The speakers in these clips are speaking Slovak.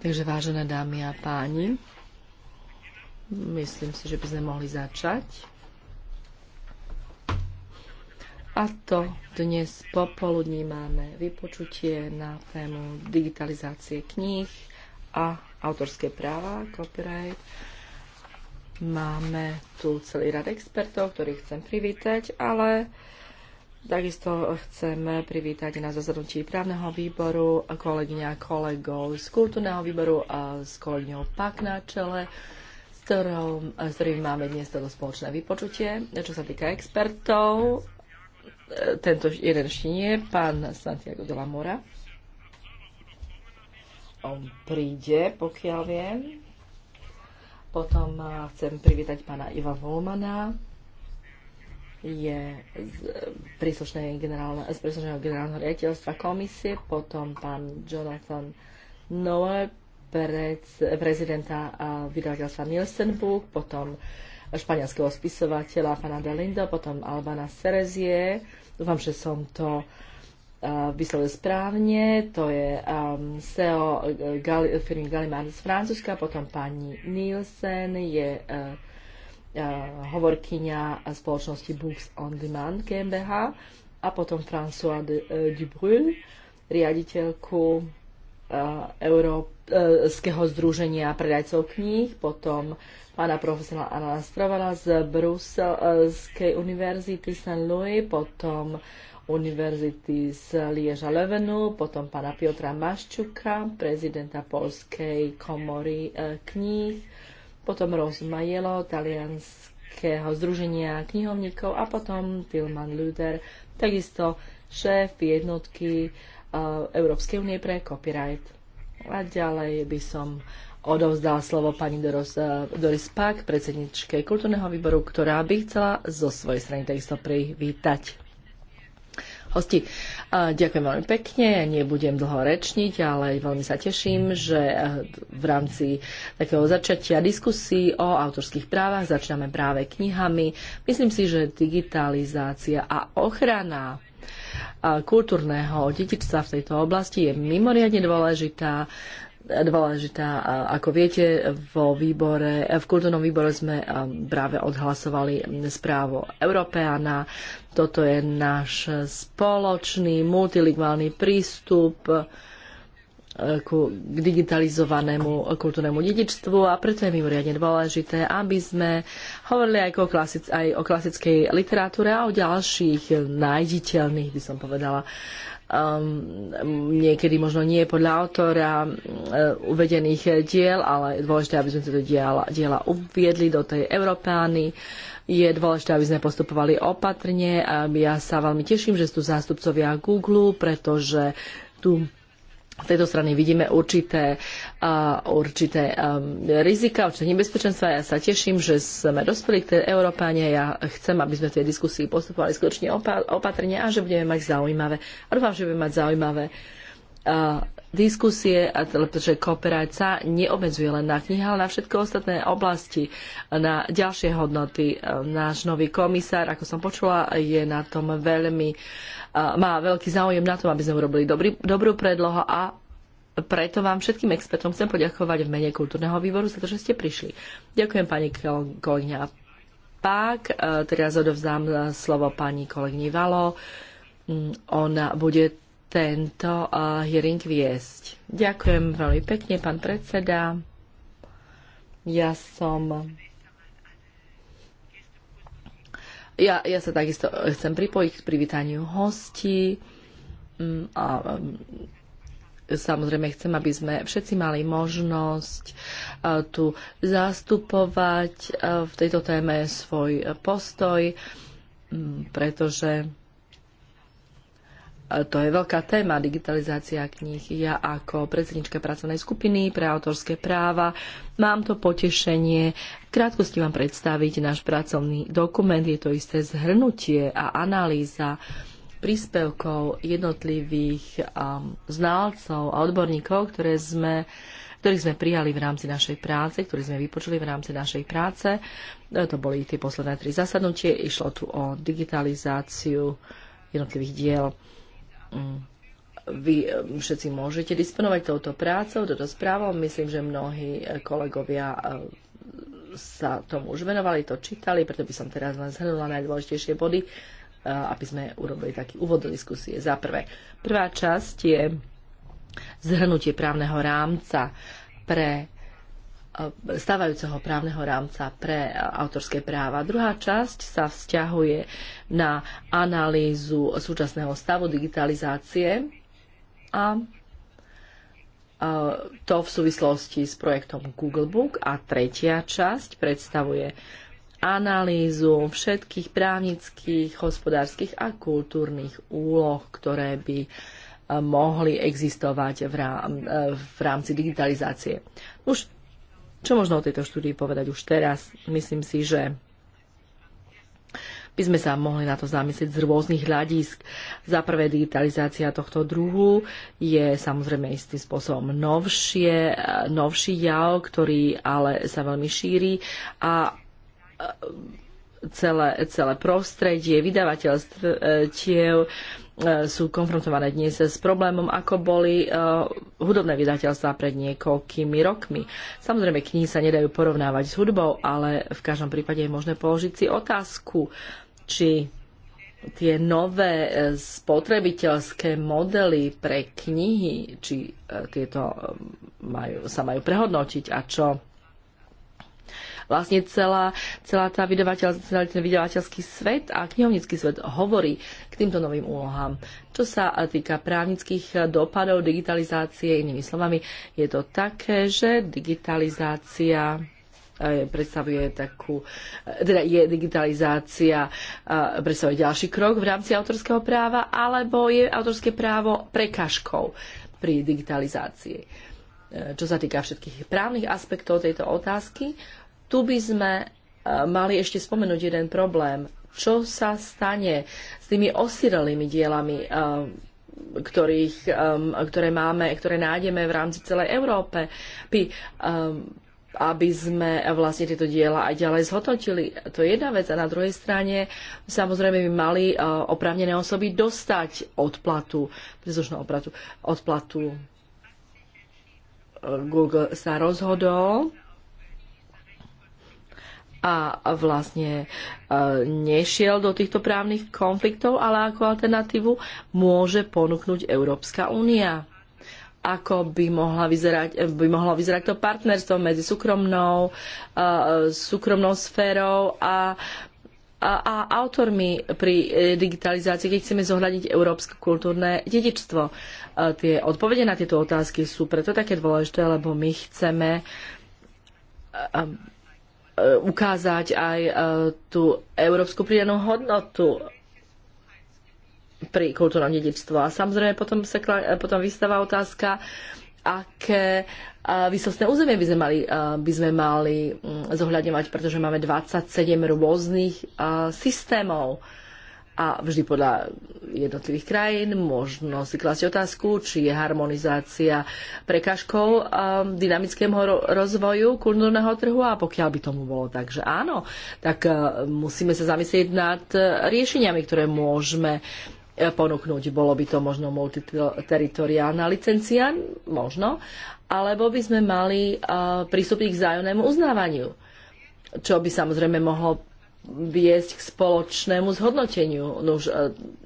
Takže vážené dámy a páni, myslím si, že by sme mohli začať. A to dnes popoludní máme vypočutie na tému digitalizácie kníh a autorské práva, copyright. Máme tu celý rad expertov, ktorých chcem privítať, ale uh, Takisto chcem privítať na zasadnutí právneho výboru kolegyňa kolegov z kultúrneho výboru a s kolegyňou Pak na čele, s, ktorou, s ktorým máme dnes toto spoločné vypočutie. Čo sa týka expertov, tento jeden štínie, pán Santiago de la Mora. On príde, pokiaľ viem. Potom eh, chcem privítať pána Iva Volmana, je z príslušného generálne, generálneho riaditeľstva komisie, potom pán Jonathan Noe, preds, prezidenta vydavateľstva Book, potom španielského spisovateľa pana Delindo, potom Albana Serezie. Dúfam, že som to vyslovil správne, to je um, CEO Gali, firmy Gallimard z Francúzska, potom pani Nielsen je uh, E, hovorkyňa spoločnosti Books on Demand GmbH a potom François e, Dubrul, riaditeľku e, Európskeho združenia predajcov kníh, potom pána profesora Anna Stravala z Bruselskej univerzity St. Louis, potom univerzity z Lieža Levenu, potom pána Piotra Maščuka, prezidenta Polskej komory kníh, potom Rose Majelo, talianského združenia knihovníkov a potom Tilman Luther, takisto šéf jednotky eh, Európskej únie pre copyright. A ďalej by som odovzdal slovo pani Doros, eh, Doris Pak, predsedničke kultúrneho výboru, ktorá by chcela zo svojej strany takisto privítať hosti. Ďakujem veľmi pekne, nebudem dlho rečniť, ale veľmi sa teším, že eh, v rámci takého začatia diskusí o autorských právach začíname práve knihami. Myslím si, že digitalizácia a ochrana eh, kultúrneho detičstva v tejto oblasti je mimoriadne dôležitá dôležitá. Ako viete, vo výbore, v kultúrnom výbore sme práve odhlasovali správo Európeana. Toto je náš spoločný multilingválny prístup e, ku digitalizovanému kultúrnemu dedičstvu a preto je mimoriadne dôležité, aby sme hovorili aj o, klasic, aj o klasickej literatúre a o ďalších nájditeľných, by som povedala, um, niekedy možno nie podľa autora um, uvedených diel, ale je dôležité, aby sme tieto diela, diela uviedli do tej Európány. Je dôležité, aby sme postupovali opatrne. Ehm, ja sa veľmi teším, že sú zástupcovia Google, pretože tu z tejto strany vidíme určité, uh, určité um, rizika, určité nebezpečenstva. Ja sa teším, že sme dospeli k tej Európane. Ja chcem, aby sme v tej diskusii postupovali skutočne opa- opatrne a že budeme mať zaujímavé. A dúfam, že budeme mať zaujímavé uh, diskusie, pretože kooperácia neobmedzuje len na knihy, ale na všetky ostatné oblasti, na ďalšie hodnoty. Náš nový komisár, ako som počula, je na tom veľmi uh, má veľký záujem na tom, aby sme urobili dobrý, dobrú predlohu a preto vám všetkým expertom chcem poďakovať v mene kultúrneho výboru za to, že ste prišli. Ďakujem pani kolegyňa Pák. E, teraz odovzdám e, slovo pani kolegyni Valo. Mm, ona bude tento e, hearing viesť. Ďakujem veľmi pekne, pán predseda. Ja som Ja, ja sa takisto eh, chcem pripojiť k privítaniu hostí mm, a mm, samozrejme chcem, aby sme všetci mali možnosť eh, tu zastupovať eh, v tejto téme svoj postoj, mm, pretože to je veľká téma, digitalizácia kníh. Ja ako predsednička pracovnej skupiny pre autorské práva mám to potešenie krátkosti vám predstaviť náš pracovný dokument. Je to isté zhrnutie a analýza príspevkov jednotlivých um, znalcov a odborníkov, ktoré sme, ktorých sme prijali v rámci našej práce, ktorých sme vypočuli v rámci našej práce. E, to boli tie posledné tri zasadnutie. Išlo tu o digitalizáciu jednotlivých diel. Mm. Vy e, všetci môžete disponovať touto prácou, touto správou. Myslím, že mnohí e, kolegovia sa tomu už venovali, to čítali, preto by som teraz len zhrnula najdôležitejšie body, eh, aby sme urobili taký úvod do diskusie. Za prvé, prvá časť je zhrnutie právneho rámca pre eh, stávajúceho právneho rámca pre eh, autorské práva. Druhá časť sa vzťahuje na analýzu súčasného stavu digitalizácie a Eh, to v súvislosti s projektom Google Book a tretia časť predstavuje analýzu všetkých právnických, hospodárskych a kultúrnych úloh, ktoré by eh, mohli existovať v, rám, eh, v rámci digitalizácie. Už čo možno o tejto štúdii povedať už teraz? Myslím si, že by sme sa mohli na to zamyslieť z rôznych hľadisk. Za prvé, digitalizácia tohto druhu je samozrejme istým spôsobom novšie, novší jav, ktorý ale sa veľmi šíri a e, celé, celé prostredie vydavateľstiev e, sú konfrontované dnes s problémom, ako boli uh, hudobné vydateľstva pred niekoľkými rokmi. Samozrejme, knihy sa nedajú porovnávať s hudbou, ale v každom prípade je možné položiť si otázku, či tie nové e, spotrebiteľské modely pre knihy, či e, tieto e, majú, sa majú prehodnotiť a čo vlastne celá, celá tá vydavateľ, celý ten vydavateľský svet a knihovnícky svet hovorí k týmto novým úlohám. Čo sa týka právnických dopadov digitalizácie, inými slovami, je to také, že digitalizácia E, predstavuje takú, e, teda je digitalizácia, e, predstavuje ďalší krok v rámci autorského práva, alebo je autorské právo prekažkou pri digitalizácii. Čo sa týka všetkých právnych aspektov tejto otázky, tu by sme mali ešte spomenúť jeden problém. Čo sa stane s tými osirelými dielami ktorých, ktoré máme, ktoré nájdeme v rámci celej Európe aby sme vlastne tieto diela aj ďalej zhodnotili. To je jedna vec. A na druhej strane, samozrejme, by mali e, oprávnené osoby dostať odplatu, príslušnú odplatu, odplatu. E, Google sa rozhodol a vlastne e, nešiel do týchto právnych konfliktov, ale ako alternatívu môže ponúknuť Európska únia ako by, mohla vyzerať, by mohlo vyzerať to partnerstvo medzi súkromnou, súkromnou sférou a a autormi pri e, digitalizácii, keď chceme zohľadiť európske kultúrne dedičstvo. Tie odpovede na tieto otázky sú preto také dôležité, lebo my chceme e, ukázať aj e, tú európsku pridanú hodnotu pri kultúrnom dedičstve. A samozrejme potom, sa, e, potom vystáva otázka, aké e, výsostné územie by sme mali, e, by sme mali mm, zohľadňovať, pretože máme 27 rôznych systémov a vždy podľa jednotlivých krajín možno si klasiť otázku, či je harmonizácia prekažkou dynamickému rozvoju kultúrneho trhu a pokiaľ by tomu bolo tak, že áno, tak musíme sa zamyslieť nad riešeniami, ktoré môžeme ponúknuť. Bolo by to možno multiteritoriálna licencia, možno, alebo by sme mali prístupiť k vzájomnému uznávaniu, čo by samozrejme mohlo viesť k spoločnému zhodnoteniu. No už,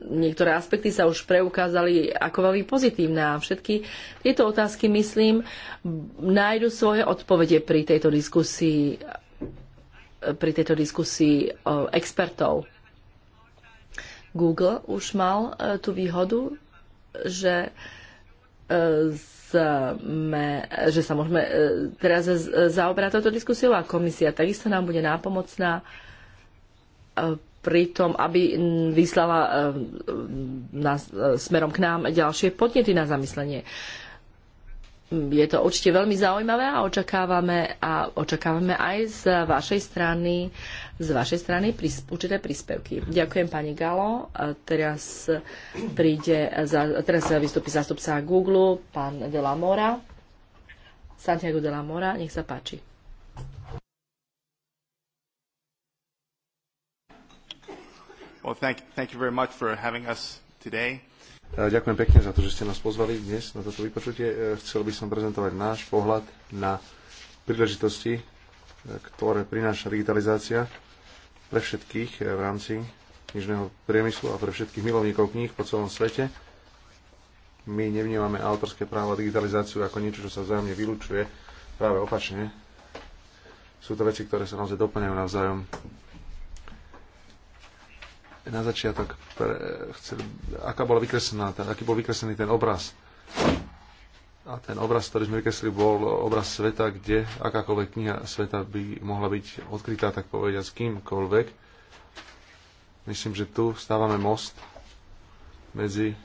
niektoré aspekty sa už preukázali ako veľmi pozitívne a všetky tieto otázky, myslím, nájdu svoje odpovede pri tejto diskusii pri tejto diskusii expertov. Google už mal e, tú výhodu, že e, sme, že sa môžeme e, teraz zaoberať touto diskusiou a komisia takisto nám bude nápomocná pri tom, aby vyslala nás, smerom k nám ďalšie podnety na zamyslenie je to určite veľmi zaujímavé a očakávame, a očakávame aj z vašej strany, z vašej strany prís, určité príspevky. Ďakujem pani Galo. A teraz, príde, za, teraz vystúpi zástupca Google, pán De La Mora. Santiago De La Mora, nech sa páči. Well, thank, thank you very much for having us today. E, ďakujem pekne za to, že ste nás pozvali dnes na toto vypočutie. E, chcel by som prezentovať náš pohľad na príležitosti, e, ktoré prináša digitalizácia pre všetkých v rámci knižného priemyslu a pre všetkých milovníkov kníh po celom svete. My nevnímame autorské právo a digitalizáciu ako niečo, čo sa vzájomne vylúčuje. Práve opačne. Sú to veci, ktoré sa naozaj doplňajú navzájom na začiatok, pre, chcel, aká bola vykreslená, ten, aký bol vykreslený ten obraz. A ten obraz, ktorý sme vykreslili, bol obraz sveta, kde akákoľvek kniha sveta by mohla byť odkrytá, tak povediať, s kýmkoľvek. Myslím, že tu stávame most medzi e,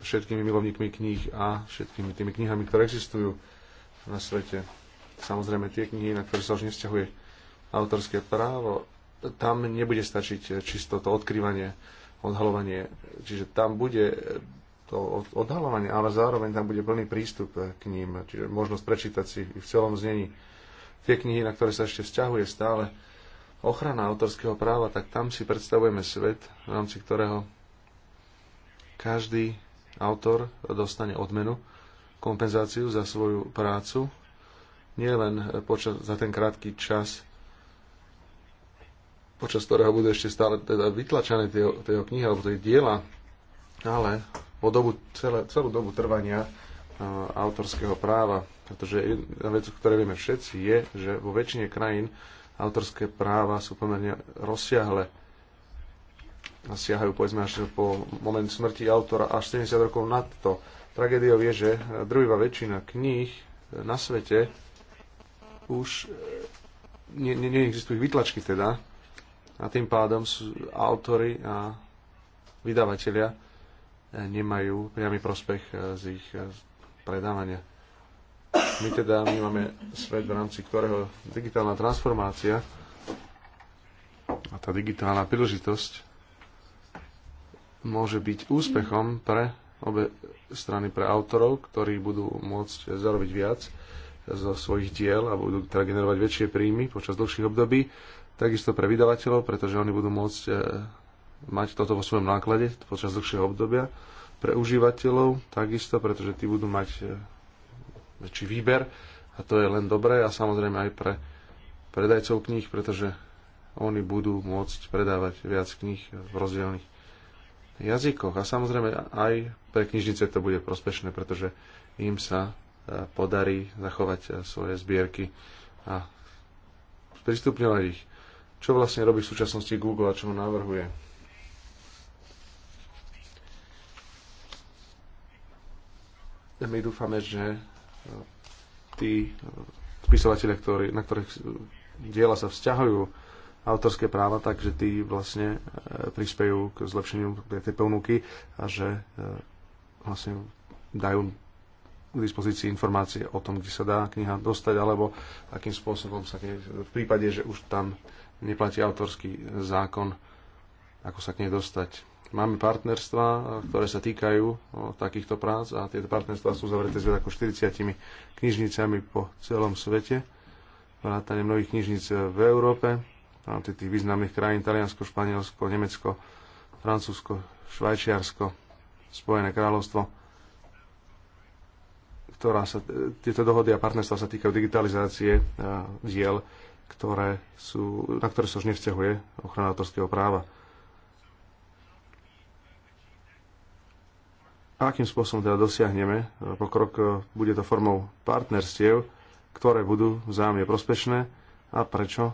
všetkými milovníkmi kníh a všetkými tými knihami, ktoré existujú na svete. Samozrejme tie knihy, na ktoré sa už nevzťahuje autorské právo, tam nebude stačiť eh, čisto to odkrývanie, odhalovanie. Čiže tam bude eh, to odhalovanie, ale zároveň tam bude plný prístup eh, k ním, čiže možnosť prečítať si v celom znení tie knihy, na ktoré sa ešte vzťahuje stále ochrana autorského práva, tak tam si predstavujeme svet, v rámci ktorého každý autor dostane odmenu, kompenzáciu za svoju prácu, nielen za ten krátky čas, počas ktorého budú ešte stále teda vytlačané tie, tie knihy alebo tie diela, ale po dobu, celé, celú dobu trvania uh, autorského práva. Pretože jedna vec, ktoré vieme všetci, je, že vo väčšine krajín autorské práva sú pomerne rozsiahle. A siahajú povedzme až po moment smrti autora až 70 rokov nad to. Tragédiou je, že druhá väčšina kníh na svete už ne, ne, neexistujú vytlačky teda, a tým pádom sú autory a vydavatelia e, nemajú priamy prospech e, z ich e, predávania. My teda máme svet, v rámci ktorého digitálna transformácia a tá digitálna príležitosť môže byť úspechom pre obe strany, pre autorov, ktorí budú môcť zarobiť viac zo svojich diel a budú teda generovať väčšie príjmy počas dlhších období Takisto pre vydavateľov, pretože oni budú môcť e, mať toto vo svojom náklade počas dlhšieho obdobia. Pre užívateľov takisto, pretože tí budú mať e, väčší výber a to je len dobré a samozrejme aj pre predajcov kníh, pretože oni budú môcť predávať viac kníh v rozdielnych jazykoch. A samozrejme aj pre knižnice to bude prospešné, pretože im sa e, podarí zachovať svoje zbierky a pristupňovať ich. Čo vlastne robí v súčasnosti Google a čo navrhuje? My dúfame, že e, tí e, spisovateľe, ktorí, na ktorých e, diela sa vzťahujú autorské práva, takže tí vlastne prispejú k zlepšeniu tej ponuky a že vlastne dajú k dispozícii informácie o tom, kde sa dá kniha dostať, alebo akým spôsobom sa v prípade, že už tam neplatí autorský zákon, ako sa k nej dostať. Máme partnerstva, ktoré sa týkajú takýchto prác a tieto partnerstva sú zavreté s ako 40 knižnicami po celom svete, vrátane mnohých knižnic v Európe, v tých významných krajín Taliansko, Španielsko, Nemecko, Francúzsko, Švajčiarsko, Spojené kráľovstvo, ktorá sa, tieto dohody a partnerstva sa týkajú digitalizácie diel ktoré sú, na ktoré sa už nevzťahuje ochrana autorského práva. A akým spôsobom teda dosiahneme pokrok? Bude to formou partnerstiev, ktoré budú vzájomne prospešné. A prečo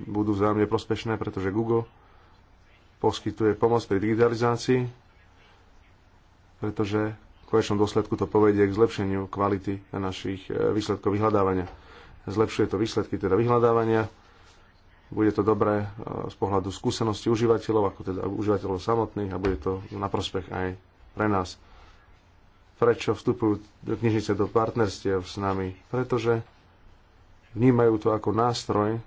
budú vzájomne prospešné? Pretože Google poskytuje pomoc pri digitalizácii, pretože v konečnom dôsledku to povedie k zlepšeniu kvality našich e, výsledkov vyhľadávania zlepšuje to výsledky teda vyhľadávania, bude to dobré e, z pohľadu skúsenosti užívateľov, ako teda užívateľov samotných a bude to na prospech aj pre nás. Prečo vstupujú knižnice do partnerstiev s nami? Pretože vnímajú to ako nástroj,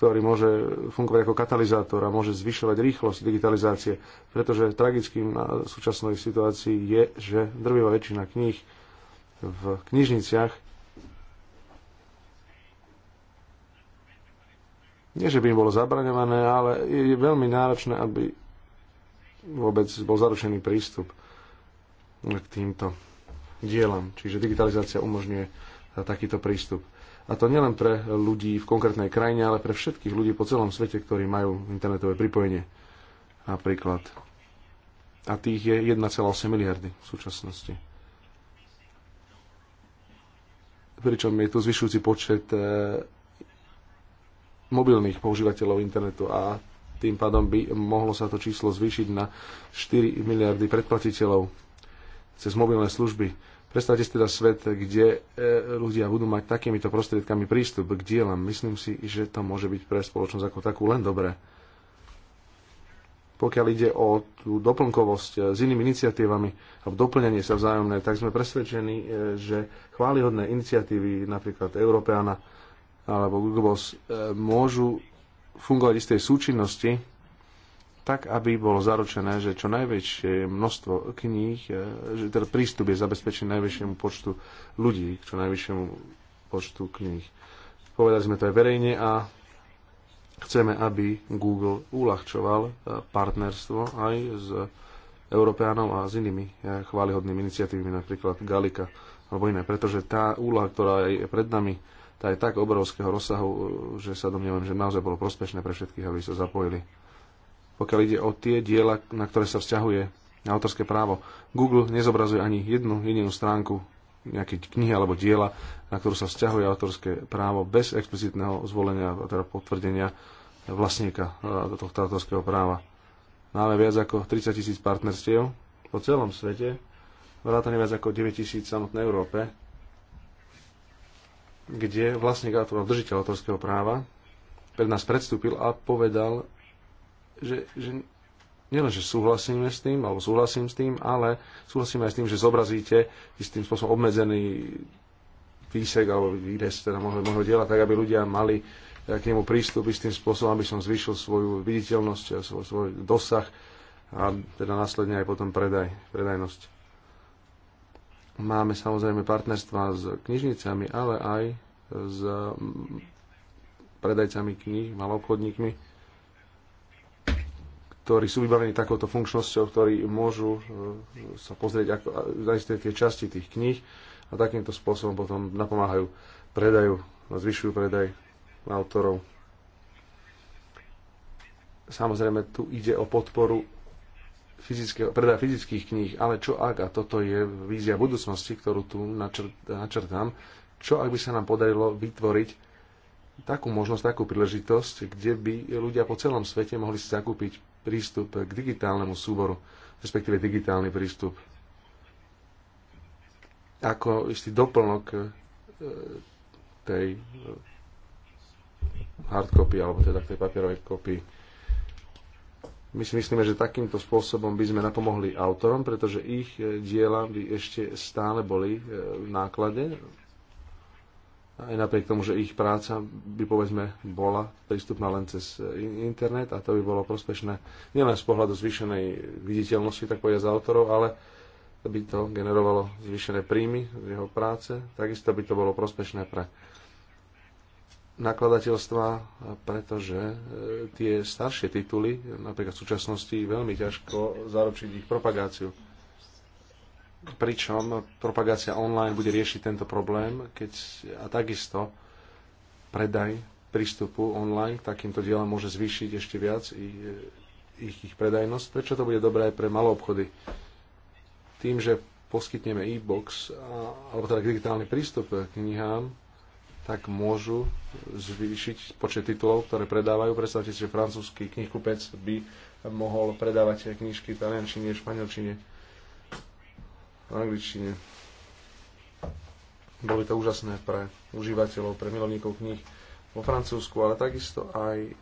ktorý môže fungovať ako katalizátor a môže zvyšovať rýchlosť digitalizácie, pretože tragickým na súčasnej situácii je, že drvivá väčšina kníh v knižniciach nie že by im bolo zabraňované, ale je veľmi náročné, aby vôbec bol zaručený prístup k týmto dielam. Čiže digitalizácia umožňuje takýto prístup. A to nielen pre ľudí v konkrétnej krajine, ale pre všetkých ľudí po celom svete, ktorí majú internetové pripojenie napríklad. A tých je 1,8 miliardy v súčasnosti. Pričom je tu zvyšujúci počet eh, mobilných používateľov internetu a tým pádom by mohlo sa to číslo zvýšiť na 4 miliardy predplatiteľov cez mobilné služby. Predstavte si teda svet, kde e, ľudia budú mať takýmito prostriedkami prístup k dielam. Myslím si, že to môže byť pre spoločnosť ako takú len dobré. Pokiaľ ide o tú doplnkovosť e, s inými iniciatívami a doplnenie sa vzájomné, tak sme presvedčení, e, že chválihodné iniciatívy napríklad Európeana alebo Google Boss e, môžu fungovať v istej súčinnosti, tak, aby bolo zaručené, že čo najväčšie množstvo kníh, e, že teda prístup je zabezpečený najväčšiemu počtu ľudí, k čo najväčšiemu počtu kníh. Povedali sme to aj verejne a chceme, aby Google uľahčoval e, partnerstvo aj s Európeánov a s inými chválihodnými iniciatívami, napríklad Galika alebo iné, pretože tá úloha, ktorá je pred nami, tá je tak obrovského rozsahu, e, že sa domnievam, že naozaj bolo prospešné pre všetkých, aby sa zapojili. Pokiaľ ide o tie diela, na ktoré sa vzťahuje autorské právo, Google nezobrazuje ani jednu jedinú stránku nejaké knihy alebo diela, na ktorú sa vzťahuje autorské právo bez explicitného zvolenia, teda potvrdenia vlastníka e, tohto autorského práva. Máme viac ako 30 tisíc partnerstiev po celom svete, vrátane viac ako 9 tisíc samotnej Európe, kde vlastník autora, držiteľ autorského práva, pred nás predstúpil a povedal, že, že nielen, že súhlasíme s tým, alebo súhlasím s tým, ale súhlasíme aj s tým, že zobrazíte istým spôsobom obmedzený výsek alebo výdes teda mohli môjho diela, tak aby ľudia mali k nemu prístup istým spôsobom, aby som zvýšil svoju viditeľnosť, svoj, svoj dosah a teda následne aj potom predaj, predajnosť. Máme samozrejme partnerstva s knižnicami, ale aj s predajcami kníh, malobchodníkmi, ktorí sú vybavení takouto funkčnosťou, ktorí môžu e, sa pozrieť ako, na isté tie časti tých kníh a takýmto spôsobom potom napomáhajú predajú, zvyšujú predaj autorov. Samozrejme, tu ide o podporu fyzického, predaj fyzických kníh, ale čo ak, a toto je vízia budúcnosti, ktorú tu načrt, načrtám, čo ak by sa nám podarilo vytvoriť takú možnosť, takú príležitosť, kde by ľudia po celom svete mohli si zakúpiť prístup k digitálnemu súboru, respektíve digitálny prístup ako istý doplnok e, tej e, hardcopy, alebo teda tej papierovej kopii. My si myslíme, že takýmto spôsobom by sme napomohli autorom, pretože ich eh, diela by ešte stále boli eh, v náklade. Aj napriek tomu, že ich práca by povedzme bola prístupná len cez eh, internet a to by bolo prospešné nielen z pohľadu zvýšenej viditeľnosti, tak povedať, z autorov, ale by to generovalo zvýšené príjmy z jeho práce. Takisto by to bolo prospešné pre nakladateľstva, pretože e, tie staršie tituly, napríklad v súčasnosti, veľmi ťažko zaručiť ich propagáciu. Pričom propagácia online bude riešiť tento problém, keď a takisto predaj prístupu online k takýmto dielom môže zvýšiť ešte viac ich, e, ich, ich predajnosť. Prečo to bude dobré aj pre malé obchody? Tým, že poskytneme e-box, alebo teda digitálny prístup k knihám, tak môžu zvýšiť počet titulov, ktoré predávajú. Predstavte si, že francúzsky knihkupec by mohol predávať knižky v taliančine, španielčine, angličtine. Boli to úžasné pre užívateľov, pre milovníkov kníh vo Francúzsku, ale takisto aj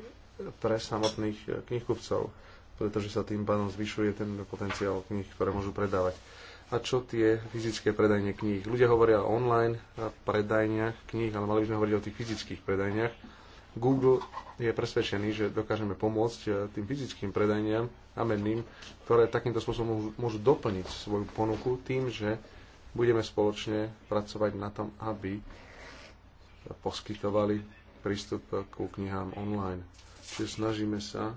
pre samotných knihkupcov, pretože sa tým pádom zvyšuje ten potenciál kníh, ktoré môžu predávať a čo tie fyzické predajne kníh. Ľudia hovoria o online predajniach kníh, ale mali by sme hovoriť o tých fyzických predajniach. Google je presvedčený, že dokážeme pomôcť e, tým fyzickým predajniam menným, ktoré takýmto spôsobom môžu doplniť svoju ponuku tým, že budeme spoločne pracovať na tom, aby poskytovali prístup ku knihám online. Čiže snažíme sa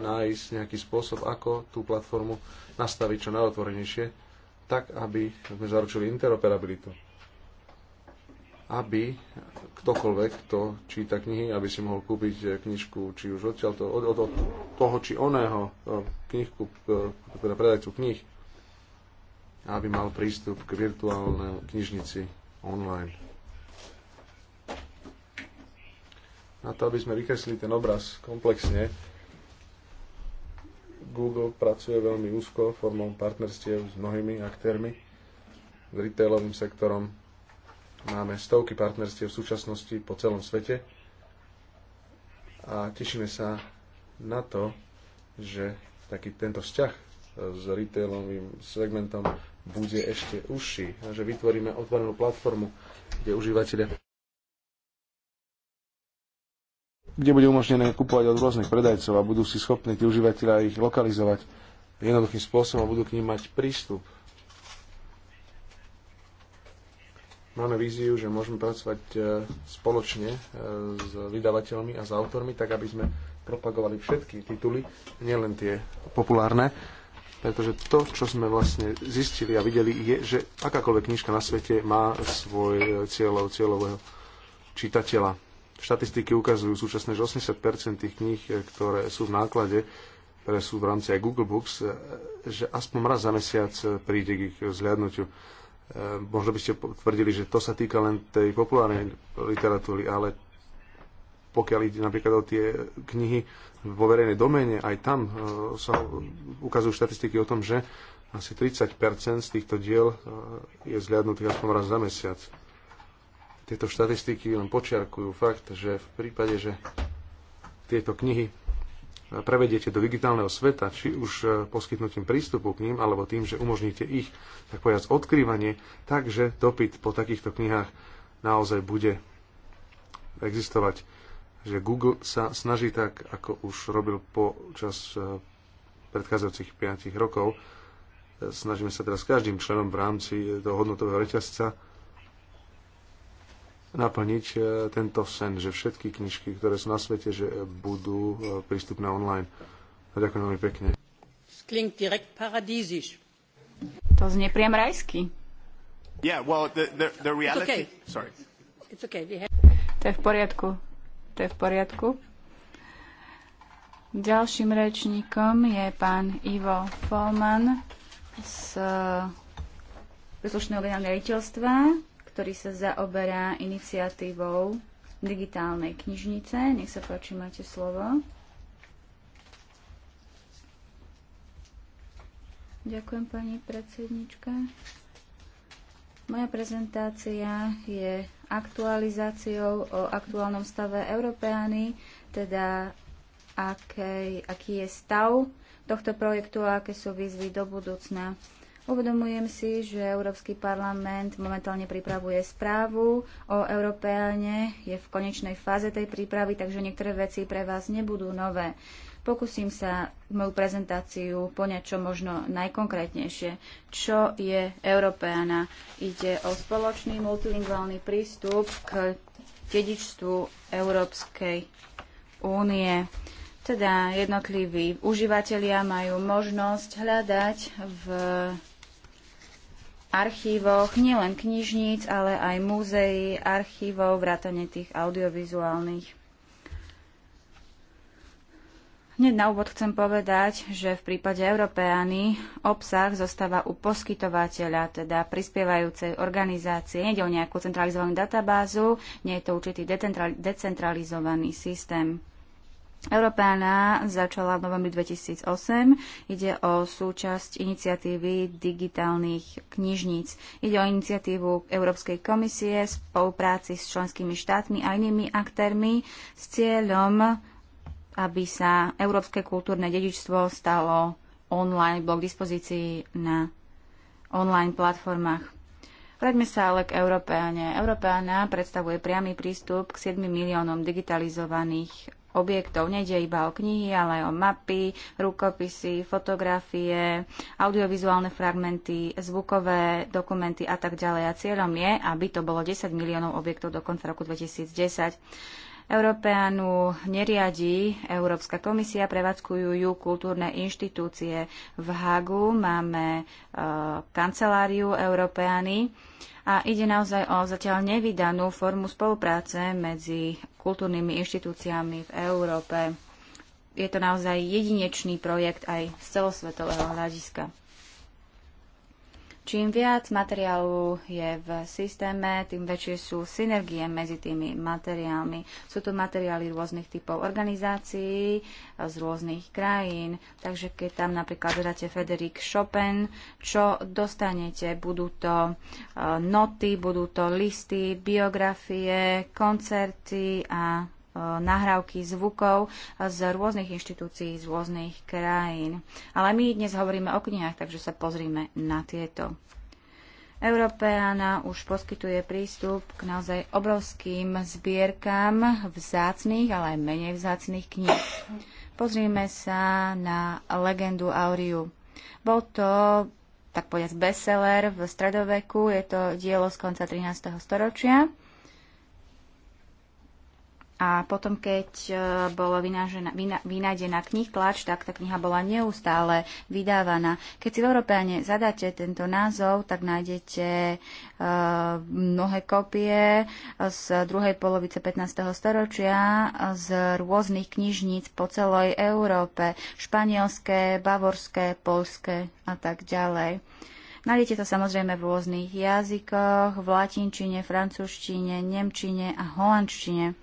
nájsť nejaký spôsob, ako tú platformu nastaviť čo najotvorenejšie, tak aby sme zaručili interoperabilitu. Aby ktokoľvek, kto číta knihy, aby si mohol kúpiť knižku, či už odtiaľ to, od, od, od toho či oného e, knihku, e, teda predajcu knih, aby mal prístup k virtuálnej knižnici online. Na to, aby sme vykreslili ten obraz komplexne, Google pracuje veľmi úzko formou partnerstiev s mnohými aktérmi, s retailovým sektorom. Máme stovky partnerstiev v súčasnosti po celom svete a tešíme sa na to, že taký tento vzťah e, s retailovým segmentom bude ešte užší a že vytvoríme otvorenú platformu, kde užívateľe kde bude umožnené kupovať od rôznych predajcov a budú si schopní tí užívateľia ich lokalizovať jednoduchým spôsobom a budú k ním mať prístup. Máme víziu, že môžeme pracovať e, spoločne e, s vydavateľmi a s autormi, tak aby sme propagovali všetky tituly, nielen tie populárne, pretože to, čo sme vlastne zistili a videli, je, že akákoľvek knižka na svete má svoj e, cieľov, cieľového čitateľa Štatistiky ukazujú súčasne, že 80 tých kníh, eh, ktoré sú v náklade, ktoré sú v rámci aj Google Books, eh, že aspoň raz za mesiac eh, príde k ich zhľadnutiu. Možno by ste tvrdili, že to sa týka len tej populárnej literatúry, ale pokiaľ ide napríklad o tie knihy vo verejnej domene, aj tam sa ukazujú štatistiky o tom, že asi 30 z týchto diel je zhľadnutých aspoň raz za mesiac. Tieto štatistiky len počiarkujú fakt, že v prípade, že tieto knihy prevediete do digitálneho sveta, či už e, poskytnutím prístupu k ním, alebo tým, že umožníte ich, tak povedať, odkrývanie, takže dopyt po takýchto knihách naozaj bude existovať. Že Google sa snaží tak, ako už robil počas e, predchádzajúcich 5 rokov, e, snažíme sa teraz každým členom v rámci toho hodnotového reťazca naplniť e, tento sen, že všetky knižky, ktoré sú na svete, že budú e, prístupné online. A ďakujem veľmi pekne. To znie priam rajsky. Yeah, well, the, the, the reality... It's okay. Sorry. It's okay. We have... To je v poriadku. To je v poriadku. Ďalším rečníkom je pán Ivo Folman z e, príslušného generálneho riaditeľstva ktorý sa zaoberá iniciatívou digitálnej knižnice. Nech sa páči, máte slovo. Ďakujem, pani predsednička. Moja prezentácia je aktualizáciou o aktuálnom stave Európeány, teda aký, aký je stav tohto projektu a aké sú výzvy do budúcna. Uvedomujem si, že Európsky parlament momentálne pripravuje správu o Európeáne, je v konečnej fáze tej prípravy, takže niektoré veci pre vás nebudú nové. Pokúsim sa moju prezentáciu poňať čo možno najkonkrétnejšie. Čo je Európeana? Ide o spoločný multilinguálny prístup k dedičstvu Európskej únie. Teda jednotliví užívateľia majú možnosť hľadať v archívoch, nielen knižníc, ale aj múzeí, archívov, vrátane tých audiovizuálnych. Hneď na úvod chcem povedať, že v prípade Európeány obsah zostáva u poskytovateľa, teda prispievajúcej organizácie. Nejde o nejakú centralizovanú databázu, nie je to určitý decentralizovaný systém. Európána začala v novembri 2008. Ide o súčasť iniciatívy digitálnych knižníc. Ide o iniciatívu Európskej komisie v spolupráci s členskými štátmi a inými aktérmi s cieľom, aby sa európske kultúrne dedičstvo stalo online, bolo k dispozícii na online platformách. Vráťme sa ale k Európeane. Európeana predstavuje priamy prístup k 7 miliónom digitalizovaných objektov. Nejde iba o knihy, ale aj o mapy, rukopisy, fotografie, audiovizuálne fragmenty, zvukové dokumenty a tak ďalej. A cieľom je, aby to bolo 10 miliónov objektov do konca roku 2010. Európeanu neriadí Európska komisia, prevádzkujú ju kultúrne inštitúcie. V Hagu máme e, kanceláriu Európeány, a ide naozaj o zatiaľ nevydanú formu spolupráce medzi kultúrnymi inštitúciami v Európe. Je to naozaj jedinečný projekt aj z celosvetového hľadiska. Čím viac materiálu je v systéme, tým väčšie sú synergie medzi tými materiálmi. Sú to materiály rôznych typov organizácií eh, z rôznych krajín, takže keď tam napríklad dáte Federic Chopin, čo dostanete? Budú to eh, noty, budú to listy, biografie, koncerty a Eh, nahrávky zvukov z rôznych inštitúcií, z rôznych krajín. Ale my dnes hovoríme o knihách, takže sa pozrime na tieto. Európeana už poskytuje prístup k naozaj obrovským zbierkam vzácných, ale aj menej vzácných kníh. Pozrime sa na legendu Auriu. Bol to, tak povedať, bestseller v stredoveku, je to dielo z konca 13. storočia a potom, keď e, bola vynájdená knih tlač, tak tá kniha bola neustále vydávaná. Keď si v Európeane zadáte tento názov, tak nájdete e, mnohé kopie z druhej polovice 15. storočia z rôznych knižníc po celej Európe. Španielské, bavorské, polské a tak ďalej. Nájdete to samozrejme v rôznych jazykoch, v latinčine, francúzštine, nemčine a holandčine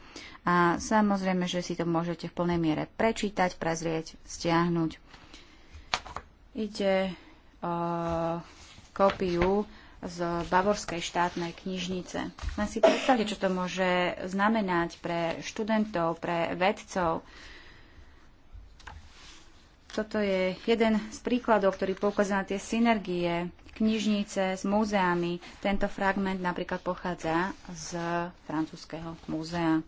a samozrejme, že si to môžete v plnej miere prečítať, prezrieť, stiahnuť. Ide o kópiu z Bavorskej štátnej knižnice. Na si predstavte, čo to môže znamenať pre študentov, pre vedcov. Toto je jeden z príkladov, ktorý poukazuje na tie synergie knižnice s múzeami. Tento fragment napríklad pochádza z francúzského múzea.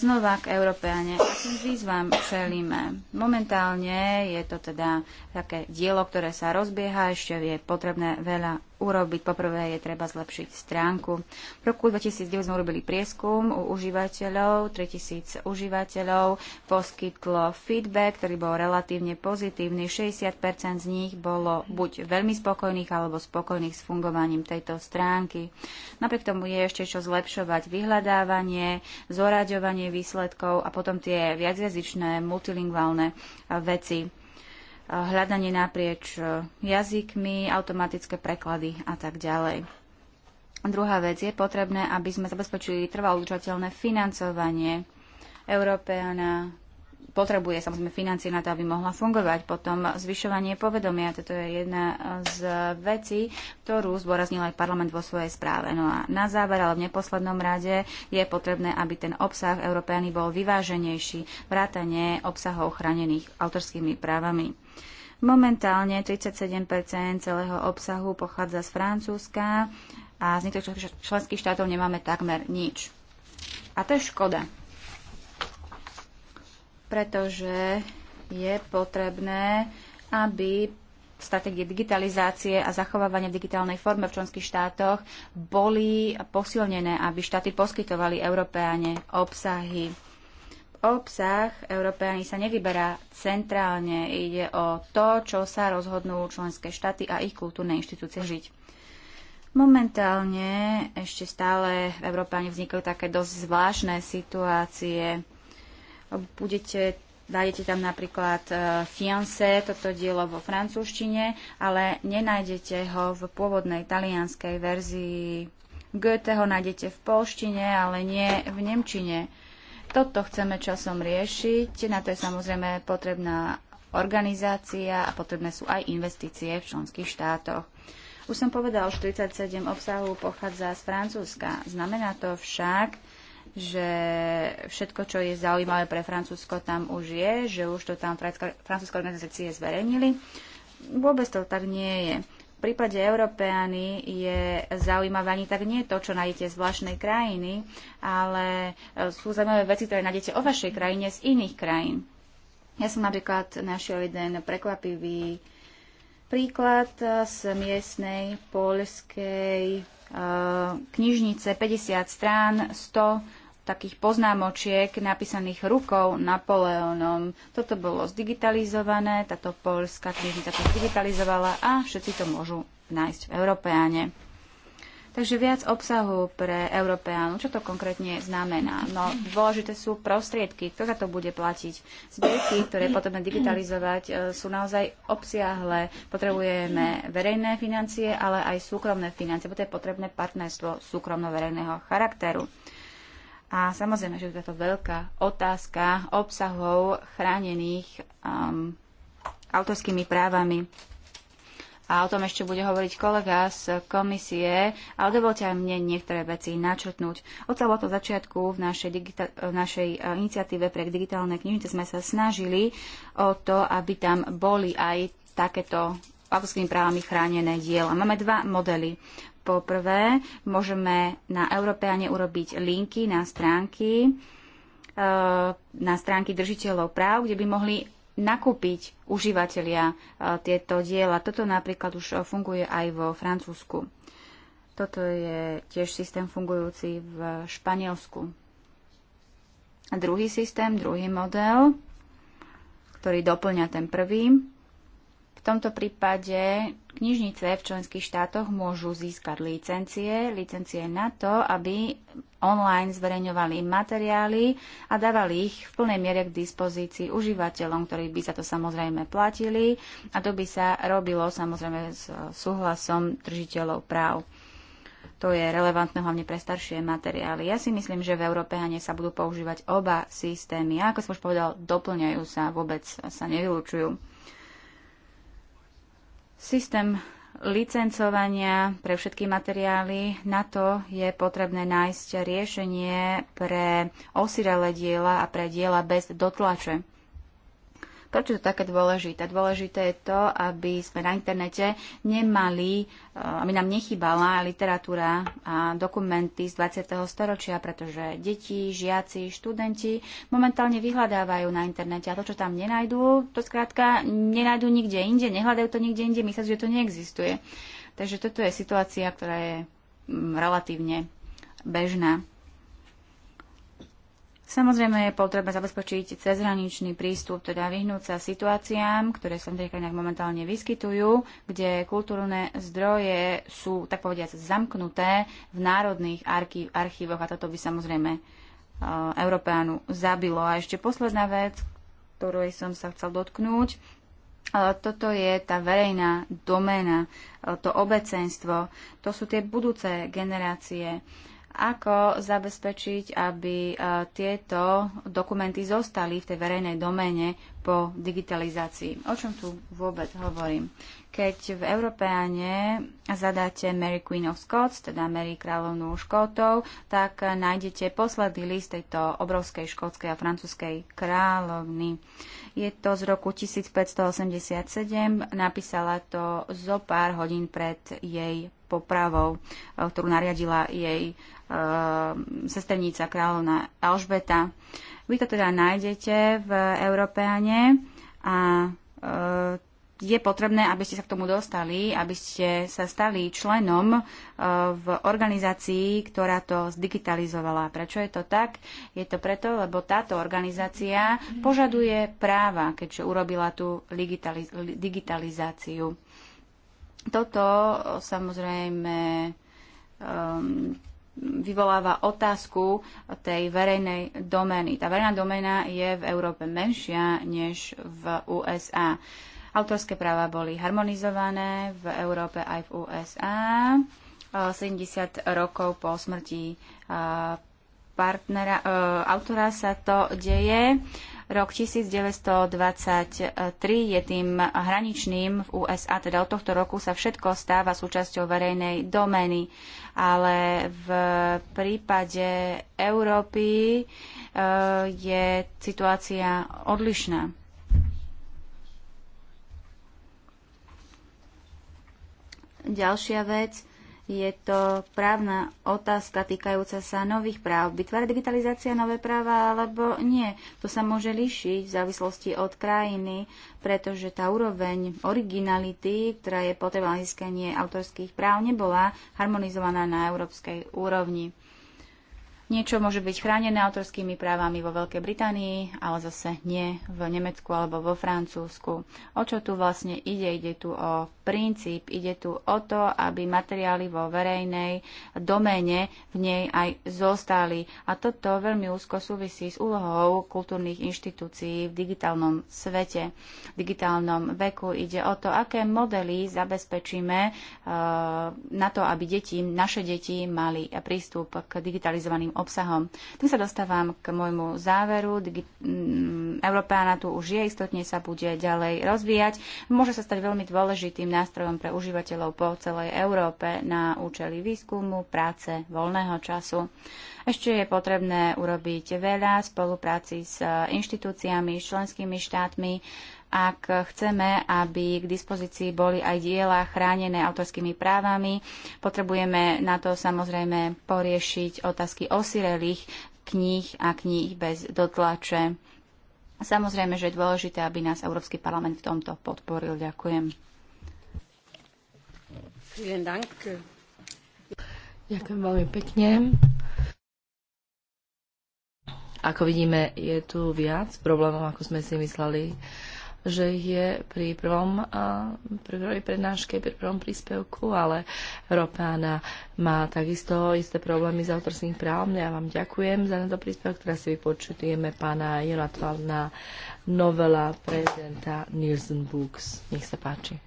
Znova k Európeane. tým výzvam čelíme? Momentálne je to teda také dielo, ktoré sa rozbieha, ešte je potrebné veľa urobiť. Poprvé je treba zlepšiť stránku. V roku 2009 sme urobili prieskum u užívateľov, 3000 užívateľov poskytlo feedback, ktorý bol relatívne pozitívny. 60% z nich bolo buď veľmi spokojných, alebo spokojných s fungovaním tejto stránky. Napriek tomu je ešte čo zlepšovať vyhľadávanie, zoraďovanie výsledkov a potom tie viacjazyčné, multilingválne veci hľadanie naprieč e, jazykmi, automatické preklady a tak ďalej. Druhá vec je potrebné, aby sme zabezpečili trvalo udržateľné financovanie Európeana potrebuje samozrejme financie na to, aby mohla fungovať. Potom zvyšovanie povedomia, toto je jedna z vecí, ktorú zdôraznil aj parlament vo svojej správe. No a na záver, ale v neposlednom rade, je potrebné, aby ten obsah Európeany bol vyváženejší, vrátanie obsahov chránených autorskými právami. Momentálne 37 celého obsahu pochádza z Francúzska a z niektorých členských štátov nemáme takmer nič. A to je škoda pretože je potrebné, aby stratégie digitalizácie a zachovávania v digitálnej forme v členských štátoch boli posilnené, aby štáty poskytovali Európeane obsahy. Obsah Európeani sa nevyberá centrálne, ide o to, čo sa rozhodnú členské štáty a ich kultúrne inštitúcie žiť. Momentálne ešte stále v Európe vznikajú také dosť zvláštne situácie budete Nájdete tam napríklad e, fiance, Fiancé, toto dielo vo francúzštine, ale nenájdete ho v pôvodnej talianskej verzii. Goethe ho nájdete v polštine, ale nie v nemčine. Toto chceme časom riešiť, na to je samozrejme potrebná organizácia a potrebné sú aj investície v členských štátoch. Už som povedal, 47 obsahu pochádza z Francúzska. Znamená to však, že všetko, čo je zaujímavé pre Francúzsko, tam už je, že už to tam francúzske organizácie zverejnili. Vôbec to tak nie je. V prípade Európeany je zaujímavé ani tak nie to, čo nájdete z vlastnej krajiny, ale e, sú zaujímavé veci, ktoré nájdete o vašej krajine z iných krajín. Ja som napríklad našiel jeden prekvapivý príklad e, z miestnej poľskej e, knižnice 50 strán, 100 takých poznámočiek napísaných rukou Napoleonom. Toto bolo zdigitalizované, táto polská knižnica to zdigitalizovala a všetci to môžu nájsť v Európeáne. Takže viac obsahu pre Európeánu. Čo to konkrétne znamená? No, dôležité sú prostriedky. Kto za to bude platiť? Zbierky, ktoré potrebujeme digitalizovať, e, sú naozaj obsiahle. Potrebujeme verejné financie, ale aj súkromné financie. Potom je potrebné partnerstvo súkromno-verejného charakteru. A samozrejme, že táto veľká otázka obsahov chránených um, autorskými právami. A o tom ešte bude hovoriť kolega z komisie, ale dovolte aj mne niektoré veci načrtnúť. Od samotného začiatku v našej, digita- v našej e, iniciatíve pre digitálne knižnice sme sa snažili o to, aby tam boli aj takéto autorskými právami chránené diela. Máme dva modely. Poprvé, môžeme na Európeane urobiť linky na stránky, e, na stránky držiteľov práv, kde by mohli nakúpiť užívateľia e, tieto diela. Toto napríklad už e, funguje aj vo Francúzsku. Toto je tiež systém fungujúci v Španielsku. A druhý systém, druhý model, ktorý doplňa ten prvý, v tomto prípade knižnice v členských štátoch môžu získať licencie, licencie na to, aby online zverejňovali materiály a dávali ich v plnej miere k dispozícii užívateľom, ktorí by sa to samozrejme platili a to by sa robilo samozrejme s súhlasom držiteľov práv. To je relevantné hlavne pre staršie materiály. Ja si myslím, že v Európe hane sa budú používať oba systémy. A ako som už povedal, doplňajú sa, vôbec sa nevylučujú. Systém licencovania pre všetky materiály, na to je potrebné nájsť riešenie pre osirele diela a pre diela bez dotlače. Prečo je to také dôležité? Dôležité je to, aby sme na internete nemali, eh, aby nám nechybala literatúra a dokumenty z 20. storočia, pretože deti, žiaci, študenti momentálne vyhľadávajú na internete a to, čo tam nenajdú, to skrátka nenajdú nikde inde, nehľadajú to nikde inde, myslia, že to neexistuje. Takže toto je situácia, ktorá je mm, relatívne bežná. Samozrejme je potreba zabezpečiť cezhraničný prístup, teda vyhnúť sa situáciám, ktoré sa v tých krajinách momentálne vyskytujú, kde kultúrne zdroje sú, tak povediať, zamknuté v národných archív, archívoch a toto by samozrejme e, Európeánu zabilo. A ešte posledná vec, ktorej som sa chcel dotknúť, e, toto je tá verejná doména, e, to obecenstvo, to sú tie budúce generácie ako zabezpečiť, aby e, tieto dokumenty zostali v tej verejnej domene po digitalizácii. O čom tu vôbec hovorím? Keď v Európeane zadáte Mary Queen of Scots, teda Mary kráľovnú Škótov, tak nájdete posledný list tejto obrovskej škótskej a francúzskej kráľovny. Je to z roku 1587, napísala to zo pár hodín pred jej popravou, e, ktorú nariadila jej Ehm, sesternica kráľovna Alžbeta. Vy to teda nájdete v Európeane a ehm, je potrebné, aby ste sa k tomu dostali, aby ste sa stali členom ehm, v organizácii, ktorá to zdigitalizovala. Prečo je to tak? Je to preto, lebo táto organizácia požaduje práva, keďže urobila tú digitaliz digitalizáciu. Toto samozrejme um, vyvoláva otázku tej verejnej domény. Tá verejná doména je v Európe menšia než v USA. Autorské práva boli harmonizované v Európe aj v USA 70 e, rokov po smrti e, partnera, e, autora sa to deje. Rok 1923 je tým hraničným v USA, teda od tohto roku sa všetko stáva súčasťou verejnej domény. Ale v prípade Európy eh, je situácia odlišná. Ďalšia vec – je to právna otázka týkajúca sa nových práv. Vytvára digitalizácia nové práva alebo nie? To sa môže líšiť v závislosti od krajiny, pretože tá úroveň originality, ktorá je potrebná na získanie autorských práv, nebola harmonizovaná na európskej úrovni. Niečo môže byť chránené autorskými právami vo Veľkej Británii, ale zase nie v Nemecku alebo vo Francúzsku. O čo tu vlastne ide? Ide tu o princíp, ide tu o to, aby materiály vo verejnej domene v nej aj zostali. A toto veľmi úzko súvisí s úlohou kultúrnych inštitúcií v digitálnom svete, v digitálnom veku. Ide o to, aké modely zabezpečíme eh, na to, aby deti, naše deti mali prístup k digitalizovaným obsahom. Tým sa dostávam k môjmu záveru. Digi- mm, Európána tu už je, istotne sa bude ďalej rozvíjať. Môže sa stať veľmi dôležitým nástrojom pre užívateľov po celej Európe na účely výskumu, práce, voľného času. Ešte je potrebné urobiť veľa spolupráci s eh, inštitúciami, členskými štátmi, ak chceme, aby k dispozícii boli aj diela chránené autorskými právami. Potrebujeme na to samozrejme poriešiť otázky osirelých kníh a kníh bez dotlače. Samozrejme, že je dôležité, aby nás Európsky parlament v tomto podporil. Ďakujem. Ďakujem veľmi pekne. Ako vidíme, je tu viac problémov, ako sme si mysleli že je pri, prvom, pri prvej prednáške, pri prvom príspevku, ale Európána má takisto isté problémy s autorským právom. Ja vám ďakujem za tento príspevok. ktorá si vypočutujeme pána Jonatana novela prezidenta Nielsen Books. Nech sa páči.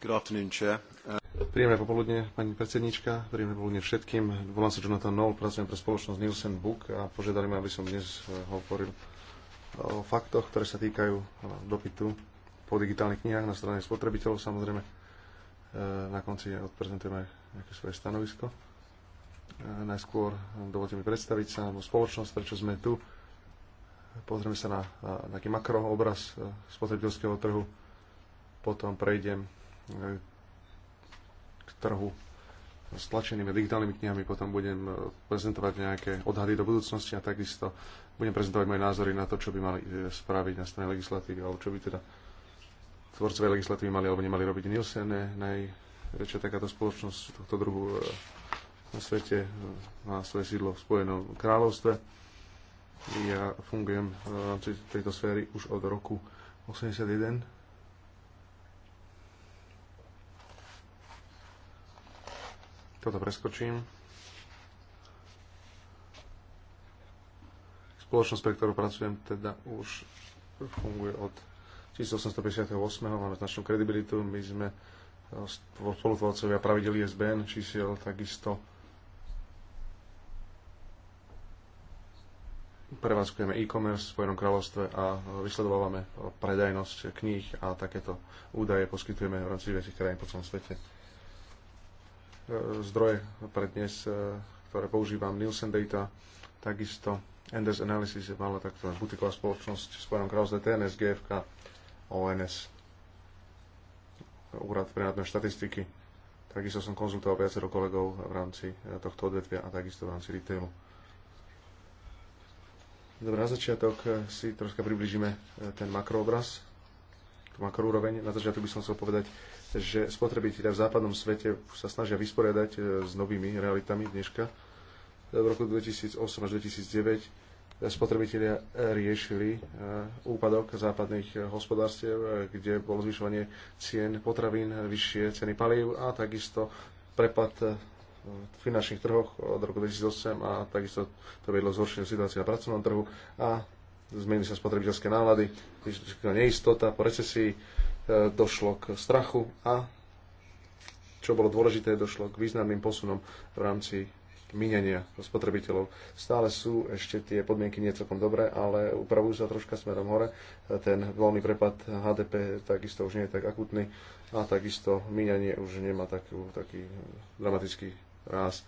Príjemné popoludne, pani predsednička, príjemné popoludne všetkým. Volám sa Jonathan Noll, pracujem pre spoločnosť Nielsen Book a požiadali ma, aby som dnes eh, hovoril eh, o faktoch, ktoré sa týkajú eh, dopytu po digitálnych knihách na strane spotrebiteľov. Samozrejme, na konci odprezentujeme nejaké svoje stanovisko. Najskôr dovolte mi predstaviť sa spoločnosť, prečo sme tu. Pozrieme sa na, na taký makroobraz spotrebiteľského trhu, potom prejdem k trhu s tlačenými digitálnymi knihami, potom budem e, prezentovať nejaké odhady do budúcnosti a takisto budem prezentovať moje názory na to, čo by mali e, spraviť na strane legislatívy, alebo čo by teda tvorcové legislatívy mali alebo nemali robiť. Nielsen najväčšia takáto spoločnosť tohto druhu e, na svete, má svoje sídlo v Spojenom kráľovstve. Ja fungujem v rámci tejto sféry už od roku 81 Toto preskočím. Spoločnosť, pre ktorú pracujem, teda už funguje od 1858. Máme značnú kredibilitu. My sme eh, spolutvorcovia pravidel ISBN čísiel takisto prevádzkujeme e-commerce v Spojenom kráľovstve a eh, vysledovávame eh, predajnosť kníh a takéto údaje poskytujeme v rámci viacerých krajín po celom svete. E, zdroje pre dnes, e, ktoré používam, Nielsen Data, takisto Enders Analysis je mala takto butiková spoločnosť v Spojenom kráľovstve TNS, GFK, ONS, Úrad pre národné štatistiky. Takisto som konzultoval viacero kolegov v rámci e, tohto odvetvia a takisto v rámci retailu. Dobre, na začiatok si troška približíme ten makroobraz, tú makroúroveň. Na začiatok by som chcel povedať, že spotrebitelia v západnom svete sa snažia vysporiadať e, s novými realitami dneška. V roku 2008 až 2009 e, spotrebitelia e, riešili úpadok západných hospodárstiev, kde bolo zvyšovanie cien potravín, vyššie ceny palív a takisto prepad v finančných trhoch od roku 2008 a takisto to vedlo zhoršenie situácie na pracovnom trhu a zmenili sa spotrebiteľské nálady, neistota po recesii E, došlo k strachu a čo bolo dôležité, došlo k významným posunom v rámci minenia spotrebiteľov. Stále sú ešte tie podmienky nie celkom dobré, ale upravujú sa troška smerom hore. E, ten voľný prepad HDP takisto už nie je tak akutný a takisto minenie už nemá takú, taký dramatický ráz.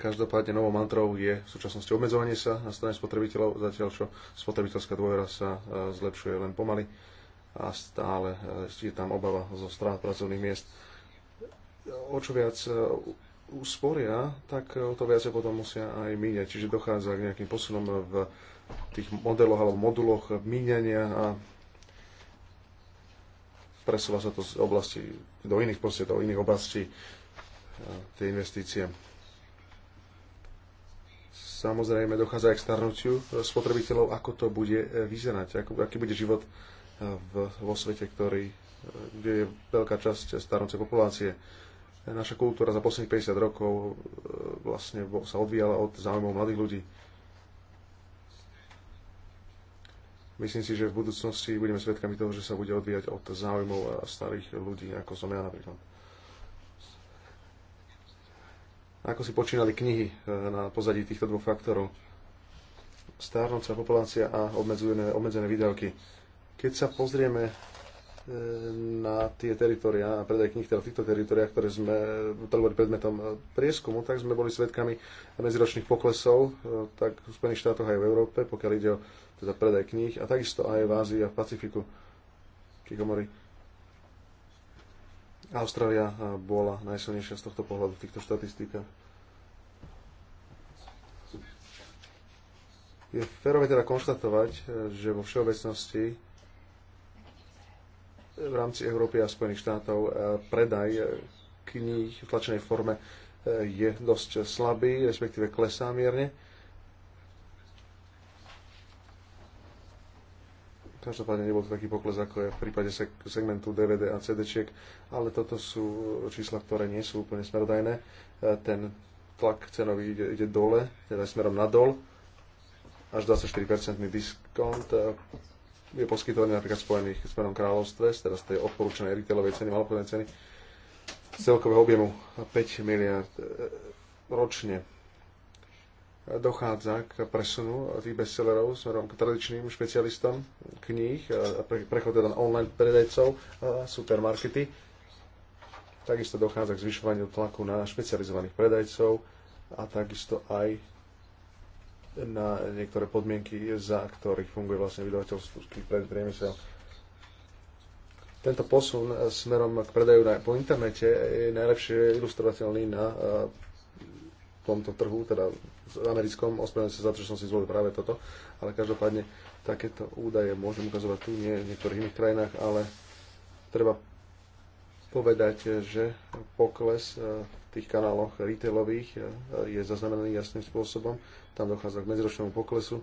Každopádne novou mantrou je v súčasnosti obmedzovanie sa na strane spotrebiteľov, zatiaľ čo spotrebiteľská dôvera sa e, zlepšuje len pomaly a stále e, je tam obava zo strát pracovných miest. O čo viac e, usporia, tak e, o to viac potom musia aj míňať. Čiže dochádza k nejakým posunom v tých modeloch alebo moduloch míňania a presúva sa to z oblasti do iných prostriedov, iných oblastí tie investície. Samozrejme dochádza aj k starnutiu spotrebiteľov, ako to bude vyzerať, ako, aký bude život v, vo svete, ktorý, e, kde je veľká časť starúcej populácie. Naša kultúra za posledných 50 rokov e, vlastne sa odvíjala od záujmov mladých ľudí. Myslím si, že v budúcnosti budeme svedkami toho, že sa bude odvíjať od záujmov starých ľudí, ako som ja napríklad. Ako si počínali knihy e, na pozadí týchto dvoch faktorov? Stárnoca populácia a obmedzené, obmedzené výdavky keď sa pozrieme e, na tie teritoria, a predaj kníh teda v týchto teritoriách, ktoré sme ktoré boli predmetom e, prieskumu, tak sme boli svedkami medziročných poklesov e, tak v Spojených štátoch aj v Európe, pokiaľ ide o teda predaj kníh a takisto aj v Ázii a v Pacifiku. Kikomori. Austrália bola najsilnejšia z tohto pohľadu v týchto štatistikách. Je férové teda konštatovať, že vo všeobecnosti v rámci Európy a Spojených štátov e, predaj kníh v tlačenej forme e, je dosť slabý, respektíve klesá mierne. Každopádne nebol to taký pokles, ako je v prípade segmentu DVD a cd ale toto sú čísla, ktoré nie sú úplne smerodajné. E, ten tlak cenový ide, ide dole, teda smerom nadol, až 24 diskont je poskytovaný napríklad v Spojených Spojenom kráľovstve, teraz tej odporúčanej retailovej ceny, maloprodnej ceny, z celkového objemu 5 miliard e, ročne. Dochádza k presunu tých bestsellerov smerom k tradičným špecialistom kníh, pre, prechod teda online predajcov a supermarkety. Takisto dochádza k zvyšovaniu tlaku na špecializovaných predajcov a takisto aj na niektoré podmienky, za ktorých funguje vlastne vydavateľský priemysel. Tento posun smerom k predaju po internete je najlepšie ilustrovateľný na e, tomto trhu, teda v americkom, ospravedlňujem sa za to, že som si zvolil práve toto, ale každopádne takéto údaje môžem ukazovať tu, nie v niektorých iných krajinách, ale treba povedať, že pokles e, tých kanáloch retailových e, je zaznamenaný jasným spôsobom. Tam dochádza k medziročnému poklesu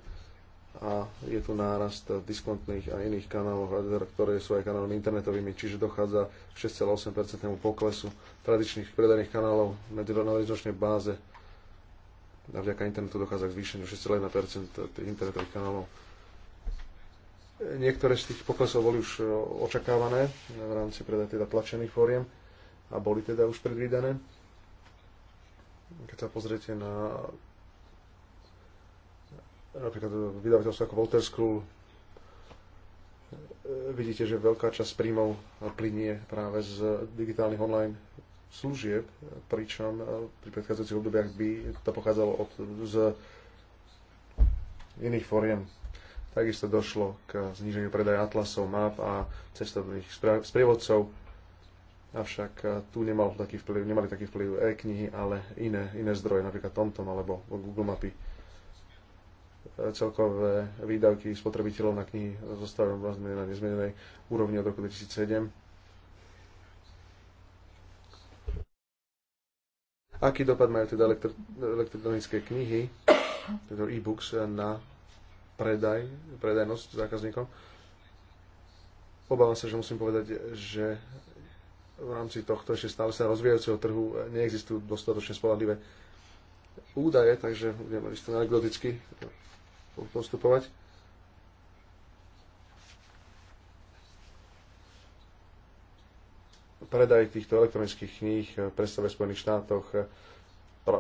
a je tu nárast v diskontných a iných kanáloch, teda, ktoré sú aj kanálmi internetovými, čiže dochádza k 6,8% poklesu tradičných predajných kanálov na medziročnej báze. A vďaka internetu dochádza k zvýšeniu 6,1% tých internetových kanálov. Niektoré z tých poklesov boli už e, očakávané v rámci predaj teda tlačených fóriem a boli teda už predvídané keď sa pozriete na napríklad vydavateľstvo ako Walter School, e, vidíte, že veľká časť príjmov plinie práve z digitálnych online služieb, pričom e, pri predchádzajúcich obdobiach by to pochádzalo od, z iných foriem. Takisto došlo k zníženiu predaja atlasov, map a cestovných sprievodcov. Avšak eh, tu nemal taký vplyv, nemali taký vplyv e-knihy, ale iné, iné zdroje, napríklad TomTom alebo Google Mapy. E, celkové výdavky spotrebiteľov na knihy zostávajú vlastne na nezmenenej úrovni od roku 2007. Aký dopad majú teda elektr- elektronické knihy, teda e-books, na predaj, predajnosť zákazníkom? Obávam sa, že musím povedať, že v rámci tohto ešte stále sa rozvíjajúceho trhu neexistujú dostatočne spolahlivé údaje, takže budeme isto anekdoticky postupovať. Predaj týchto elektronických kníh predstavuje v Spojených štátoch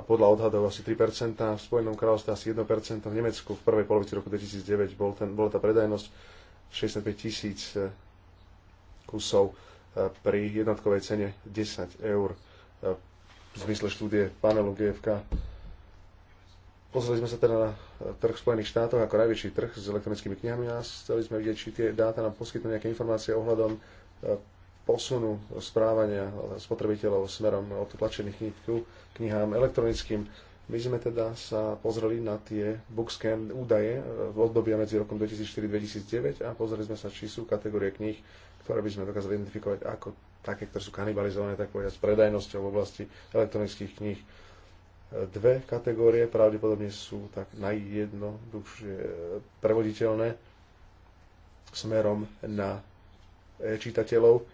podľa odhadov asi 3%, v Spojenom kráľovstve asi 1%, v Nemecku v prvej polovici roku 2009 bol ten, bola tá predajnosť 65 tisíc kusov pri jednotkovej cene 10 eur v zmysle štúdie panelu GFK. Pozreli sme sa teda na trh v Spojených štátoch ako najväčší trh s elektronickými knihami a chceli sme vidieť, či tie dáta nám poskytnú nejaké informácie ohľadom e, posunu správania spotrebiteľov smerom od tlačených kníh k knihám elektronickým. My sme teda sa pozreli na tie bookscan údaje e, v obdobia medzi rokom 2004-2009 a pozreli sme sa, či sú kategórie kníh, ktoré by sme dokázali identifikovať ako také, ktoré sú kanibalizované, tak povedať, s predajnosťou v oblasti elektronických kníh. Dve kategórie pravdepodobne sú tak najjednoduchšie prevoditeľné smerom na e-čitateľov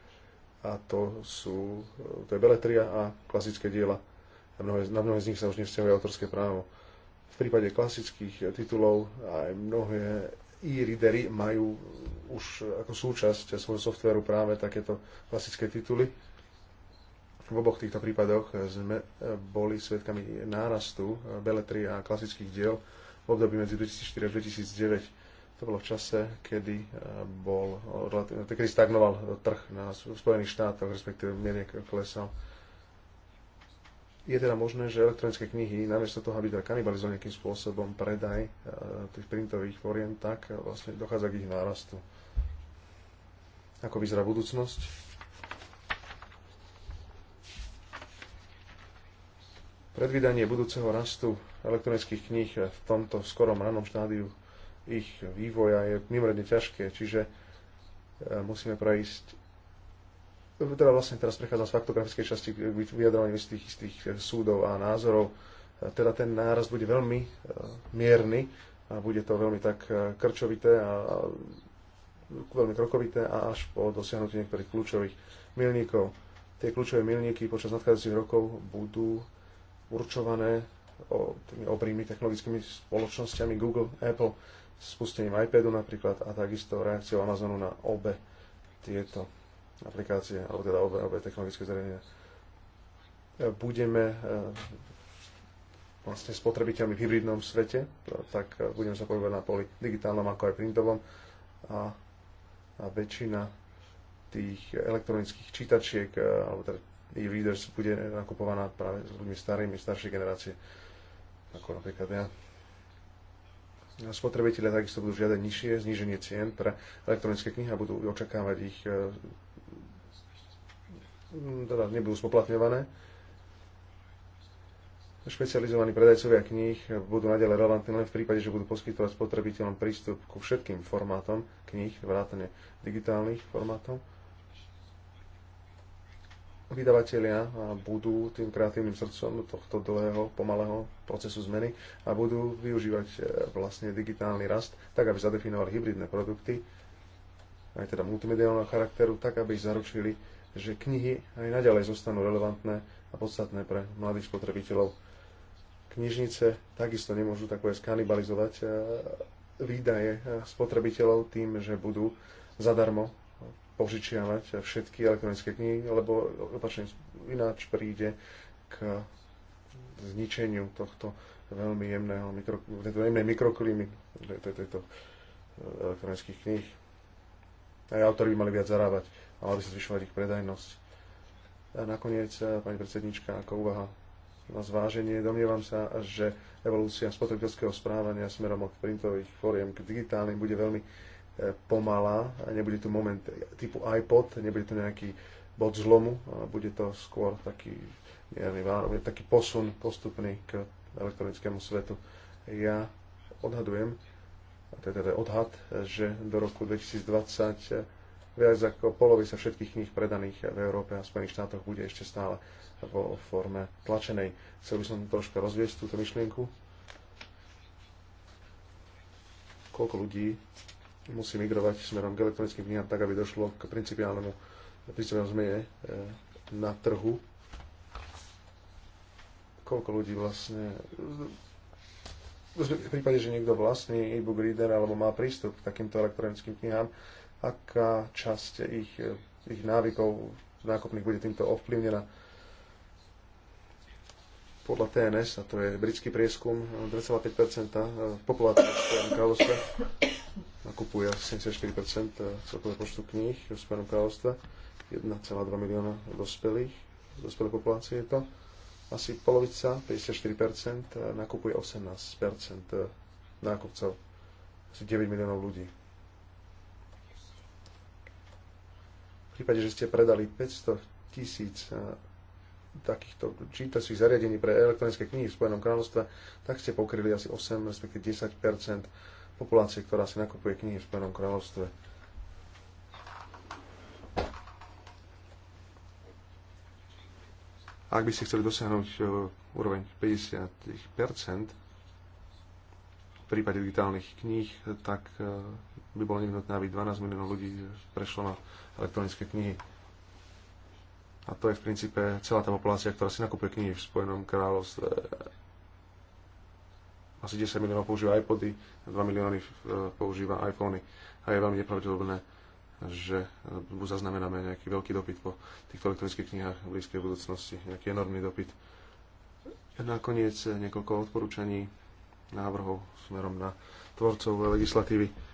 a to sú to je beletria a klasické diela. Na mnohé, na mnohé z nich sa už nevzťahuje autorské právo. V prípade klasických titulov aj mnohé e-readery majú už ako súčasť svojho softvéru práve takéto klasické tituly. V oboch týchto prípadoch sme e, boli svetkami nárastu e, beletry a klasických diel v období medzi 2004 a 2009. To bolo v čase, kedy, e, bol, kedy stagnoval trh na Spojených štátoch, respektíve mierne klesal. Je teda možné, že elektronické knihy, namiesto toho, aby teda kanibalizovali nejakým spôsobom predaj e, tých printových foriem, tak e, vlastne dochádza k ich nárastu. Ako vyzerá budúcnosť? Predvídanie budúceho rastu elektronických kníh v tomto skorom ranom štádiu ich vývoja je mimoriadne ťažké, čiže e, musíme prejsť teda vlastne teraz prechádzam z faktografickej časti k vyjadrovaniu z tých, z tých eh, súdov a názorov. Eh, teda ten náraz bude veľmi eh, mierny a bude to veľmi tak krčovité a, a veľmi krokovité a až po dosiahnutí niektorých kľúčových milníkov. Tie kľúčové milníky počas nadchádzajúcich rokov budú určované o, tými obrými technologickými spoločnosťami Google, Apple, spustením iPadu napríklad a takisto reakciou Amazonu na obe tieto aplikácie, alebo teda obe, obe technologické zariadenia. E, budeme e, vlastne spotrebiteľmi v hybridnom svete, e, tak budeme sa pohybovať na poli digitálnom ako aj printovom a, a väčšina tých elektronických čítačiek alebo teda e-readers bude nakupovaná práve s ľuďmi starými, staršie generácie, ako napríklad ja. Spotrebitelia takisto budú žiadať nižšie zníženie cien pre elektronické knihy a budú očakávať ich Mm, teda nebudú spoplatňované. Špecializovaní predajcovia kníh budú naďalej relevantní len v prípade, že budú poskytovať spotrebiteľom prístup ku všetkým formátom kníh, vrátane digitálnych formátov. Vydavatelia budú tým kreatívnym srdcom tohto dlhého, pomalého procesu zmeny a budú využívať e, vlastne digitálny rast, tak aby zadefinovali hybridné produkty, aj teda multimediálneho charakteru, tak aby zaručili že knihy aj naďalej zostanú relevantné a podstatné pre mladých spotrebiteľov. Knižnice takisto nemôžu takové skanibalizovať eh, výdaje eh, spotrebiteľov tým, že budú zadarmo požičiavať všetky elektronické knihy, lebo opačne ináč príde k zničeniu tohto veľmi jemného mikro, tejto jemnej mikroklímy tejto eh, elektronických kníh. Aj autori by mali viac zarábať ale aby sa zvyšovať ich predajnosť. A nakoniec, e, pani predsednička, ako úvaha na zváženie, domnievam sa, že evolúcia spotrebiteľského správania smerom od printových fóriem k digitálnym bude veľmi e, pomalá, nebude tu moment typu iPod, nebude tu nejaký bod zlomu, ale bude to skôr taký, neviem, taký posun postupný k elektronickému svetu. Ja odhadujem, a to je teda odhad, že do roku 2020 Viac ako polovica všetkých kníh predaných v Európe a Spojených štátoch bude ešte stále vo forme tlačenej. Chcel by som troška rozviesť túto myšlienku. Koľko ľudí musí migrovať smerom k elektronickým knihám tak, aby došlo k principiálnemu principiálnemu zmene eh, na trhu. Koľko ľudí vlastne v prípade, že niekto vlastní e-book reader alebo má prístup k takýmto elektronickým knihám, aká časť ich, ich návykov nákupných bude týmto ovplyvnená. Podľa TNS, a to je britský prieskum, 2,5 eh, populácie v Spojenom kráľovstve nakupuje 74 eh, celkového počtu kníh v Spojenom kráľovstve. 1,2 milióna dospelých, dospelé populácie je to. Asi polovica, 54 eh, nakupuje 18 nákupcov, asi 9 miliónov ľudí. prípade, že ste predali 500 tisíc e, takýchto čítacích zariadení pre elektronické knihy v Spojenom kráľovstve, tak ste pokryli asi 8, respektive 10 populácie, ktorá si nakupuje knihy v Spojenom kráľovstve. Ak by ste chceli dosiahnuť e, úroveň 50 v prípade digitálnych kníh, tak e, by bolo nevyhnutné, aby 12 miliónov ľudí prešlo na elektronické knihy. A to je v princípe celá tá populácia, ktorá si nakupuje knihy v Spojenom kráľovstve. Asi 10 miliónov používa iPody, 2 milióny eh, používa iPhony. A je veľmi nepravdepodobné, že eh, zaznamenáme nejaký veľký dopyt po týchto elektronických knihách v blízkej budúcnosti, nejaký enormný dopyt. Nakoniec eh, niekoľko odporúčaní návrhov smerom na tvorcov legislatívy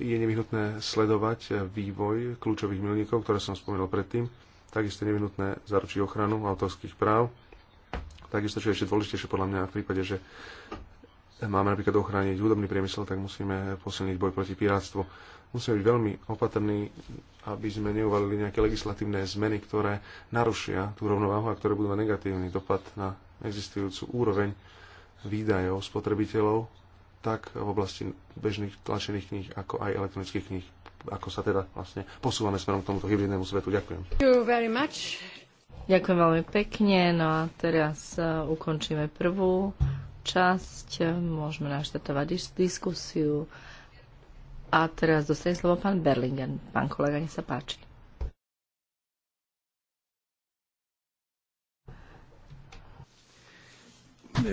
je nevyhnutné sledovať vývoj kľúčových milníkov, ktoré som spomenul predtým. Takisto je nevyhnutné zaručiť ochranu autorských práv. Takisto, čo je ešte dôležitejšie podľa mňa v prípade, že máme napríklad ochrániť hudobný priemysel, tak musíme posilniť boj proti pirátstvu. Musíme byť veľmi opatrní, aby sme neuvalili nejaké legislatívne zmeny, ktoré narušia tú rovnováhu a ktoré budú mať negatívny dopad na existujúcu úroveň výdajov spotrebiteľov tak v oblasti bežných tlačených kníh, ako aj elektronických kníh, ako sa teda vlastne posúvame smerom k tomuto hybridnému svetu. Ďakujem. Ďakujem veľmi pekne. No a teraz e, ukončíme prvú časť. Môžeme naštartovať diskusiu. A teraz dostane slovo pán Berlingen. Pán kolega, nech sa páči.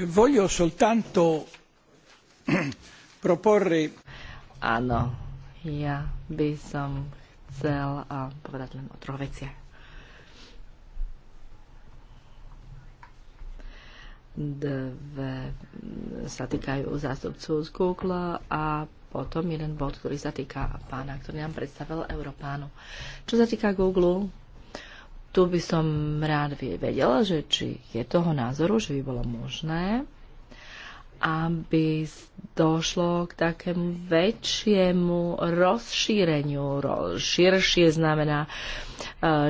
Voglio soltanto proporre... Áno, ja by som chcel a povedať len o troch veciach. Dve sa týkajú zástupcu z Google a potom jeden bod, ktorý sa týka pána, ktorý nám predstavil Európánu. Čo sa týka Google, tu by som rád vedela, že či je toho názoru, že by bolo možné aby došlo k takému väčšiemu rozšíreniu. Širšie znamená e,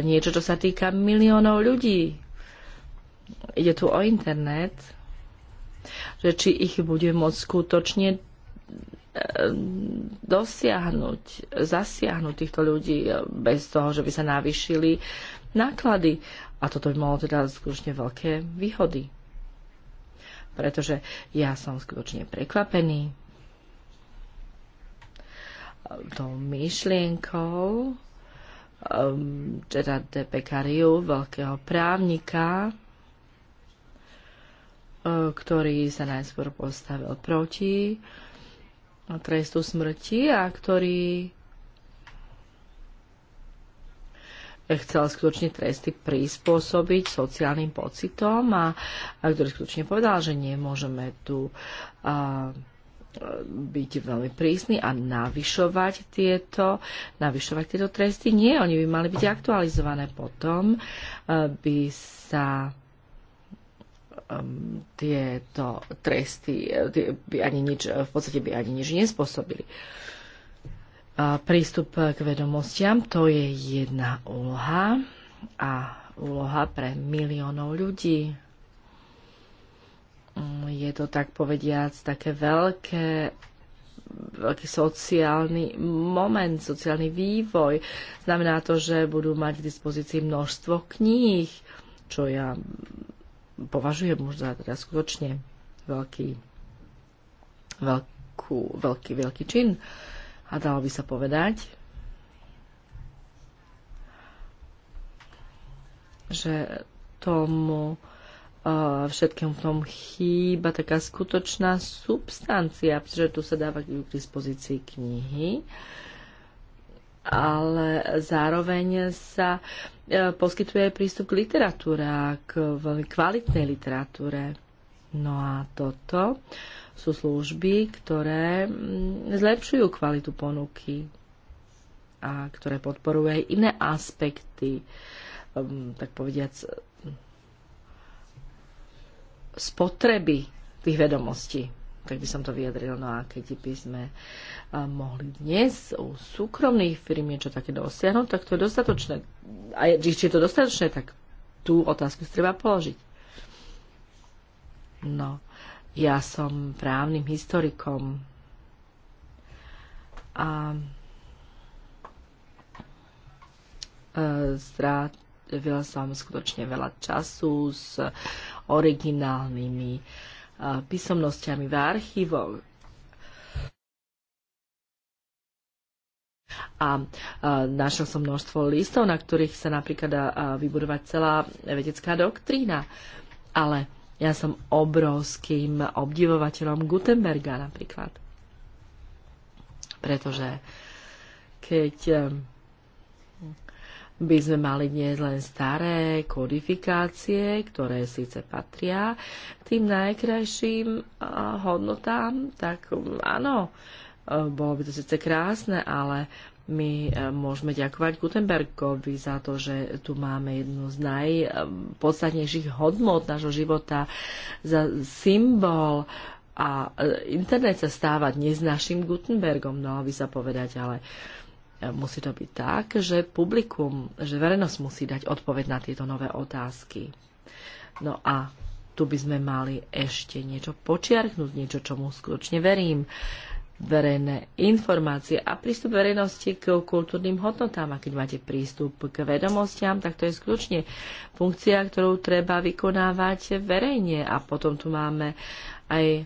niečo, čo sa týka miliónov ľudí. Ide tu o internet, že či ich bude môcť skutočne e, dosiahnuť, zasiahnuť týchto ľudí e, bez toho, že by sa navýšili náklady. A toto by malo teda skutočne veľké výhody pretože ja som skutočne prekvapený tou myšlienkou um, teda de Pekariu, veľkého právnika, uh, ktorý sa najskôr postavil proti trestu smrti a ktorý chcel skutočne tresty prispôsobiť sociálnym pocitom a, a ktorý skutočne povedal, že nemôžeme tu a, byť veľmi prísni a navyšovať tieto, navyšovať tieto tresty. Nie, oni by mali byť aktualizované potom, by sa um, tieto tresty tie by ani nič, v podstate by ani nič nespôsobili. Uh, prístup k vedomostiam, to je jedna úloha a úloha pre miliónov ľudí. Mm, je to tak povediac také veľké veľký sociálny moment, sociálny vývoj. Znamená to, že budú mať k dispozícii množstvo kníh, čo ja považujem už za teda skutočne veľký, veľkú, veľký, veľký čin. Uh, a dalo by sa povedať, že tomu e, všetkému tom chýba taká skutočná substancia, pretože tu sa dáva k dispozícii knihy, ale zároveň sa e, poskytuje prístup k literatúre, k veľmi kvalitnej literatúre. No a toto sú služby, ktoré mm, zlepšujú kvalitu ponuky a ktoré podporujú aj iné aspekty, mm, tak povediac, spotreby tých vedomostí. Tak by som to vyjadril. No a keď by sme mohli dnes u súkromných firm niečo také dosiahnuť, tak to je dostatočné. A či je to dostatočné, tak tú otázku si treba položiť. No. Ja som právnym historikom a e, strávila som skutočne veľa času s originálnymi e, písomnosťami v archívoch. A e, našiel som množstvo listov, na ktorých sa napríklad dá vybudovať celá vedecká doktrína. Ale ja som obrovským obdivovateľom Gutenberga napríklad. Pretože keď ehm, by sme mali dnes len staré kodifikácie, ktoré síce patria tým najkrajším eh, hodnotám, tak ehm, áno, eh, bolo by to síce krásne, ale my e, môžeme ďakovať Gutenbergovi za to, že tu máme jednu z najpodstatnejších hodnot nášho života, za symbol a e, internet sa stáva dnes našim Gutenbergom, no a vy sa povedať, ale e, musí to byť tak, že publikum, že verejnosť musí dať odpoveď na tieto nové otázky. No a tu by sme mali ešte niečo počiarknúť, niečo, čomu skutočne verím. Uh, verejné informácie a prístup verejnosti k kultúrnym hodnotám. A keď máte prístup k vedomostiam, tak to je skutočne funkcia, ktorú treba vykonávať verejne. A potom tu máme aj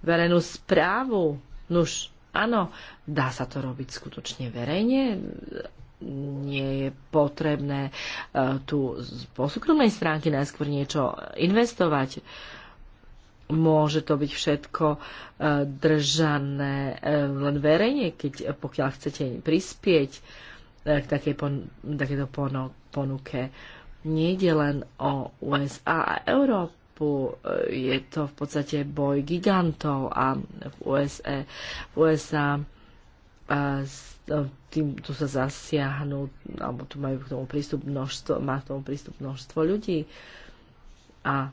verejnú správu. Nuž, áno, dá sa to robiť skutočne verejne nie je potrebné eh, tu po súkromnej stránke najskôr niečo investovať môže to byť všetko e, držané e, len verejne, keď, e, pokiaľ chcete prispieť k takéto ponuke. Nejde len o USA a Európu, je to v podstate boj gigantov a v USA, v USA a tým, tu sa zasiahnu, alebo tu majú k tomu prístup množstvo, má k tomu prístup množstvo ľudí. A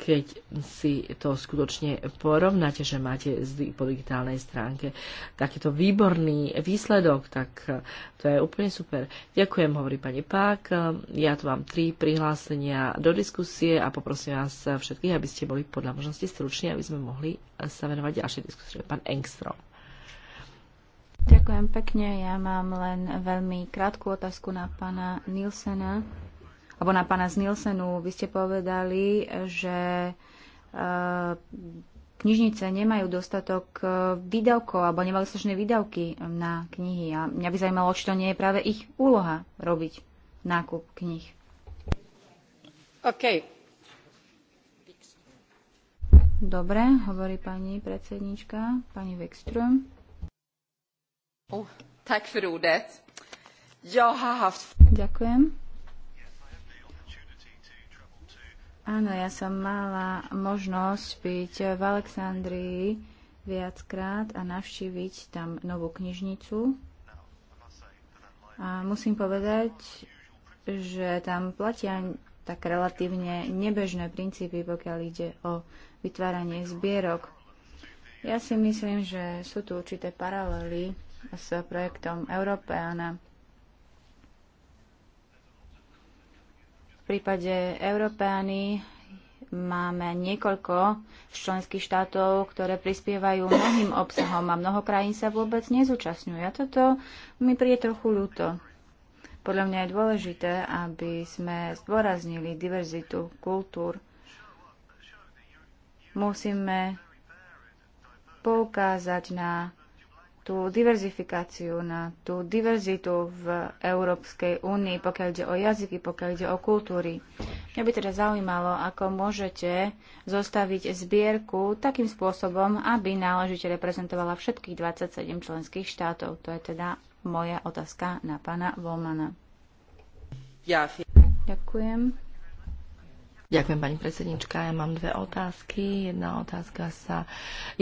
keď si to skutočne porovnáte, že máte po digitálnej stránke takýto výborný výsledok, tak e, to je úplne super. Ďakujem, hovorí pani Pák. E, ja tu mám tri prihlásenia do diskusie a poprosím vás všetkých, aby ste boli podľa možnosti struční, aby sme mohli e, sa venovať ďalšej diskusie. Pán Engstrom. Ďakujem pekne. Ja mám len veľmi krátku otázku na pána Nilsena alebo na pána z Nielsenu. Vy ste povedali, že e, knižnice nemajú dostatok e, výdavkov alebo nemajú dostatočné výdavky na knihy. A mňa by zaujímalo, či to nie je práve ich úloha robiť nákup knih. OK. Dobre, hovorí pani predsednička, pani Wikström. Oh, tak för ordet. Jag har haft... Ďakujem. Áno, ja som mala možnosť byť v Alexandrii viackrát a navštíviť tam novú knižnicu. A musím povedať, že tam platia tak relatívne nebežné princípy, pokiaľ ide o vytváranie zbierok. Ja si myslím, že sú tu určité paralely s projektom Európeana. prípade Európeány máme niekoľko členských štátov, ktoré prispievajú mnohým obsahom a mnoho krajín sa vôbec nezúčastňujú. A toto mi príde trochu ľúto. Podľa mňa je dôležité, aby sme zdôraznili diverzitu kultúr. Musíme poukázať na tú diverzifikáciu, na tú diverzitu v Európskej únii, pokiaľ ide o jazyky, pokiaľ ide o kultúry. Mňa by teda zaujímalo, ako môžete zostaviť zbierku takým spôsobom, aby náležite reprezentovala všetkých 27 členských štátov. To je teda moja otázka na pána Volmana. Ja. Ďakujem. Ďakujem, pani predsednička. Ja mám dve otázky. Jedna otázka sa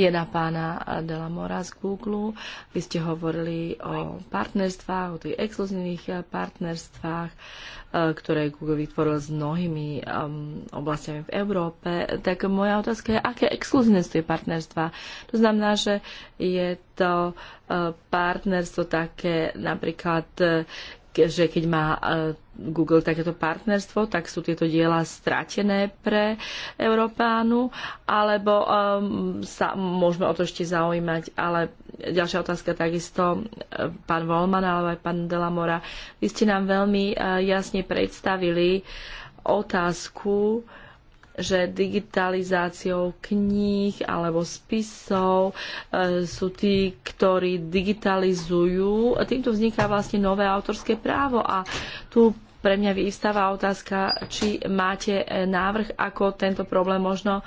je na pána Delamora z Google. Vy ste hovorili o partnerstvách, o tých exkluzívnych partnerstvách, e, ktoré Google vytvoril s mnohými oblastiami v Európe. Tak moja otázka je, aké exkluzívne sú tie partnerstva? To znamená, že je to e, partnerstvo také napríklad že keď má e, Google takéto partnerstvo, tak sú tieto diela stratené pre Európánu, alebo ehm, sa môžeme o to ešte zaujímať. Ale ďalšia otázka takisto, e, pán Volman alebo aj pán Delamora, vy ste nám veľmi e, jasne predstavili otázku, že digitalizáciou kníh alebo spisov e, sú tí, ktorí digitalizujú. Týmto vzniká vlastne nové autorské právo a tu pre mňa vyvstáva otázka, či máte e, návrh, ako tento problém možno e,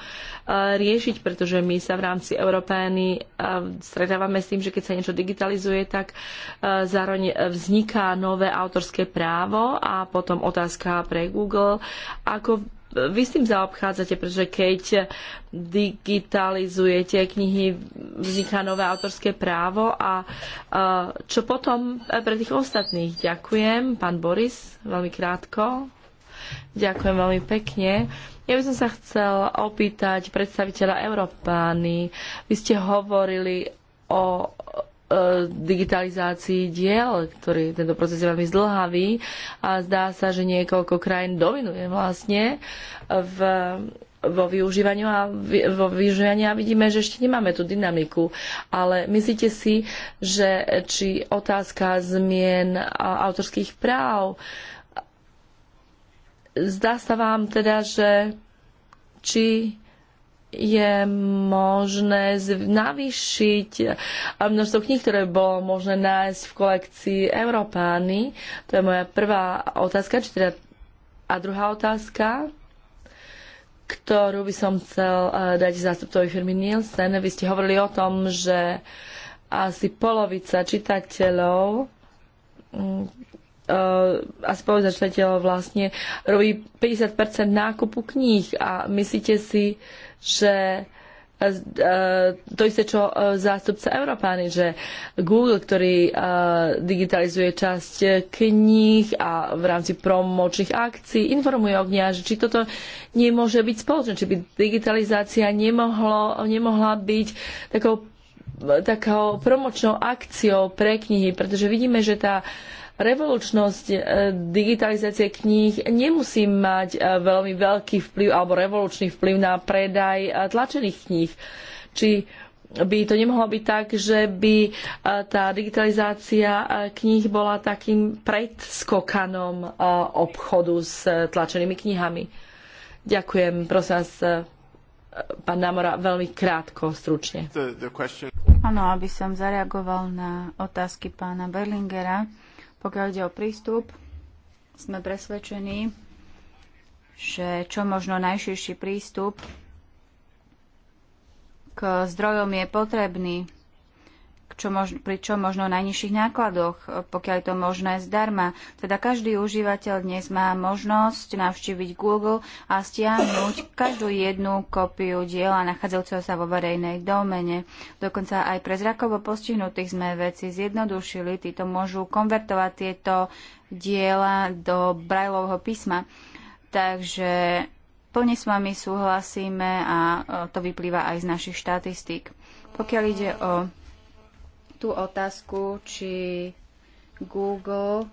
riešiť, pretože my sa v rámci Európeny e, stretávame s tým, že keď sa niečo digitalizuje, tak zároveň vzniká nové autorské právo a potom otázka pre Google, ako vy s tým zaobchádzate, pretože keď digitalizujete knihy, vzniká nové autorské právo a čo potom pre tých ostatných? Ďakujem, pán Boris, veľmi krátko. Ďakujem veľmi pekne. Ja by som sa chcel opýtať predstaviteľa Európány. Vy ste hovorili o E, digitalizácii diel, ktorý tento proces je veľmi zdlhavý a zdá sa, že niekoľko krajín dominuje vlastne v vo využívaniu a vo využívaniu a vidíme, že ešte nemáme tú dynamiku. Ale myslíte si, že či otázka zmien autorských práv zdá sa vám teda, že či je možné navýšiť eh, množstvo kníh, ktoré bolo možné nájsť v kolekcii Európány. To je moja prvá otázka. Či teda... A druhá otázka, ktorú by som chcel eh, dať zástupcovi firmy Nielsen. Vy ste hovorili o tom, že asi polovica čitateľov mm, eh, a spolu začiatelo vlastne robí 50% nákupu kníh a myslíte si, že e, e, to isté, čo e, zástupca Európány, že Google, ktorý digitalizuje časť kníh a v rámci promočných akcií, informuje ohňa, že či toto nemôže byť spoločné, či by digitalizácia nemohlo, nemohla byť takou takou promočnou akciou pre knihy, pretože vidíme, že tá uh, Revolučnosť e, digitalizácie kníh nemusí mať e, veľmi veľký vplyv alebo revolučný vplyv na predaj e, tlačených kníh. Či by to nemohlo byť tak, že by tá digitalizácia kníh bola takým predskokanom obchodu s tlačenými knihami. Ďakujem, prosím vás, pán Namora, veľmi krátko, stručne. Áno, aby som zareagoval na otázky pána Berlingera. Pokiaľ ide o prístup, sme presvedčení, že čo možno najširší prístup k zdrojom je potrebný čo mož, pri čo možno najnižších nákladoch, e, pokiaľ je to možné zdarma. Teda každý užívateľ dnes má možnosť navštíviť Google a stiahnuť každú jednu kopiu diela nachádzajúceho sa vo verejnej domene. Dokonca aj pre zrakovo postihnutých sme veci zjednodušili. Títo môžu konvertovať tieto diela do brajlovho písma. Takže plne s vami súhlasíme a e, to vyplýva aj z našich štatistík. Pokiaľ ide o tú otázku, či Google,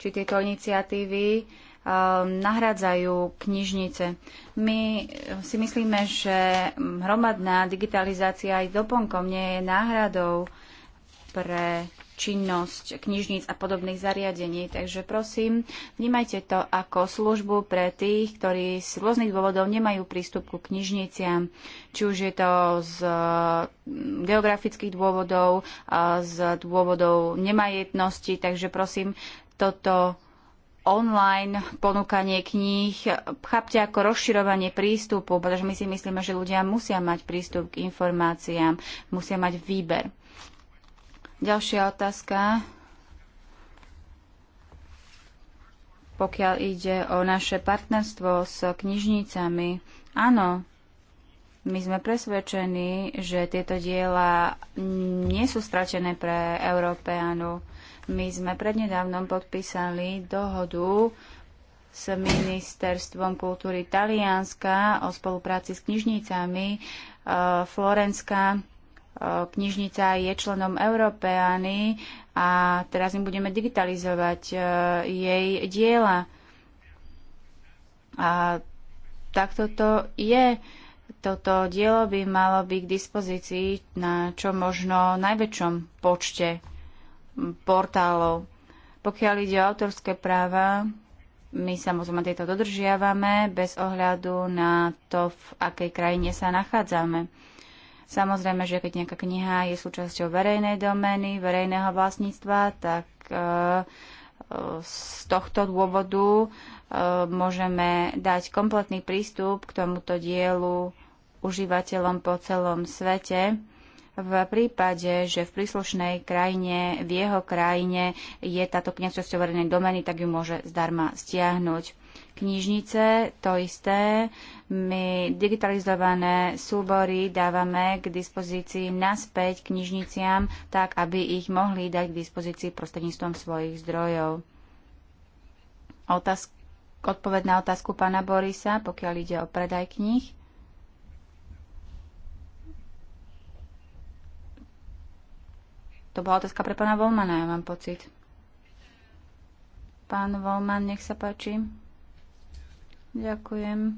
či tieto iniciatívy um, nahradzajú knižnice. My si myslíme, že hromadná digitalizácia aj doplnkom nie je náhradou pre činnosť knižníc a podobných zariadení. Takže prosím, vnímajte to ako službu pre tých, ktorí z rôznych dôvodov nemajú prístup ku knižniciam. Či už je to z mm, geografických dôvodov, z dôvodov nemajetnosti. Takže prosím, toto online ponúkanie kníh chápte ako rozširovanie prístupu, pretože my si myslíme, že ľudia musia mať prístup k informáciám, musia mať výber. Ďalšia otázka. Pokiaľ ide o naše partnerstvo s knižnicami, áno, my sme presvedčení, že tieto diela nie sú stratené pre Európeanu. My sme prednedávnom podpísali dohodu s ministerstvom kultúry Talianska o spolupráci s knižnicami. Eh, Florenska E, knižnica je členom Európeány a teraz im budeme digitalizovať e, jej diela. A takto to je. Toto dielo by malo byť k dispozícii na čo možno najväčšom počte portálov. Pokiaľ ide o autorské práva, my samozrejme tieto dodržiavame bez ohľadu na to, v akej krajine sa nachádzame. Samozrejme, že keď nejaká kniha je súčasťou verejnej domény, verejného vlastníctva, tak e, z tohto dôvodu e, môžeme dať kompletný prístup k tomuto dielu užívateľom po celom svete v prípade, že v príslušnej krajine, v jeho krajine je táto kniha verejnej domény, tak ju môže zdarma stiahnuť knižnice, to isté. My digitalizované súbory dávame k dispozícii naspäť knižniciam, tak aby ich mohli dať k dispozícii prostredníctvom svojich zdrojov. Otázka odpoved na otázku pána Borisa, pokiaľ ide o predaj kníh. To bola otázka pre pána Volmana, ja mám pocit. Pán Volman, nech sa páči. Ďakujem.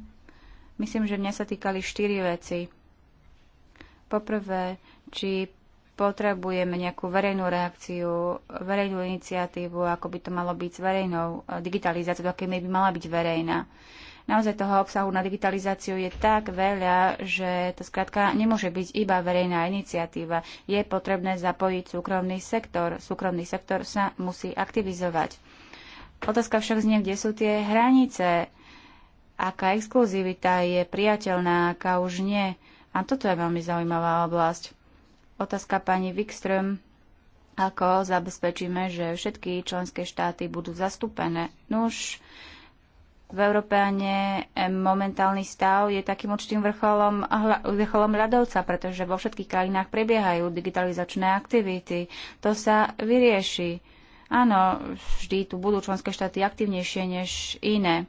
Myslím, že mňa sa týkali štyri veci. Poprvé, či potrebujeme nejakú verejnú reakciu, verejnú iniciatívu, ako by to malo byť s verejnou eh, digitalizáciou, do by mala byť verejná. Naozaj toho obsahu na digitalizáciu je tak veľa, že to skrátka nemôže byť iba verejná iniciatíva. Je potrebné zapojiť súkromný sektor. Súkromný sektor sa musí aktivizovať. Otázka však znie, kde sú tie hranice aká exkluzivita je priateľná, aká už nie. A toto je veľmi zaujímavá oblasť. Otázka pani Wikström, ako zabezpečíme, že všetky členské štáty budú zastúpené. Nuž, v Európeane momentálny stav je takým určitým vrcholom, vrcholom ľadovca, pretože vo všetkých krajinách prebiehajú digitalizačné aktivity. To sa vyrieši. Áno, vždy tu budú členské štáty aktívnejšie než iné.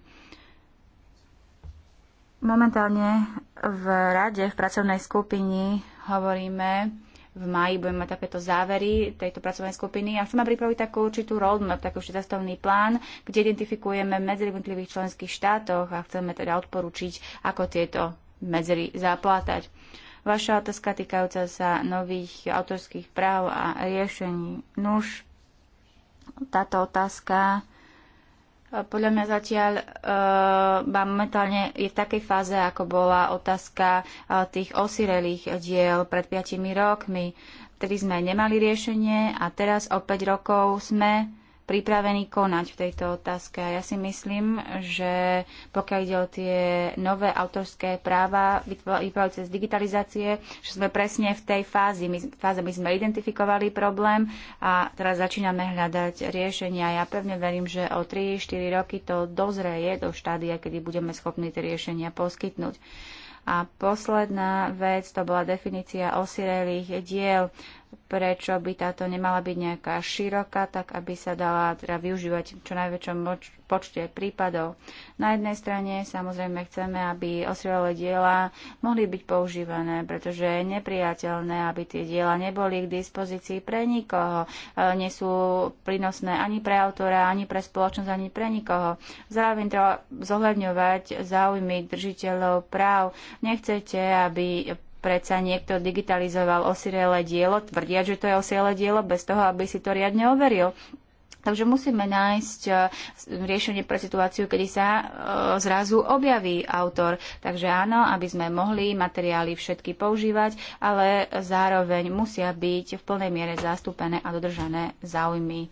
Momentálne v rade, v pracovnej skupini hovoríme, v maji budeme mať takéto závery tejto pracovnej skupiny a chceme pripraviť takú určitú roadmap, taký určitý zastavný plán, kde identifikujeme medzery v jednotlivých členských štátoch a chceme teda odporučiť, ako tieto medzery zaplátať. Vaša otázka týkajúca sa nových autorských práv a riešení. Nuž, táto otázka podľa mňa zatiaľ uh, momentálne je v takej fáze, ako bola otázka uh, tých osirelých diel pred 5 rokmi. Vtedy sme nemali riešenie a teraz o 5 rokov sme uh, pripravení konať v tejto otázke. A ja si myslím, že pokiaľ ide o tie nové autorské práva vyplývajúce z digitalizácie, že sme presne v tej fázi. My, fáze my sme identifikovali problém a teraz začíname hľadať riešenia. Ja pevne verím, že o 3-4 roky to dozreje do štádia, kedy budeme schopní tie riešenia poskytnúť. A posledná vec, to bola definícia osirelých diel prečo by táto nemala byť nejaká široká, tak aby sa dala teda využívať v čo najväčšom počte prípadov. Na jednej strane samozrejme chceme, aby osirelé diela mohli byť používané, pretože je nepriateľné, aby tie diela neboli k dispozícii pre nikoho. Nie sú prínosné ani pre autora, ani pre spoločnosť, ani pre nikoho. Zároveň treba zohľadňovať záujmy držiteľov práv. Nechcete, aby predsa niekto digitalizoval osirele dielo, tvrdia, že to je osirele dielo, bez toho, aby si to riadne overil. Takže musíme nájsť e, riešenie pre situáciu, kedy sa e, zrazu objaví autor. Takže áno, aby sme mohli materiály všetky používať, ale zároveň musia byť v plnej miere zastúpené a dodržané záujmy e,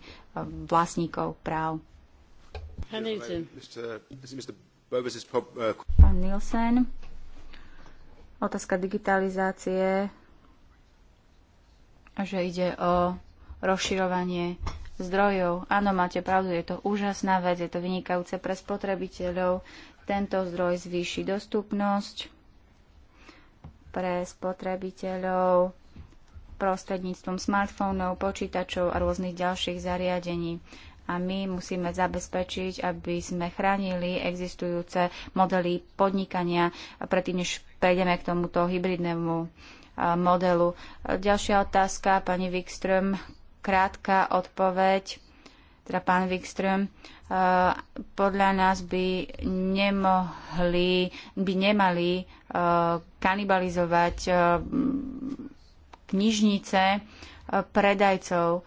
vlastníkov práv. Pán Nielsen otázka digitalizácie, že ide o rozširovanie zdrojov. Áno, máte pravdu, je to úžasná vec, je to vynikajúce pre spotrebiteľov. Tento zdroj zvýši dostupnosť pre spotrebiteľov prostredníctvom smartfónov, počítačov a rôznych ďalších zariadení. A my musíme zabezpečiť, aby sme chránili existujúce modely podnikania predtým, než prejdeme k tomuto hybridnému modelu. Ďalšia otázka, pani Wikström, krátka odpoveď, teda pán Wikström, podľa nás by nemohli, by nemali kanibalizovať knižnice predajcov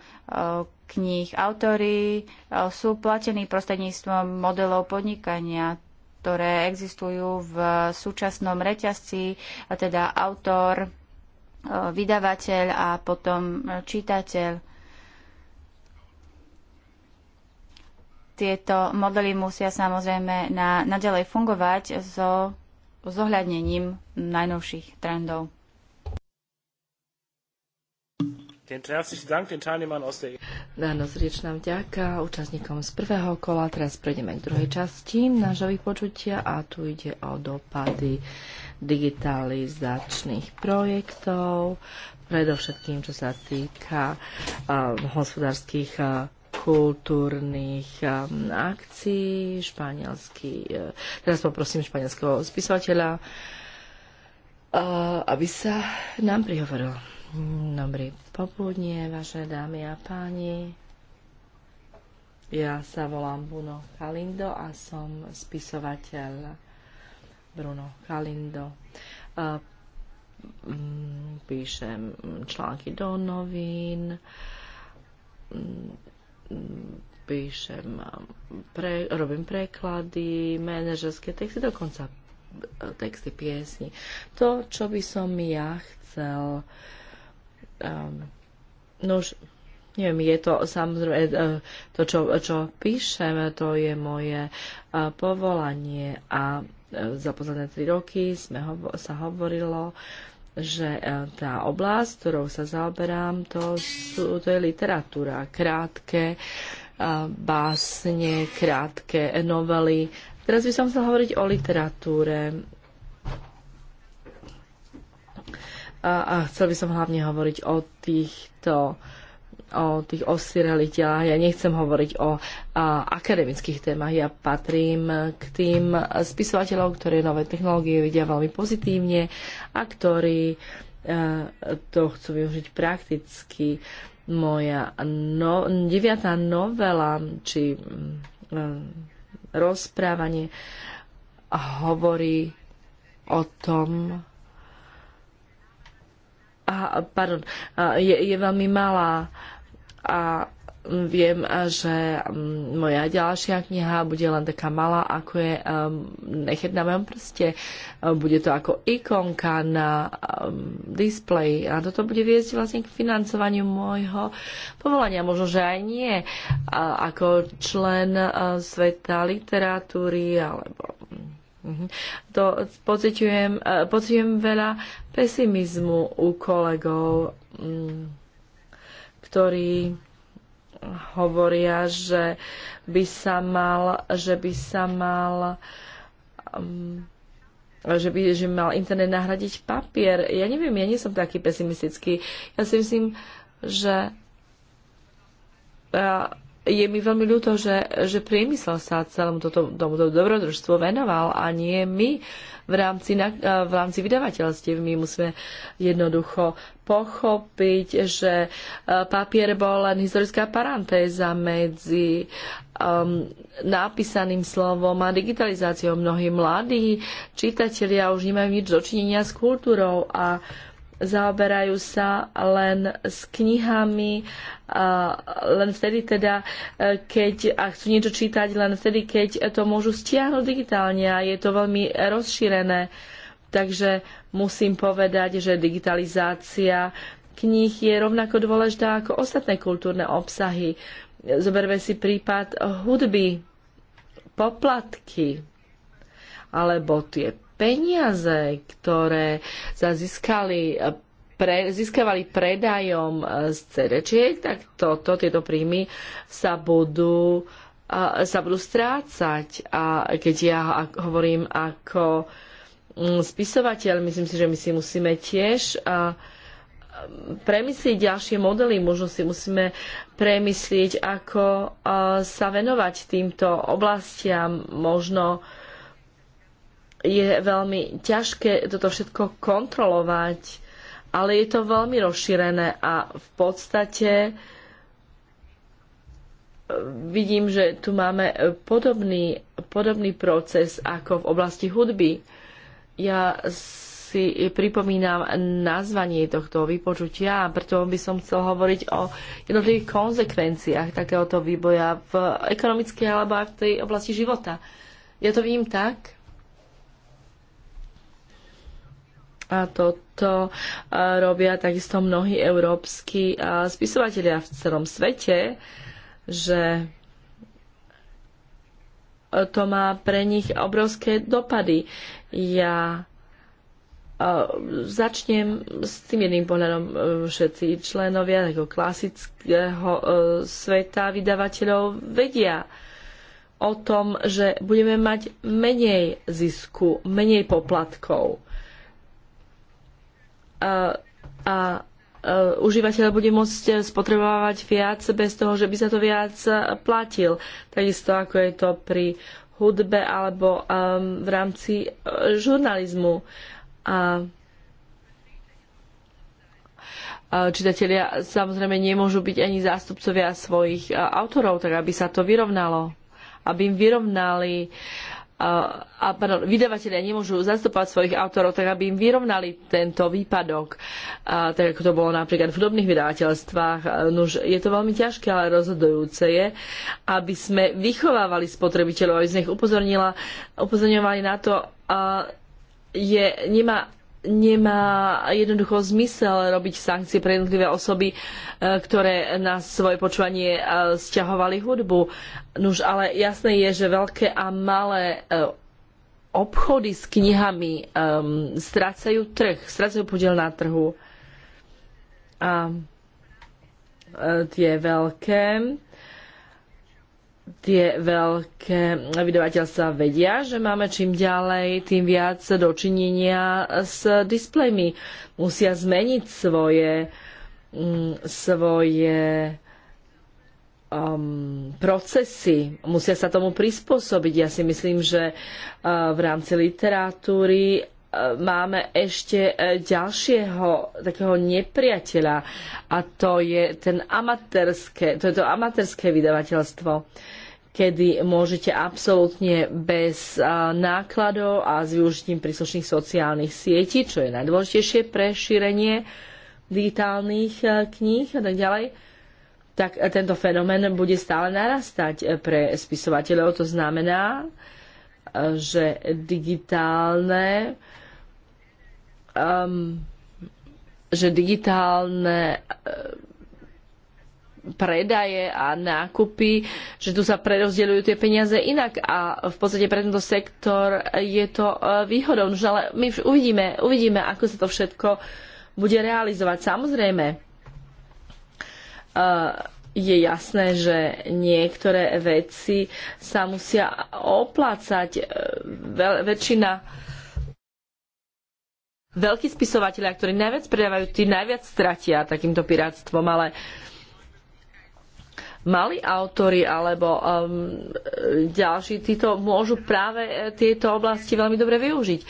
kníh. Autory sú platení prostredníctvom modelov podnikania ktoré existujú v súčasnom reťazci, a teda autor, e, vydavateľ a potom čítateľ. Tieto modely musia samozrejme na, naďalej fungovať so zohľadnením najnovších trendov. Áno, e- srdečná vďaka účastníkom z prvého kola. Teraz prejdeme k druhej časti nášho vypočutia a tu ide o dopady digitalizačných projektov, predovšetkým čo sa týka uh, hospodárskych uh, kultúrnych um, akcií. Španielský, uh, teraz poprosím španielského spisovateľa, uh, aby sa nám prihovoril. Dobrý popoludnie, vaše dámy a páni. Ja sa volám Bruno Kalindo a som spisovateľ Bruno Kalindo. Mm, píšem články do novín, mm, píšem, pre, robím preklady, manažerské texty, dokonca e, texty piesni. To, čo by som ja chcel uh, Um, no už, neviem, je to samozrejme, e, to, čo, čo píšem, to je moje uh, povolanie a e, za posledné tri roky sme hovo- sa hovorilo, že tá oblasť, ktorou sa zaoberám, to, sú, to je literatúra. Krátke básne, krátke novely. Teraz by som chcela hovoriť o literatúre a, a chcel by som hlavne hovoriť o týchto o tých osireliteľách. Ja nechcem hovoriť o a, akademických témach. Ja patrím k tým spisovateľom, ktorí nové technológie vidia veľmi pozitívne a ktorí a, e, to chcú využiť prakticky. Moja no, deviatá novela, či a, mm, e, rozprávanie hovorí o tom, a, pardon, je, je veľmi malá a viem, že mm, moja ďalšia kniha bude len taká malá, ako je mm, Nechet na mojom prste. Bude to ako ikonka na mm, display, a toto bude viesť vlastne k financovaniu môjho povolania. Možno, že aj nie ako člen e, sveta literatúry alebo Mhm. To pociťujem, e, pociťujem veľa pesimizmu u kolegov, mm, ktorí hovoria, že by sa mal, že by sa mal mm, že by že mal internet nahradiť papier. Ja neviem, ja nie som taký pesimistický. Ja si myslím, že e, je mi veľmi ľúto, že, že priemysel sa celému toto, tomuto dobrodružstvu venoval a nie my v rámci, na, v rámci vydavateľstiev. My musíme jednoducho pochopiť, že e, papier bol len historická parantéza medzi um, napísaným slovom a digitalizáciou. Mnohí mladí čitatelia už nemajú nič dočinenia s kultúrou a uh, zaoberajú sa len s knihami, len vtedy teda, e, keď a chcú niečo čítať, len vtedy, keď to môžu stiahnuť digitálne a je to veľmi rozšírené. Takže musím povedať, že digitalizácia kníh je rovnako dôležitá ako ostatné kultúrne obsahy. Zoberme si prípad hudby, poplatky alebo tie peniaze, ktoré sa získali pre, získavali predajom e, z cd tak toto, tieto príjmy sa budú, e, sa budú strácať. A keď ja hovorím ako mm, spisovateľ, myslím si, že my si musíme tiež e, premyslieť ďalšie modely, možno si musíme premyslieť, ako sa venovať týmto oblastiam, možno je veľmi ťažké toto všetko kontrolovať, ale je to veľmi rozšírené a v podstate e, vidím, že tu máme podobný, podobný proces ako v oblasti hudby. Ja si pripomínam nazvanie tohto vypočutia a preto by som chcel hovoriť o jednotlivých konsekvenciách takéhoto výboja v ekonomickej alebo aj v tej oblasti života. Ja to vidím tak, A toto robia takisto mnohí európsky spisovatelia v celom svete, že e, to má pre nich obrovské dopady. Ja e, začnem s tým jedným pohľadom e, všetci členovia takého klasického sveta vydavateľov vedia o tom, že budeme mať menej zisku, menej poplatkov a užívateľ bude môcť spotrebovať viac bez toho, že by sa to viac platil. Takisto ako je to pri hudbe alebo um, v rámci e, žurnalizmu. A čitatelia samozrejme nemôžu byť ani zástupcovia svojich e, autorov, tak aby sa to vyrovnalo. Aby im vyrovnali uh, a pardon, vydavatelia nemôžu zastupovať svojich autorov, tak aby im vyrovnali tento výpadok, a, tak ako to bolo napríklad v hudobných vydavateľstvách. Nuž, je to veľmi ťažké, ale rozhodujúce je, aby sme vychovávali spotrebiteľov, aby sme ich upozorňovali na to, a, je, nemá nemá jednoducho zmysel robiť sankcie pre jednotlivé osoby, e, ktoré na svoje počúvanie e, sťahovali hudbu. Nuž, ale jasné je, že veľké a malé e, obchody s knihami um, strácajú trh, strácajú podiel na trhu. A tie veľké tie veľké vydavateľstva vedia, že máme čím ďalej, tým viac dočinenia s displejmi. Musia zmeniť svoje, mm, svoje um, procesy, musia sa tomu prispôsobiť. Ja si myslím, že uh, v rámci literatúry uh, máme ešte uh, ďalšieho takého nepriateľa a to je ten amatérske, to je to amatérske vydavateľstvo. Uh, kedy môžete absolútne bez nákladov a s využitím príslušných sociálnych sietí, čo je najdôležitejšie pre šírenie digitálnych e, kníh a tak ďalej, tak e, tento fenomén bude stále narastať e, pre spisovateľov. To znamená, že digitálne um, že digitálne predaje a nákupy, že tu sa prerozdeľujú tie peniaze inak a v podstate pre tento sektor je to e, výhodou. No, ale my už uvidíme, uvidíme, ako sa to všetko bude realizovať. Samozrejme, e, je jasné, že niektoré veci sa musia oplácať. E, väčšina veľkí spisovateľia, ktorí najviac predávajú, tí najviac stratia takýmto pirátstvom, ale uh, mali autory alebo um, ďalší, títo môžu práve eh, tieto oblasti veľmi dobre využiť.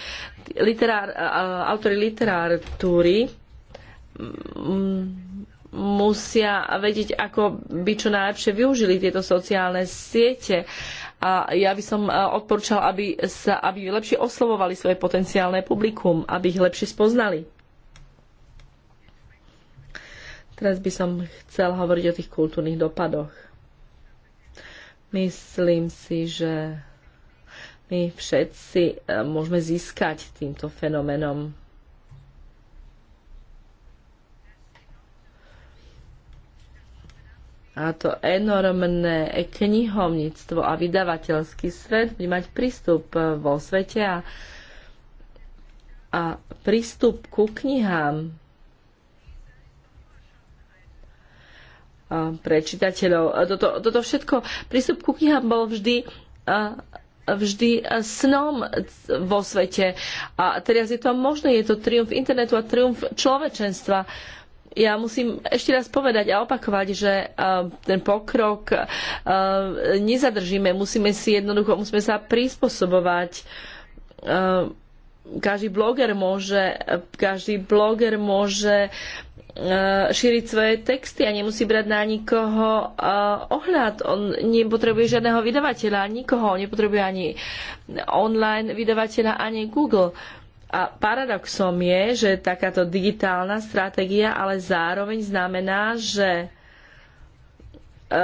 Literár, uh, eh, eh, autory literatúry um, musia vedieť, ako by čo najlepšie využili tieto sociálne siete. A ja by som odporúčal, aby, sa, aby lepšie oslovovali svoje potenciálne publikum, aby ich lepšie spoznali. Teraz by som chcel hovoriť o tých kultúrnych dopadoch. Myslím si, že my všetci e, môžeme získať týmto fenomenom. A to enormné knihovníctvo a vydavateľský svet bude mať prístup e, vo svete a, a prístup ku knihám pre čitateľov. Toto, toto všetko, prístup ku knihám bol vždy vždy snom vo svete. A teraz je to možné, je to triumf internetu a triumf človečenstva. Ja musím ešte raz povedať a opakovať, že ten pokrok nezadržíme, musíme si jednoducho, musíme sa prispôsobovať každý bloger môže, každý bloger môže Eh, šíriť svoje texty a nemusí brať na nikoho eh, ohľad. On nepotrebuje žiadneho vydavateľa, nikoho. On nepotrebuje ani online vydavateľa, ani Google. A paradoxom je, že takáto digitálna stratégia ale zároveň znamená, že eh,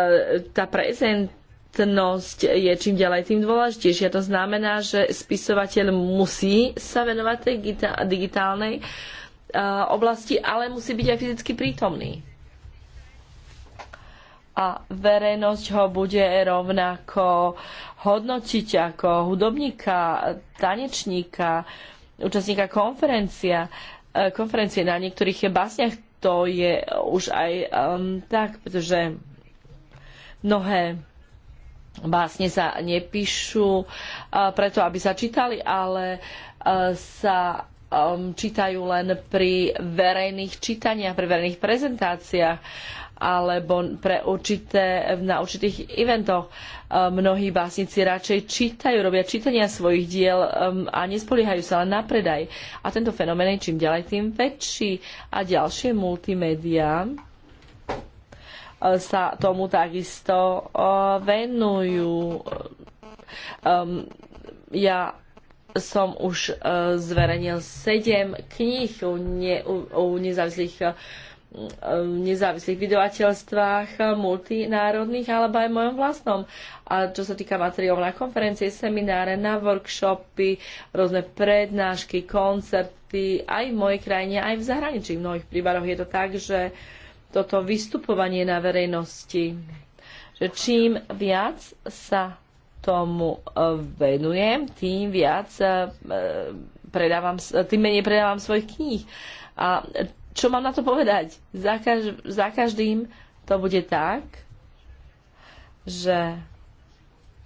tá prezentnosť je čím ďalej tým dôležitejšia. To znamená, že spisovateľ musí sa venovať tej digitálnej uh, E, oblasti, ale musí byť aj fyzicky prítomný. A verejnosť ho bude rovnako hodnotiť ako hudobníka, tanečníka, účastníka konferencia, e, konferencie na niektorých je básniach. To je už aj um, tak, pretože mnohé básne sa nepíšu uh, preto, aby sa čítali, ale uh, sa Um, čítajú len pri verejných čítaniach, pri verejných prezentáciách alebo pre určité, na určitých eventoch. Um, mnohí básnici radšej čítajú, robia čítania svojich diel um, a nespoliehajú sa len na predaj. A tento fenomén je čím ďalej tým väčší. A ďalšie multimédia uh, sa tomu takisto uh, venujú. Ja som už e, zverejnil sedem kníh o, ne, o, o nezávislých e, nezávislých vydavateľstvách e, multinárodných alebo aj mojom vlastnom. A čo sa týka materiálov na konferencie, semináre, na workshopy, rôzne prednášky, koncerty, aj v mojej krajine, aj v zahraničí. V mnohých prípadoch je to tak, že toto vystupovanie na verejnosti, že čím viac sa tomu e, venujem, tým viac e, predávam, tým menej predávam svojich kníh. A čo mám na to povedať? Za, kaž, za každým to bude tak, že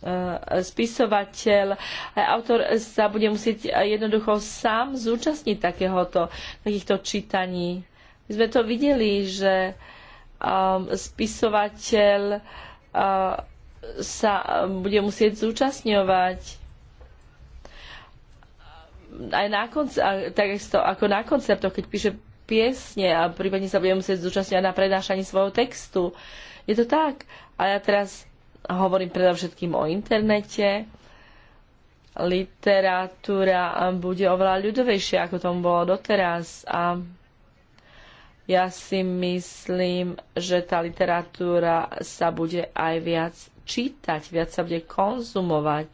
e, spisovateľ, autor sa bude musieť jednoducho sám zúčastniť takéhoto, takýchto čítaní. My sme to videli, že um, spisovateľ uh, sa bude musieť zúčastňovať aj na koncert, takisto ako na koncertoch, keď píše piesne a prípadne sa bude musieť zúčastňovať na prednášaní svojho textu. Je to tak. A ja teraz hovorím predovšetkým o internete. Literatúra bude oveľa ľudovejšia, ako tomu bolo doteraz. A ja si myslím, že tá literatúra sa bude aj viac čítať, viac sa bude konzumovať.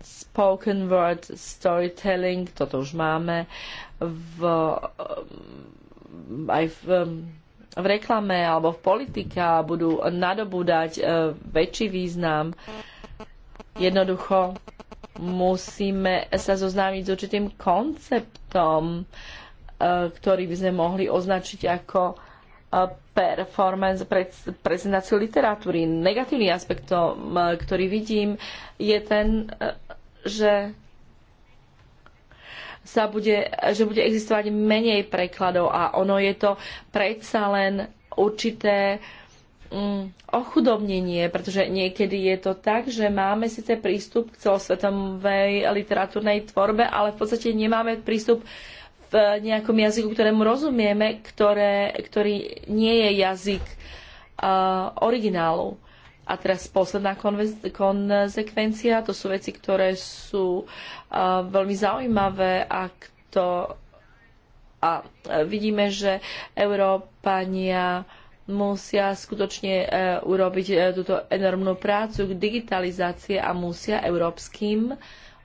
Spoken word, storytelling, toto už máme v, um, aj v, um, v reklame alebo v politike budú nadobúdať uh, väčší význam. Jednoducho musíme sa zoznámiť s určitým konceptom, uh, ktorý by sme mohli označiť ako performance, prezentáciu literatúry. Negatívny aspektom, ktorý vidím, je ten, e, že sa bude, že bude existovať menej prekladov a ono je to predsa len určité mm, ochudobnenie, pretože niekedy je to tak, že máme síce prístup k celosvetovej literatúrnej tvorbe, ale v podstate nemáme prístup uh, v nejakom jazyku, ktorému rozumieme, ktoré, ktorý nie je jazyk uh, originálu. A teraz posledná konzekvencia, to sú veci, ktoré sú uh, veľmi zaujímavé a kto a e, vidíme, že Európania musia skutočne e, urobiť e, túto enormnú prácu k digitalizácii a musia európskym uh,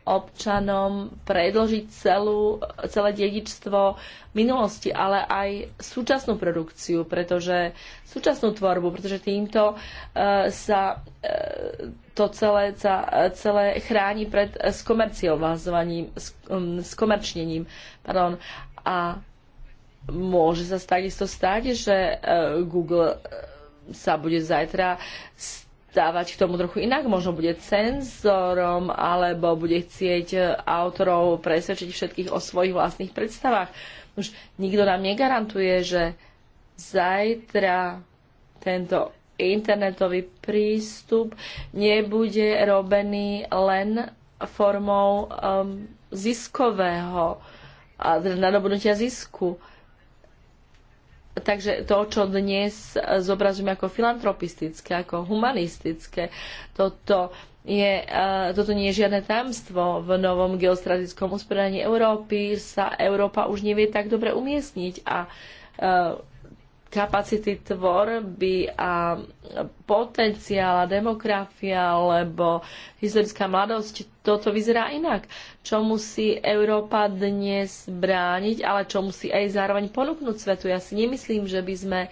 občanom predložiť celú, celé dedičstvo minulosti, ale aj súčasnú produkciu, pretože súčasnú tvorbu, pretože týmto uh, sa uh, to celé, sa, celé chráni pred skomerciovazovaním, skomerčnením. Pardon. A môže sa takisto stať, že uh, Google sa bude zajtra stávať k tomu trochu inak, možno bude cenzorom alebo bude chcieť e, autorov presvedčiť všetkých o svojich vlastných predstavách. Už nikto nám negarantuje, že zajtra tento internetový prístup nebude robený len formou um, ziskového a teda nadobudnutia zisku. Uh, Takže to, čo dnes zobrazujem ako filantropistické, ako humanistické, toto, je, eh, toto nie je žiadne tajomstvo. V novom geostratickom usporiadaní Európy sa Európa už nevie tak dobre umiestniť a eh, kapacity tvorby a potenciál a demografia alebo historická mladosť, toto vyzerá inak. Čo musí Európa dnes brániť, ale čo musí aj zároveň ponúknuť svetu. Ja si nemyslím, že by sme uh,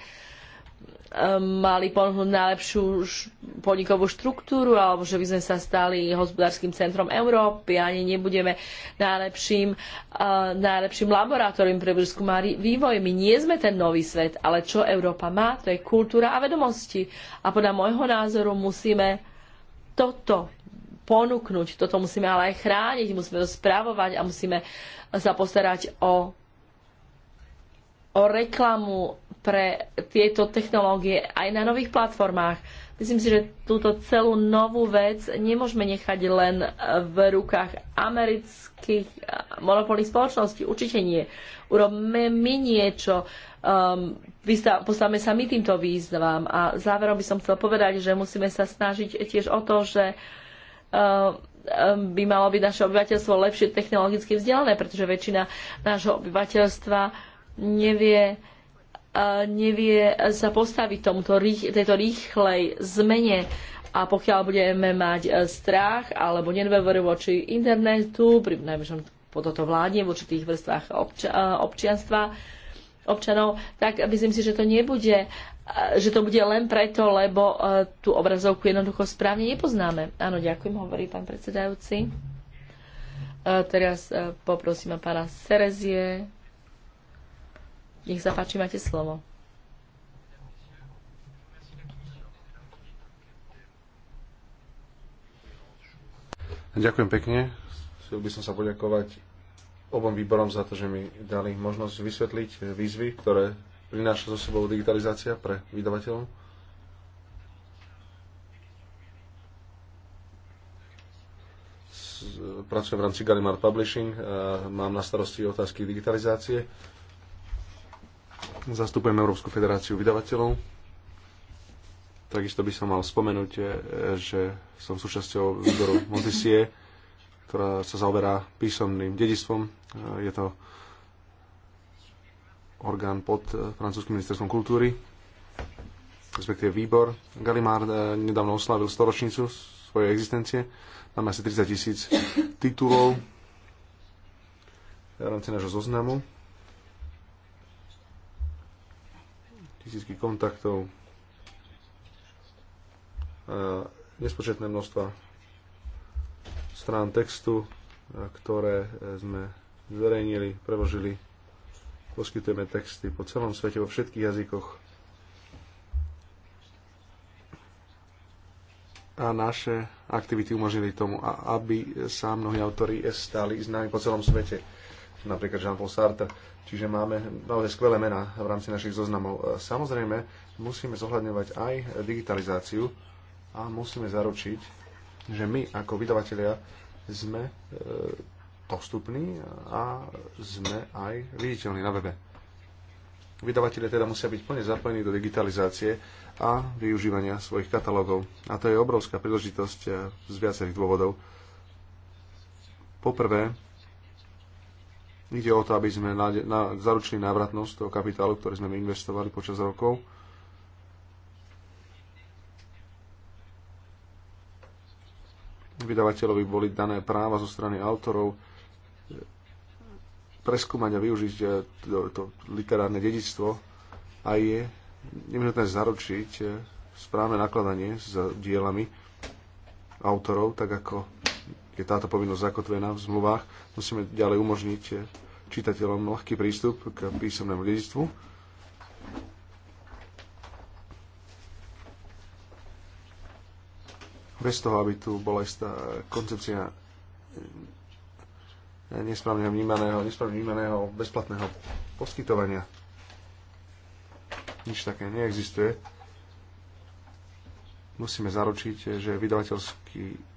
Ehm, mali ponúknuť najlepšiu podnikovú štruktúru, alebo že by sme sa stali hospodárskym centrom Európy, ani nebudeme najlepším, uh, najlepším laboratórium pre výskum a vývoj. My nie sme ten nový svet, ale čo Európa má, to je kultúra a vedomosti. A podľa môjho názoru musíme toto ponúknuť, toto musíme ale aj chrániť, musíme to správovať a musíme sa postarať o, o reklamu, pre tieto technológie aj na nových platformách. Myslím si, že túto celú novú vec nemôžeme nechať len v rukách amerických eh, monopolných spoločností. Určite nie. Urobme my niečo. Um, postavme sa my týmto výzvam. A záverom by som chcel povedať, že musíme sa snažiť tiež o to, že um, by malo byť naše obyvateľstvo lepšie technologicky vzdelané, pretože väčšina nášho obyvateľstva nevie nevie sa postaviť tomuto, tejto rýchlej zmene a pokiaľ budeme mať e, strach alebo nedôveru voči internetu, pri najmä po toto vládne v určitých vrstvách e, občianstva, občanov, tak myslím si, že to nebude e, že to bude len preto, lebo tú obrazovku jednoducho správne nepoznáme. Áno, ďakujem, hovorí pán predsedajúci. Teraz poprosím pána Serezie nech sa páči, máte slovo. Ďakujem pekne. Chcel by som sa poďakovať obom výborom za to, že mi dali možnosť vysvetliť výzvy, ktoré prináša so sebou digitalizácia pre vydavateľov. Pracujem v rámci Gallimard Publishing, mám na starosti otázky digitalizácie Zastupujem Európsku federáciu vydavateľov. Takisto by som mal spomenúť, eh, že som súčasťou výboru Montisie, ktorá sa zaoberá písomným dedistvom. Eh, je to orgán pod eh, francúzským ministerstvom kultúry, respektíve výbor. Galimard nedávno oslavil storočnicu svojej existencie. Máme asi 30 tisíc titulov v rámci nášho zoznamu tisícky kontaktov, a nespočetné množstva strán textu, ktoré e, sme zverejnili, preložili. Poskytujeme texty po celom svete, vo všetkých jazykoch. A naše aktivity umožnili tomu, aby sa mnohí autori stali známi po celom svete napríklad Jean-Paul Sartre. Čiže máme naozaj skvelé mená v rámci našich zoznamov. E, samozrejme, musíme zohľadňovať aj digitalizáciu a musíme zaručiť, že my ako vydavatelia sme e, dostupní a sme aj viditeľní na webe. Vydavatelia teda musia byť plne zapojení do digitalizácie a využívania svojich katalógov. A to je obrovská príležitosť e, z viacerých dôvodov. Poprvé, Ide o to, aby sme na, na, zaručili návratnosť toho kapitálu, ktorý sme investovali počas rokov. Vydavateľovi boli dané práva zo strany autorov eh, preskúmať a využiť eh, to, to literárne dedičstvo a je nevyhnutné zaručiť eh, správne nakladanie s dielami autorov, tak ako je táto povinnosť zakotvená v zmluvách. Musíme ďalej umožniť čitateľom ľahký prístup k písomnému dedictvu. Bez toho, aby tu bola istá koncepcia nesprávne vnímaného, nesprávne vnímaného bezplatného poskytovania. Nič také neexistuje. Musíme zaručiť, že vydavateľský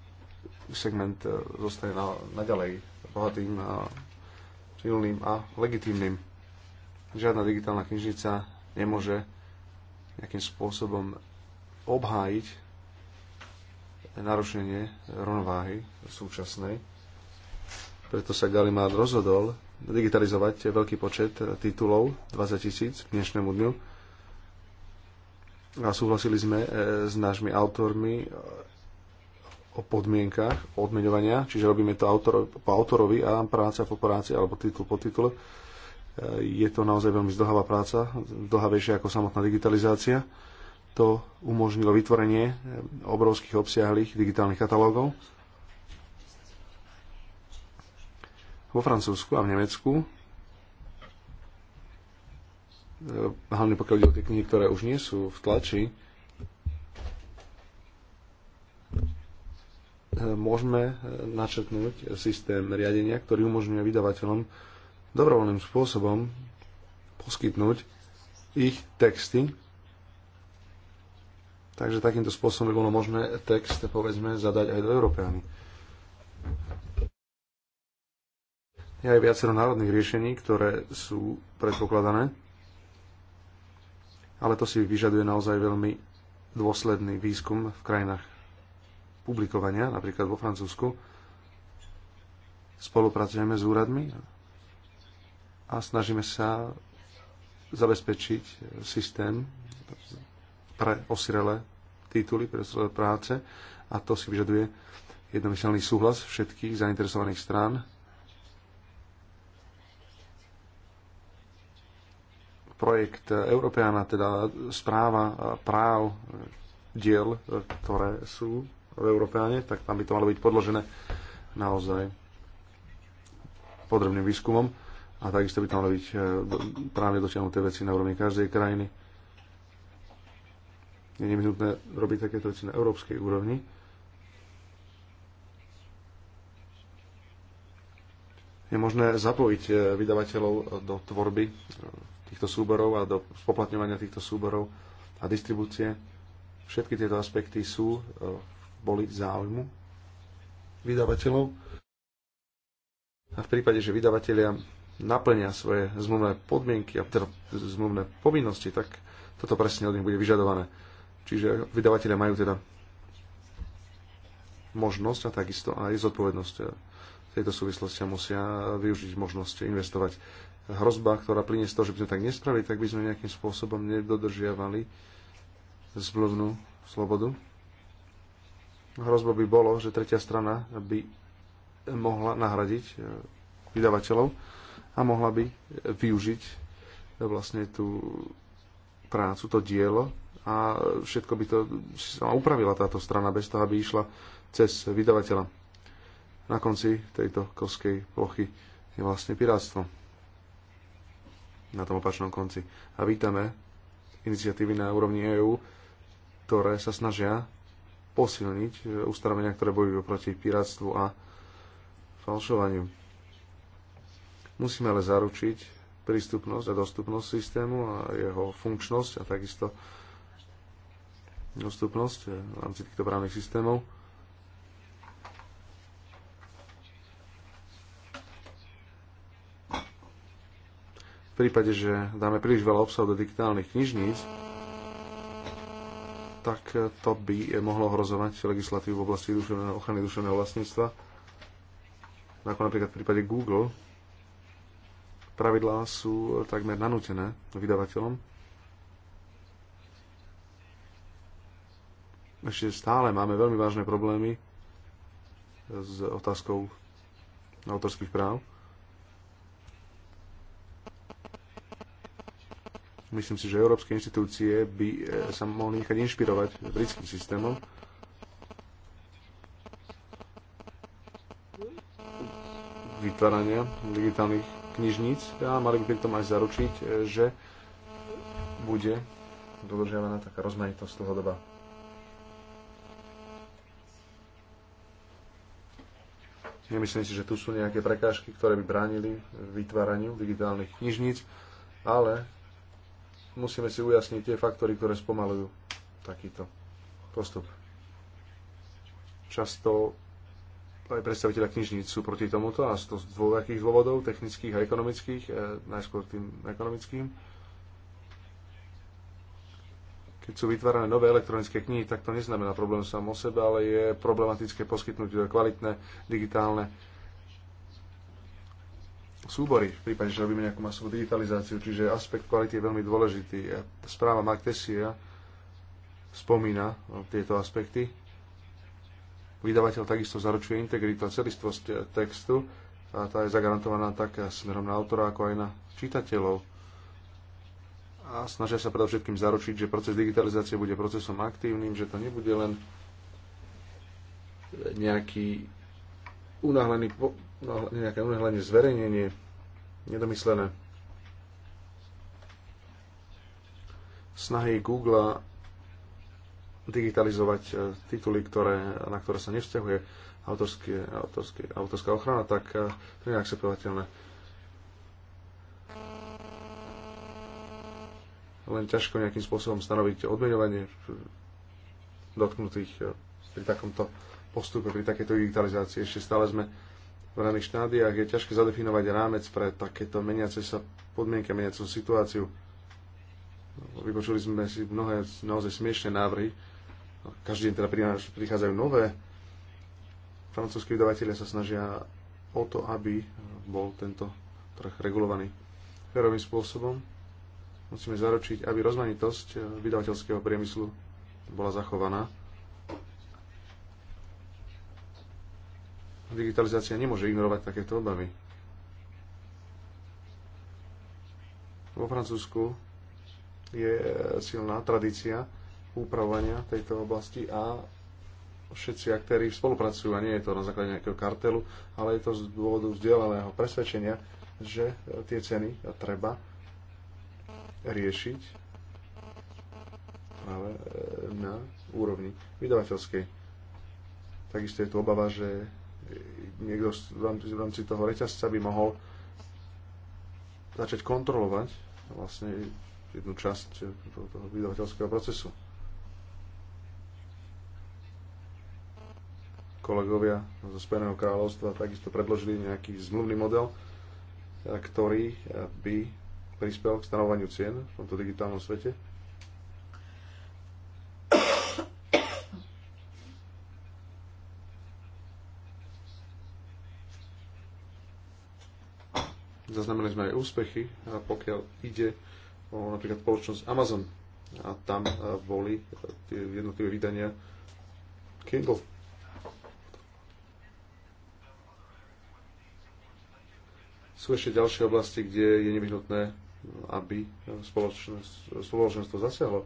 segment e, zostane na, naďalej bohatým, silným a legitímnym. Žiadna digitálna knižnica nemôže nejakým spôsobom obhájiť narušenie rovnováhy súčasnej. Preto sa Galimard rozhodol digitalizovať veľký počet titulov, 20 tisíc k dnešnému dňu. A súhlasili sme e, s našimi autormi o podmienkach odmeňovania, čiže robíme to autor, po autorovi a práca po práci alebo titul po titule. E, je to naozaj veľmi zdlhavá práca, zdlhavejšia ako samotná digitalizácia. To umožnilo vytvorenie e, obrovských obsiahlých digitálnych katalógov. Vo Francúzsku a v Nemecku e, hlavne pokiaľ ide o tie knihy, ktoré už nie sú v tlači, môžeme eh, načrtnúť systém riadenia, ktorý umožňuje vydavateľom dobrovoľným spôsobom poskytnúť ich texty. Takže takýmto spôsobom by bolo možné text, povedzme, zadať aj do Európeány. Je aj viacero národných riešení, ktoré sú predpokladané, ale to si vyžaduje naozaj veľmi dôsledný výskum v krajinách publikovania, napríklad vo Francúzsku, spolupracujeme s úradmi a snažíme sa zabezpečiť systém pre osirele tituly, pre osirele práce a to si vyžaduje jednomyselný súhlas všetkých zainteresovaných strán. Projekt Európeana, teda správa práv diel, ktoré sú v Európeáne, tak tam by to malo byť podložené naozaj podrobným výskumom a takisto by to malo byť e, právne dotiahnuté veci na úrovni každej krajiny. Je nevyhnutné robiť takéto veci na európskej úrovni. Je možné zapojiť e, vydavateľov do tvorby e, týchto súborov a do spoplatňovania týchto súborov a distribúcie. Všetky tieto aspekty sú boli záujmu vydavateľov. A v prípade, že vydavatelia naplnia svoje zmluvné podmienky, a teda zmluvné povinnosti, tak toto presne od nich bude vyžadované. Čiže vydavatelia majú teda možnosť a takisto aj zodpovednosť e, v tejto súvislosti a musia využiť možnosť investovať. Hrozba, ktorá z toho, že by sme tak nespravili, tak by sme nejakým spôsobom nedodržiavali zmluvnú slobodu. Hrozba by bolo, že tretia strana by mohla nahradiť eh, vydavateľov a mohla by eh, využiť eh, vlastne tú prácu, to dielo a všetko by to sama upravila táto strana bez toho, aby išla cez vydavateľa. Na konci tejto koskej plochy je vlastne piráctvo. Na tom opačnom konci. A vítame iniciatívy na úrovni EÚ, ktoré sa snažia posilniť e, ustanovenia, ktoré bojujú proti piráctvu a falšovaniu. Musíme ale zaručiť prístupnosť a dostupnosť systému a jeho funkčnosť a takisto dostupnosť e, v rámci týchto právnych systémov. V prípade, že dáme príliš veľa obsahu do digitálnych knižníc, tak to by mohlo ohrozovať legislatívu v oblasti duševného, ochrany duševného vlastníctva, ako napríklad v prípade Google. Pravidlá sú takmer nanútené vydavateľom. Ešte stále máme veľmi vážne problémy s otázkou autorských práv. Myslím si, že európske inštitúcie by e, sa mohli nechať inšpirovať britským systémom. vytvárania digitálnych knižníc a mali by tom aj zaručiť, e, že bude dodržiavaná taká rozmanitosť doba. Nemyslím si, že tu sú nejaké prekážky, ktoré by bránili vytváraniu digitálnych knižníc, ale musíme si ujasniť tie faktory, ktoré spomalujú takýto postup. Často aj predstaviteľa knižníc sú proti tomuto a to z dvojakých dôvodov, technických a ekonomických, e, najskôr tým ekonomickým. Keď sú vytvárané nové elektronické knihy, tak to neznamená problém sám o sebe, ale je problematické poskytnúť kvalitné digitálne súbory, v prípade, že robíme nejakú masovú digitalizáciu, čiže aspekt kvality je veľmi dôležitý. Správa Mark Tessier spomína e, tieto aspekty. Vydavateľ takisto zaručuje integritu a celistvosť e, textu a tá je zagarantovaná tak e, smerom na autora, ako aj na čitateľov. A snažia sa predovšetkým zaručiť, že proces digitalizácie bude procesom aktívnym, že to nebude len nejaký unáhlený No, nejaké unehlenie, zverejnenie, nedomyslené snahy Google digitalizovať e, tituly, ktoré, na ktoré sa nevzťahuje autorské, autorské, autorská ochrana, tak e, to je neakceptovateľné. Len ťažko nejakým spôsobom stanoviť odmeňovanie dotknutých e, pri takomto postupe, pri takejto digitalizácii. Ešte stále sme v raných štádiách je ťažké zadefinovať rámec pre takéto meniace sa podmienky, meniacu situáciu. Vypočuli sme si mnohé naozaj smiešne návrhy. Každý deň teda prichádzajú nové. Francúzskí vydavatelia sa snažia o to, aby bol tento trh regulovaný férovým spôsobom. Musíme zaručiť, aby rozmanitosť eh, vydavateľského priemyslu bola zachovaná. digitalizácia nemôže ignorovať takéto obavy. Vo Francúzsku je silná tradícia upravovania tejto oblasti a všetci aktéry spolupracujú a nie je to na základe nejakého kartelu, ale je to z dôvodu vzdielaného presvedčenia, že tie ceny treba riešiť práve na úrovni vydavateľskej. Takisto je tu obava, že niekto v rámci toho reťazca by mohol začať kontrolovať vlastne jednu časť eh, toho vydavateľského procesu. Kolegovia zo Spojeného kráľovstva takisto predložili nejaký zmluvný model, eh, ktorý eh, by prispel k stanovaniu cien v tomto digitálnom svete. zaznamenali sme aj úspechy, pokiaľ ide o napríklad spoločnosť Amazon. A tam e, boli e, tie jednotlivé vydania Kindle. Sú ešte ďalšie oblasti, kde je nevyhnutné, aby spoločenstvo zasiahlo.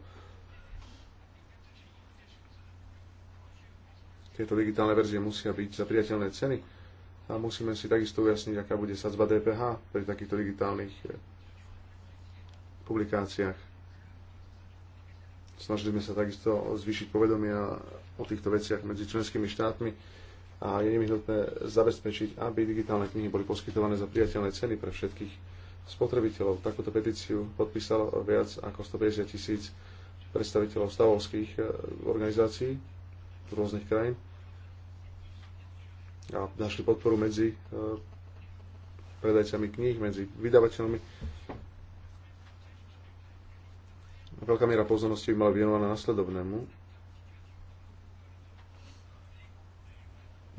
Tieto digitálne verzie musia byť za priateľné ceny a musíme si takisto ujasniť, aká bude sadzba DPH pri takýchto digitálnych eh, publikáciách. Snažili sme sa takisto zvýšiť povedomia o týchto veciach medzi členskými štátmi a je nevyhnutné zabezpečiť, aby digitálne knihy boli poskytované za priateľné ceny pre všetkých spotrebiteľov. Takúto petíciu podpísalo viac ako 150 tisíc predstaviteľov stavovských eh, organizácií z rôznych krajín a našli podporu medzi e, predajcami kníh, medzi vydavateľmi. Veľká miera pozornosti by mala venovaná nasledovnému.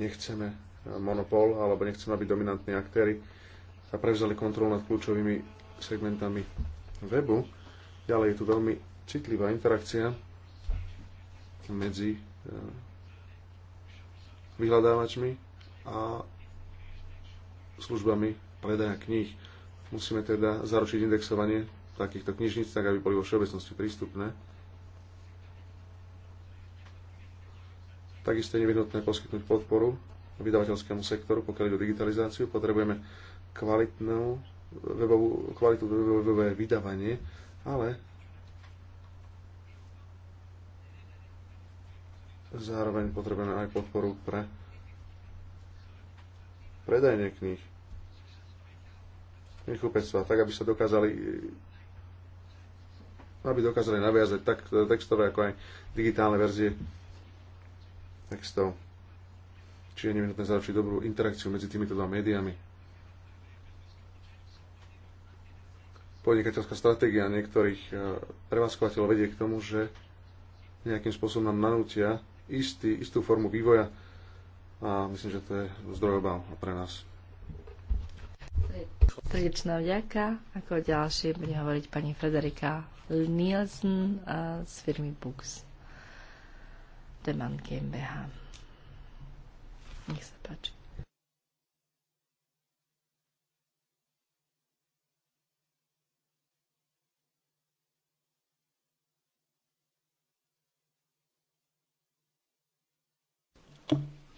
Nechceme e, monopol, alebo nechceme, aby dominantní aktéry sa prevzali kontrolu nad kľúčovými segmentami webu. Ďalej je tu veľmi citlivá interakcia medzi e, vyhľadávačmi a službami predaja kníh. Musíme teda zaručiť indexovanie takýchto knižníc, tak aby boli vo všeobecnosti prístupné. Takisto je nevyhnutné poskytnúť podporu vydavateľskému sektoru, pokiaľ ide o digitalizáciu. Potrebujeme kvalitnú webovú, kvalitu webové vydávanie, ale zároveň potrebujeme aj podporu pre predajne kníh, knihkupectva, tak aby sa dokázali aby dokázali naviazať tak textové, ako aj digitálne verzie textov. Čiže je nevyhnutné zaručiť dobrú interakciu medzi týmito dva médiami. Podnikateľská stratégia niektorých e, prevádzkovateľov vedie k tomu, že nejakým spôsobom nám nanútia istý, istú formu vývoja a myslím, že to je zdrojová pre nás. Srdečná vďaka. Ako ďalšie bude hovoriť pani Frederika Nielsen z firmy Books. Deman GmbH. Nech sa páči.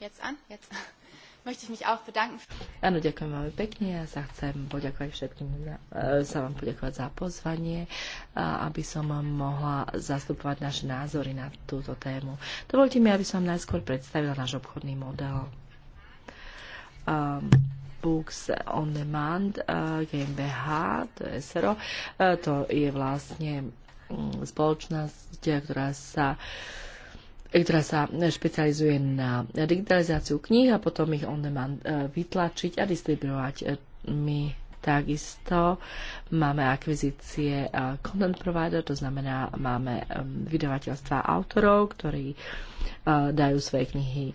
Jetzt an? Jetzt. Möchte ich mich auch bedanken. Áno, ďakujem veľmi pekne. Ja sa chcem poďakovať všetkým, za, e, sa vám poďakovať za pozvanie, e, aby som mohla zastupovať naše názory na túto tému. Dovolte mi, aby som najskôr predstavila náš obchodný model. Um, Books on Demand uh, GmbH, to je SRO, uh, to je vlastne um, spoločnosť, ktorá sa uh, ktorá sa špecializuje na digitalizáciu kníh a potom ich on demand e, vytlačiť a distribuovať. E, my Takisto máme akvizície content provider, to znamená, máme vydavateľstva autorov, ktorí e, dajú svoje knihy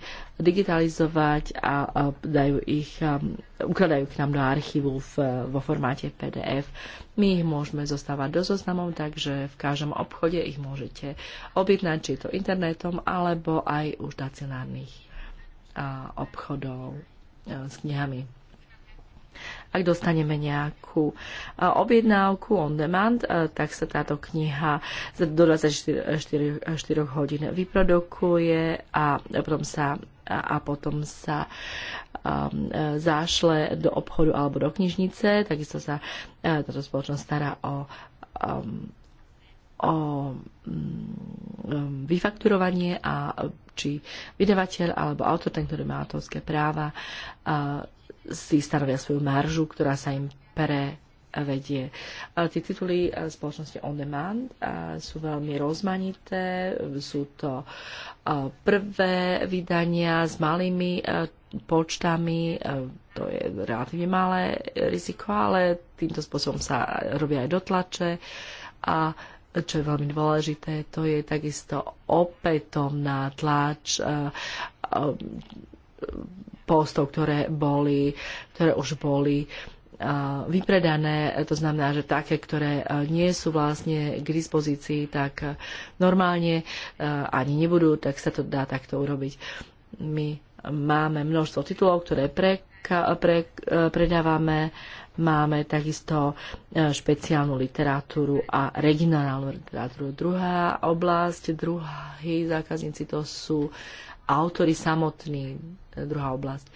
digitalizovať a dajú ich, ukladajú k nám do archívu v, vo formáte PDF. My ich môžeme zostávať do zoznamov, takže v každom obchode ich môžete objednať, či to internetom, alebo aj u stacionárnych obchodov e, s knihami. Ak dostaneme nejakú objednávku on demand, tak sa táto kniha do 24 4, hodín vyprodukuje a potom sa a potom sa um, zášle do obchodu alebo do knižnice. Takisto sa uh, táto spoločnosť stará o um, o mm, vyfakturovanie a či vydavateľ alebo autor, ten, ktorý má autorské práva, si stanovia svoju maržu, ktorá sa im prevedie. Tie tituly e, spoločnosti On Demand e, sú veľmi rozmanité, sú to e, prvé vydania s malými počtami, to je relatívne malé riziko, ale týmto spôsobom sa robia aj dotlače a čo je veľmi dôležité, to je takisto opätovná tlač postov, ktoré, boli, ktoré už boli vypredané, to znamená, že také, ktoré nie sú vlastne k dispozícii, tak normálne ani nebudú, tak sa to dá takto urobiť. My máme množstvo titulov, ktoré pre, pre, predávame, máme takisto špeciálnu literatúru a regionálnu literatúru. Druhá oblasť, druhí zákazníci to sú autory samotní, E, druhá oblasť.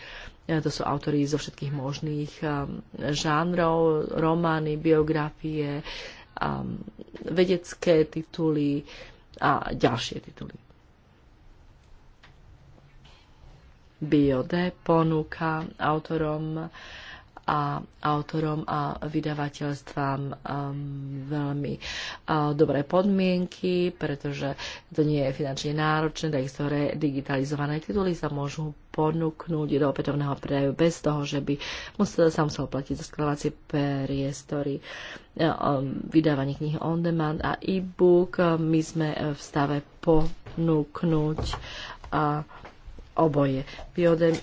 E, to sú autory zo všetkých možných e, žánrov, romány, biografie, vedecké tituly a ďalšie tituly. Biode ponúka autorom uh, a autorom a vydavateľstvám um, veľmi uh, dobré podmienky, pretože to nie je finančne náročné, takisto digitalizované tituly sa môžu ponúknuť do opätovného predaju bez toho, že by musel, sa musel platiť za skladovacie priestory, uh, um, vydávanie knihy on demand a e-book. My sme v stave ponúknuť a uh, oboje. Biodem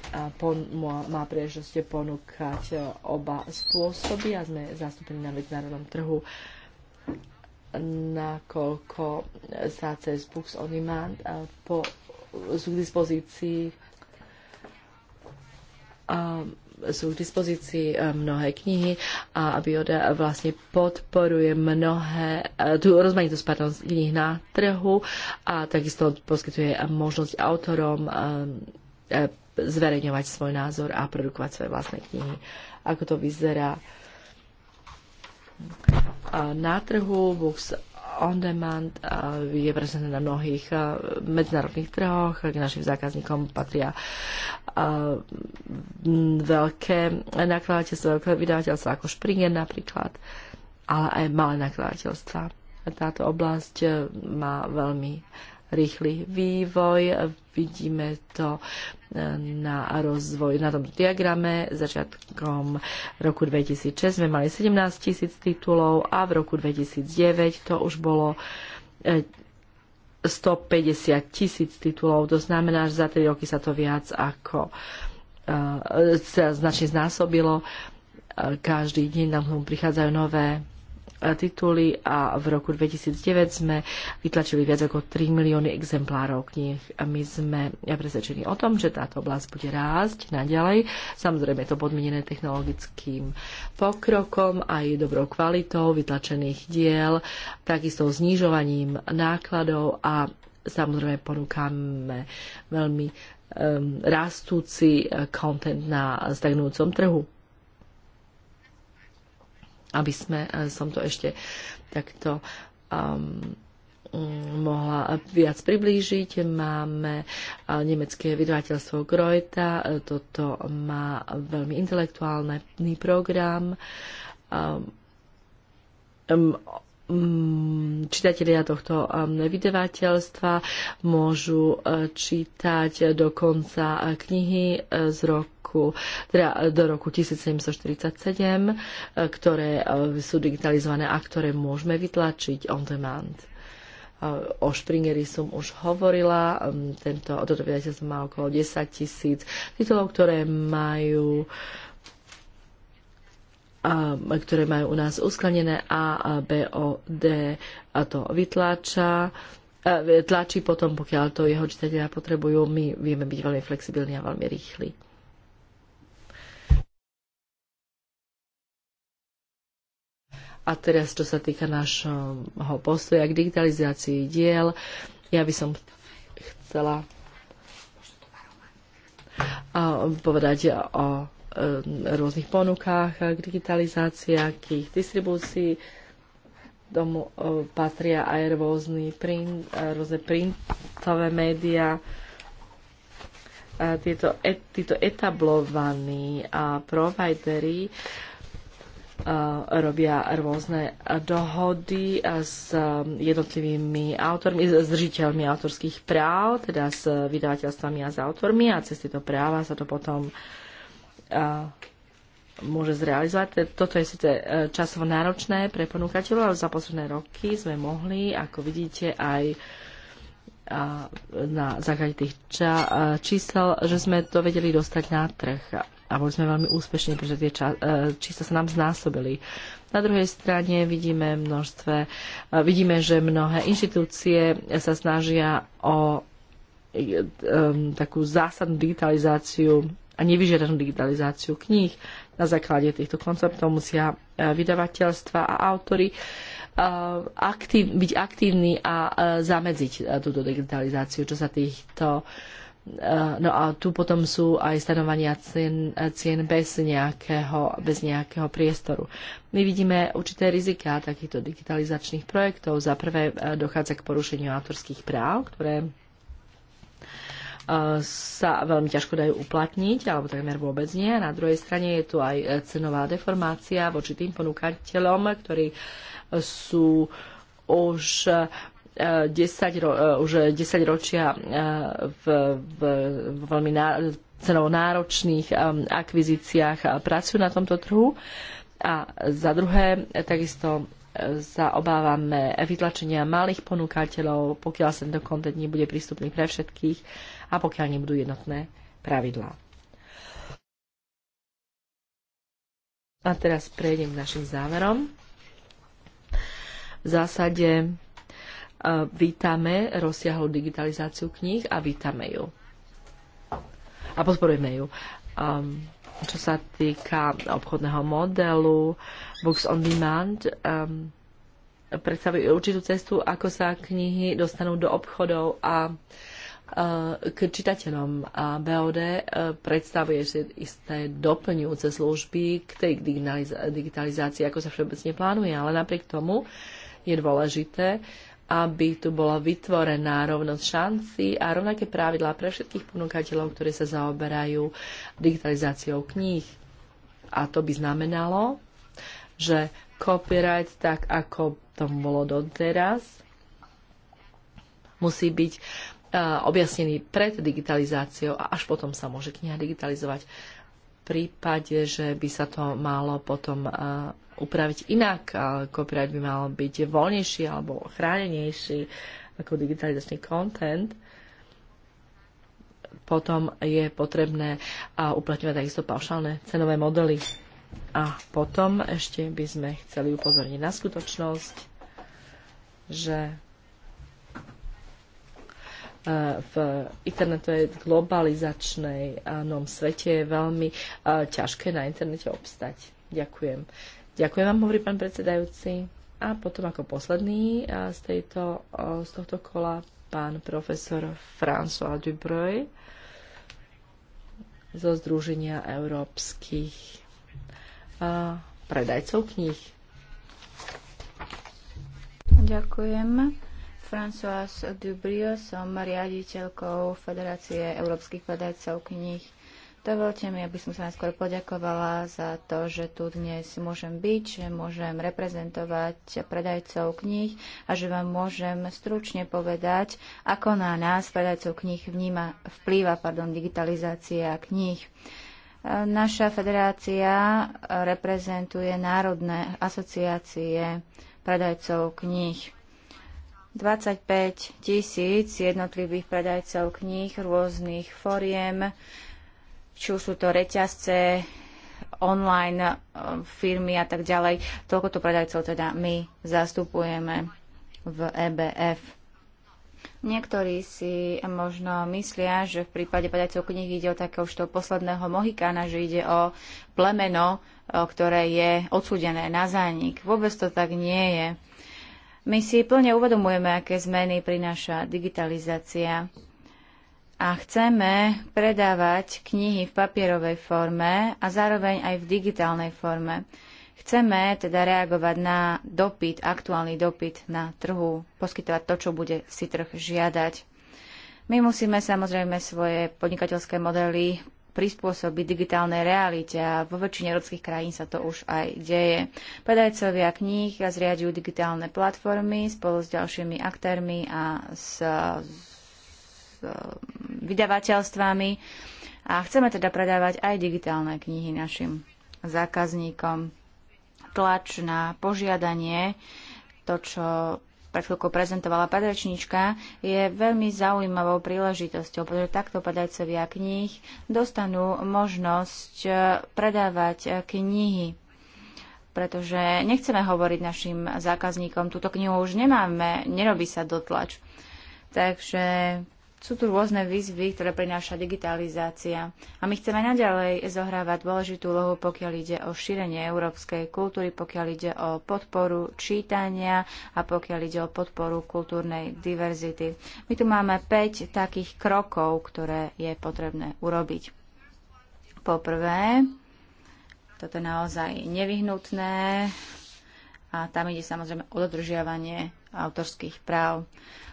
má príležitosti ponúkať e, oba spôsoby a sme zastúpení na medzinárodnom trhu nakoľko sa cez Books on Demand e, po, sú k dispozícii um, sú k dispozícii eh, mnohé knihy a Bioda vlastne podporuje mnohé, eh, tu rozmanitosť pardon, knih na trhu a takisto poskytuje možnosť autorom eh, zverejňovať svoj názor a produkovať svoje vlastné knihy. Ako to vyzerá na trhu, Books on-demand je prezentné na mnohých medzinárodných trhoch. K našim zákazníkom patria veľké nakladateľstva, veľké vydavateľstva ako Springer napríklad, ale aj malé nakladateľstva. Táto oblasť e, má veľmi rýchly vývoj. Vidíme to e, na rozvoj, na tom diagrame. Začiatkom roku 2006 sme mali 17 tisíc titulov a v roku 2009 to už bolo 150 e, tisíc titulov. To znamená, že za 3 roky sa to viac ako e, sa značne znásobilo. Každý deň nám prichádzajú nové E, tituly a v roku 2009 sme vytlačili viac ako 3 milióny exemplárov kníh. A my sme presvedčení o tom, že táto oblasť bude rásť naďalej. Samozrejme je to podmienené technologickým pokrokom a aj dobrou kvalitou vytlačených diel, takisto znižovaním nákladov a samozrejme ponúkame veľmi um, rastúci content na stagnujúcom trhu aby sme, e, som to ešte takto um, mohla viac priblížiť. Máme e, nemecké vydavateľstvo Grojta, e, toto má veľmi intelektuálny program. Um, um, Mm, čitatelia tohto um, vydavateľstva môžu e, čítať do konca e, knihy e, z roku teda do roku 1747, ktoré sú digitalizované a ktoré môžeme vytlačiť on demand. O Springeri som už hovorila, um, tento, toto vydavateľstvo má okolo 10 tisíc titulov, ktoré majú ktoré majú u nás usklenené A a BOD a to vytláča e, tlačí potom, pokiaľ to jeho čitatelia potrebujú. My vieme byť veľmi flexibilní a veľmi rýchli. A teraz, čo sa týka nášho postoja k digitalizácii diel, ja by som chcela povedať o Eh, rôznych ponukách eh, k digitalizácii, k ich distribúcii. Domu eh, patria aj rôzny print, rôzne printové médiá. Tieto, e, títo etablovaní providery robia rôzne dohody s jednotlivými autormi, s držiteľmi autorských práv, teda s vydavateľstvami a s autormi a cez tieto práva sa to potom uh, môže zrealizovať. Toto je síce e, časovo náročné pre ponúkateľov, ale za posledné roky sme mohli, ako vidíte, aj na základe tých čísel, že sme to vedeli dostať na trh a boli sme veľmi úspešní, pretože tie e, čísla sa nám znásobili. Na druhej strane vidíme množstve, vidíme, že mnohé inštitúcie sa snažia o e, takú zásadnú digitalizáciu a nevyžiadanú digitalizáciu kníh. Na základe týchto konceptov musia e, vydavateľstva a autory e, aktiv, byť aktívni a e, zamedziť túto digitalizáciu, čo sa týchto No a tu potom sú aj stanovania cien, cien bez, nejakého, bez nejakého priestoru. My vidíme určité rizika takýchto digitalizačných projektov. Za prvé dochádza k porušeniu autorských práv, ktoré sa veľmi ťažko dajú uplatniť, alebo takmer vôbec nie. Na druhej strane je tu aj cenová deformácia voči tým ponúkateľom, ktorí sú už 10, eh, eh, už 10 ročia eh, v, v, v veľmi ná, cenovo náročných akvizíciách pracujú na tomto trhu. A za druhé, takisto sa obávame vytlačenia malých ponúkateľov, pokiaľ sa tento kontent nebude prístupný pre všetkých a pokiaľ nebudú jednotné pravidlá. A teraz prejdem k našim záverom. V zásade e, vítame rozsiahlu digitalizáciu kníh a vítame ju. A podporujeme ju. Um, čo sa týka obchodného modelu, Books on Demand um, predstavujú určitú cestu, ako sa knihy dostanú do obchodov a Eh, k čitateľom a BOD eh, predstavuje isté doplňujúce služby k tej digitalizácii, ako sa všeobecne plánuje, ale napriek tomu je dôležité, aby tu bola vytvorená rovnosť šanci a rovnaké pravidlá pre všetkých ponúkateľov, ktorí sa zaoberajú digitalizáciou kníh. A to by znamenalo, že copyright, tak ako tomu bolo doteraz, musí byť Eh, objasnený pred digitalizáciou a až potom sa môže kniha digitalizovať. V prípade, že by sa to malo potom eh, upraviť inak, copyright by mal byť voľnejší alebo chránenejší ako digitalizačný content, potom je potrebné eh, uplatňovať takisto paušálne cenové modely. A potom ešte by sme chceli upozorniť na skutočnosť, že v internetovej globalizačnej nom svete je veľmi e, ťažké na internete obstať. Ďakujem. Ďakujem vám, hovorí pán predsedajúci. A potom ako posledný e, z, tejto, e, z tohto kola pán profesor François Dubreuil zo Združenia európskych predajcov kníh. Ďakujem. Françoise Dubrio, som riaditeľkou Federácie európskych predajcov kníh. Dovolte mi, aby som sa najskôr poďakovala za to, že tu dnes môžem byť, že môžem reprezentovať predajcov kníh a že vám môžem stručne povedať, ako na nás, predajcov kníh, vníma, vplýva pardon, digitalizácia kníh. Naša federácia reprezentuje národné asociácie predajcov kníh. 25 tisíc jednotlivých predajcov kníh rôznych foriem, či sú to reťazce, online eh, firmy a tak ďalej. Toľkoto predajcov teda my zastupujeme v EBF. Niektorí si možno myslia, že v prípade predajcov kníh ide o takého už toho posledného Mohikána, že ide o plemeno, eh, ktoré je odsudené na zánik. Vôbec to tak nie je my si plne uvedomujeme, aké zmeny prináša digitalizácia a chceme predávať knihy v papierovej forme a zároveň aj v digitálnej forme. Chceme teda reagovať na dopyt, aktuálny dopyt na trhu, poskytovať to, čo bude si trh žiadať. My musíme samozrejme svoje podnikateľské modely prispôsobiť digitálnej realite a vo väčšine európskych krajín sa to už aj deje. Predajcovia kníh zriadujú digitálne platformy spolu s ďalšími aktérmi a s, s vydavateľstvami a chceme teda predávať aj digitálne knihy našim zákazníkom. Tlač na požiadanie, to, čo pred chvíľkou prezentovala predrečníčka, je veľmi zaujímavou príležitosťou, pretože takto padajcovia kníh dostanú možnosť e, predávať e, knihy pretože nechceme hovoriť našim zákazníkom, túto knihu už nemáme, nerobí sa dotlač. Takže sú tu rôzne výzvy, ktoré prináša digitalizácia a my chceme naďalej zohrávať dôležitú úlohu, pokiaľ ide o šírenie európskej kultúry, pokiaľ ide o podporu čítania a pokiaľ ide o podporu kultúrnej diverzity. My tu máme 5 takých krokov, ktoré je potrebné urobiť. Poprvé, toto je naozaj nevyhnutné a tam ide samozrejme o dodržiavanie autorských práv.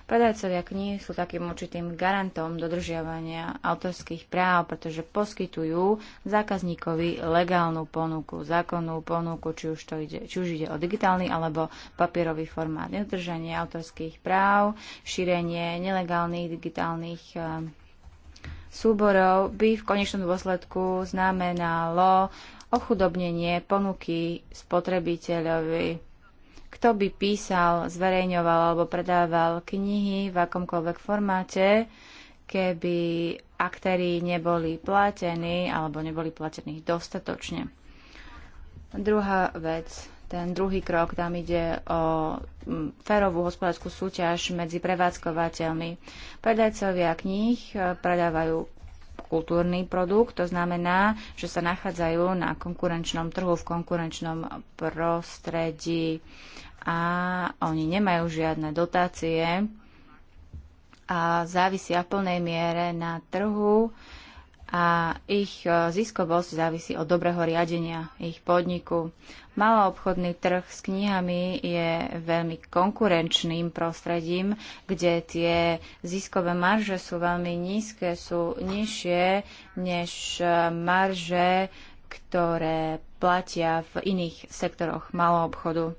Predajcovia kníh sú takým určitým garantom dodržiavania autorských práv, pretože poskytujú zákazníkovi legálnu ponuku, zákonnú ponuku, či už, to ide, či už ide o digitálny alebo papierový formát. Nedodržanie autorských práv, šírenie nelegálnych digitálnych eh, súborov by v konečnom dôsledku znamenalo ochudobnenie ponuky spotrebiteľovi kto by písal, zverejňoval alebo predával knihy v akomkoľvek formáte, keby aktéri neboli platení alebo neboli platení dostatočne. Druhá vec, ten druhý krok, tam ide o mm, férovú hospodárskú súťaž medzi prevádzkovateľmi. Predajcovia kníh eh, predávajú kultúrny produkt. To znamená, že sa nachádzajú na konkurenčnom trhu, v konkurenčnom prostredí a oni nemajú žiadne dotácie a závisia v plnej miere na trhu a ich e, ziskovosť závisí od dobrého riadenia ich podniku. Maloobchodný trh s knihami je veľmi konkurenčným prostredím, kde tie ziskové marže sú veľmi nízke, sú nižšie než e, marže, ktoré platia v iných sektoroch maloobchodu.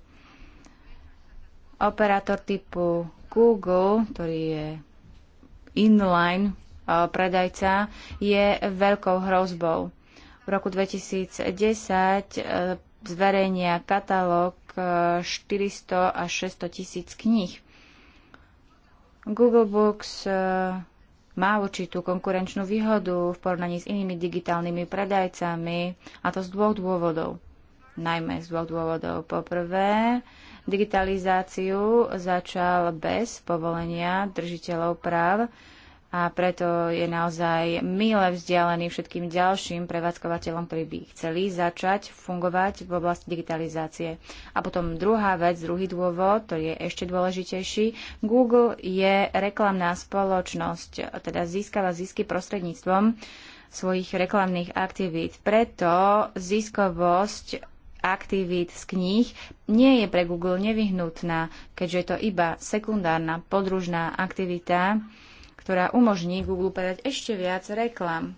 Operátor typu Google, ktorý je inline predajca, je veľkou hrozbou. V roku 2010 e, zverejnia katalóg 400 až 600 tisíc kníh. Google Books e, má určitú konkurenčnú výhodu v porovnaní s inými digitálnymi predajcami, a to z dvoch dôvodov. Najmä z dvoch dôvodov. poprvé, digitalizáciu začal bez povolenia držiteľov práv, a preto je naozaj mile vzdialený všetkým ďalším prevádzkovateľom, ktorí by chceli začať fungovať v oblasti digitalizácie. A potom druhá vec, druhý dôvod, ktorý je ešte dôležitejší. Google je reklamná spoločnosť, teda získava zisky prostredníctvom svojich reklamných aktivít. Preto ziskovosť aktivít z kníh nie je pre Google nevyhnutná, keďže je to iba sekundárna, podružná aktivita, ktorá umožní Google predať ešte viac reklam.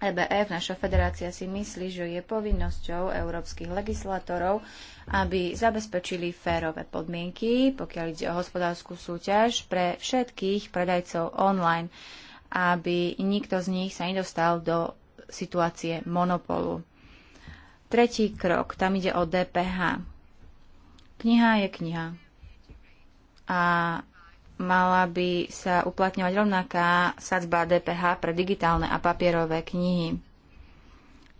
EBF, naša federácia si myslí, že je povinnosťou európskych legislatorov, aby zabezpečili férové podmienky, pokiaľ ide o hospodárskú súťaž pre všetkých predajcov online, aby nikto z nich sa nedostal do situácie monopolu. Tretí krok, tam ide o DPH. Kniha je kniha. A mala by sa uplatňovať rovnaká sadzba DPH pre digitálne a papierové knihy.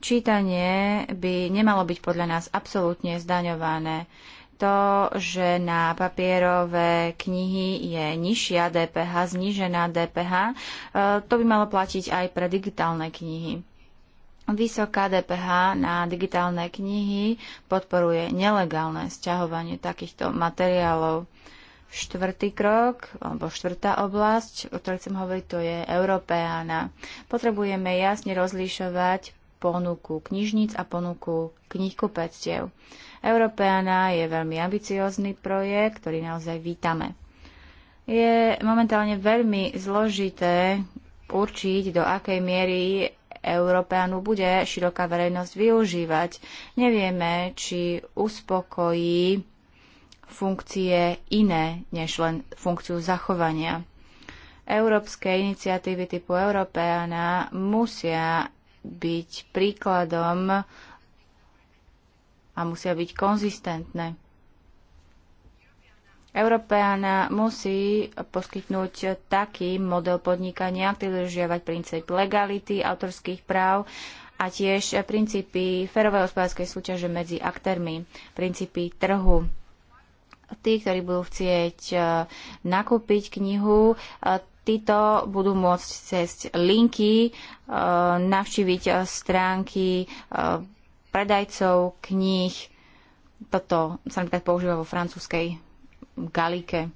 Čítanie by nemalo byť podľa nás absolútne zdaňované. To, že na papierové knihy je nižšia DPH, znížená DPH, e, to by malo platiť aj pre digitálne knihy. Vysoká DPH na digitálne knihy podporuje nelegálne sťahovanie takýchto materiálov. Štvrtý krok, alebo štvrtá oblasť, o ktorej chcem hovoriť, to je Európeána. Potrebujeme jasne rozlišovať ponuku knižníc a ponuku knihkupectiev. Európeána je veľmi ambiciózny projekt, ktorý naozaj vítame. Je momentálne veľmi zložité určiť, do akej miery Európeánu bude široká verejnosť využívať. Nevieme, či uspokojí funkcie iné než len funkciu zachovania. Európske iniciatívy typu Európeana musia byť príkladom a musia byť konzistentné. Európeana musí poskytnúť taký model podnikania, ktorý dodržiavať princíp legality, autorských práv a tiež princípy ferovej hospodárskej súťaže medzi aktérmi, princípy trhu tí, ktorí budú chcieť e, nakúpiť knihu, e, títo budú môcť cez linky e, navštíviť stránky predajcov kníh. Toto sa napríklad používa vo francúzskej Galike.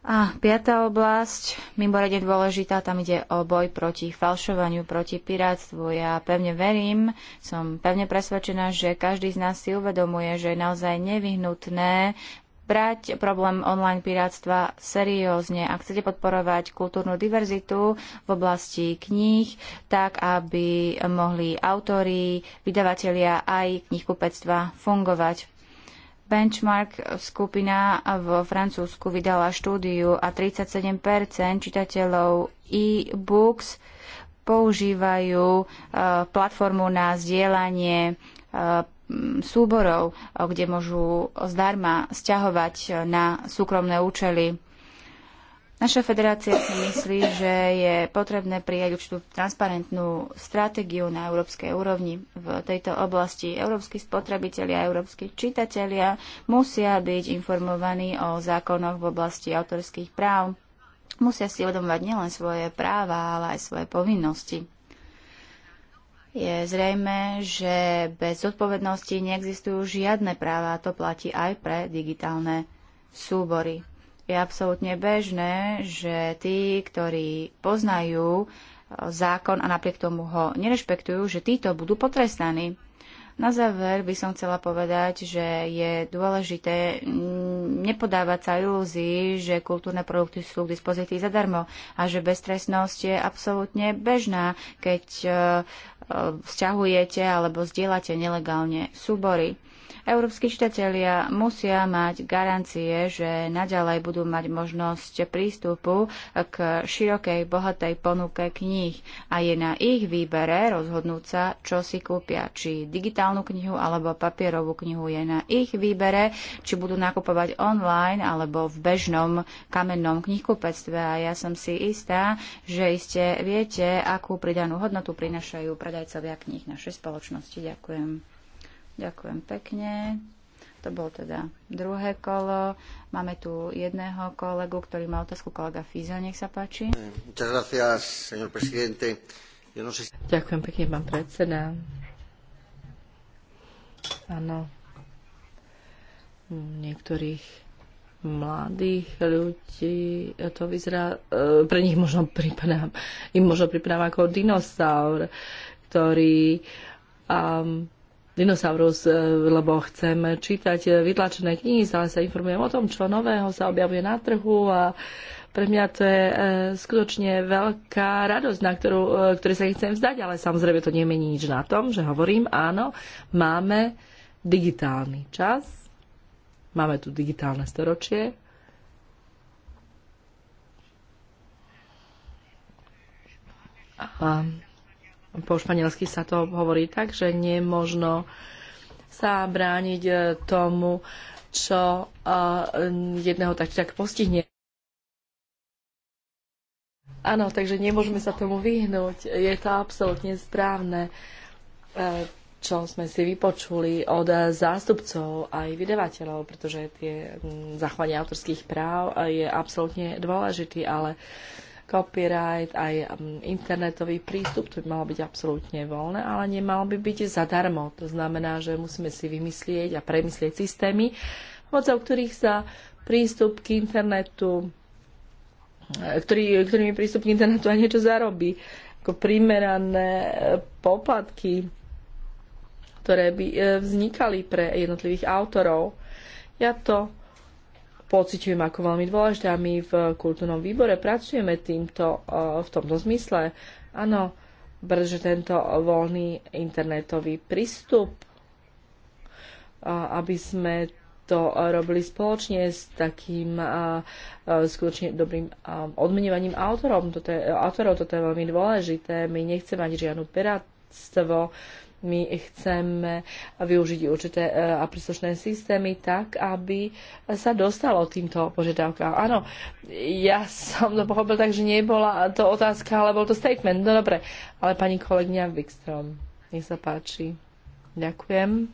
A piatá oblasť, mimoriadne dôležitá, tam ide o boj proti falšovaniu, proti pirátstvu. Ja pevne verím, som pevne presvedčená, že každý z nás si uvedomuje, že je naozaj nevyhnutné brať problém online pirátstva seriózne. Ak chcete podporovať kultúrnu diverzitu v oblasti kníh, tak aby mohli autori, vydavatelia aj knihkupectva fungovať. Benchmark skupina v Francúzsku vydala štúdiu a 37% čitateľov e-books používajú e, platformu na zdieľanie e, súborov, e, kde môžu zdarma stiahovať na súkromné účely Naša federácia si myslí, že je potrebné prijať určitú transparentnú stratégiu na európskej úrovni v tejto oblasti. Európsky spotrebitelia a európsky čitatelia musia byť informovaní o zákonoch v oblasti autorských práv. Musia si uvedomovať nielen svoje práva, ale aj svoje povinnosti. Je zrejme, že bez zodpovednosti neexistujú žiadne práva a to platí aj pre digitálne súbory. Je absolútne bežné, že tí, ktorí poznajú e, zákon a napriek tomu ho nerešpektujú, že títo budú potrestaní. Na záver by som chcela povedať, že je dôležité mm, nepodávať sa ilúzii, že kultúrne produkty sú k dispozícii zadarmo a že beztrestnosť je absolútne bežná, keď e, e, vzťahujete alebo zdieľate nelegálne súbory. Európsky čitatelia musia mať garancie, že naďalej budú mať možnosť prístupu k širokej, bohatej ponuke kníh a je na ich výbere rozhodnúť sa, čo si kúpia, či digitálnu knihu alebo papierovú knihu. Je na ich výbere, či budú nakupovať online alebo v bežnom kamennom knihkupectve. A ja som si istá, že iste viete, akú pridanú hodnotu prinašajú predajcovia kníh našej spoločnosti. Ďakujem. Ďakujem pekne. To bolo teda druhé kolo. Máme tu jedného kolegu, ktorý má otázku, kolega Fíza, nech sa páči. No Ďakujem pekne, pán predseda. Áno. Niektorých mladých ľudí to vyzerá, e, pre nich možno pripadám, im možno pripadám ako dinosaur, ktorý um, dinosaurus, e, lebo chcem čítať vytlačené knihy, ale sa informujem o tom, čo nového sa objavuje na trhu a pre mňa to je e, skutočne veľká radosť, na ktorú, e, ktoré sa nechcem vzdať, ale samozrejme to nemení nič na tom, že hovorím, áno, máme digitálny čas, máme tu digitálne storočie, a po španielsky sa to hovorí tak, že nemožno sa brániť e, tomu, čo e, jedného tak tak postihne. Áno, takže nemôžeme sa tomu vyhnúť. Je to absolútne správne, e, čo sme si vypočuli od zástupcov aj vydavateľov, pretože tie zachovanie autorských práv je absolútne dôležitý, ale uh, copyright, aj um, internetový prístup, to by malo byť absolútne voľné, ale nemalo by byť zadarmo. To znamená, že musíme si vymyslieť a premyslieť systémy, pomocou ktorých sa prístup k internetu, eh, ktorý, ktorými prístup k internetu aj niečo zarobí, ako primerané eh, poplatky, ktoré by eh, vznikali pre jednotlivých autorov. Ja to pociťujem ako veľmi dôležité a my v kultúrnom výbore pracujeme týmto, e, v tomto zmysle. Áno, pretože tento voľný internetový prístup, e, aby sme to robili spoločne s takým e, skutočne dobrým odmenovaním autorom. Toto je, autorov. Toto je veľmi dôležité. My nechceme mať žiadnu peráctvo, my chceme využiť určité e, a príslušné systémy tak, aby sa dostalo týmto požiadavkám. Áno, ja som to pochopil tak, že nebola to otázka, ale bol to statement. No dobre, ale pani kolegyňa Wikstrom, nech sa páči. Ďakujem.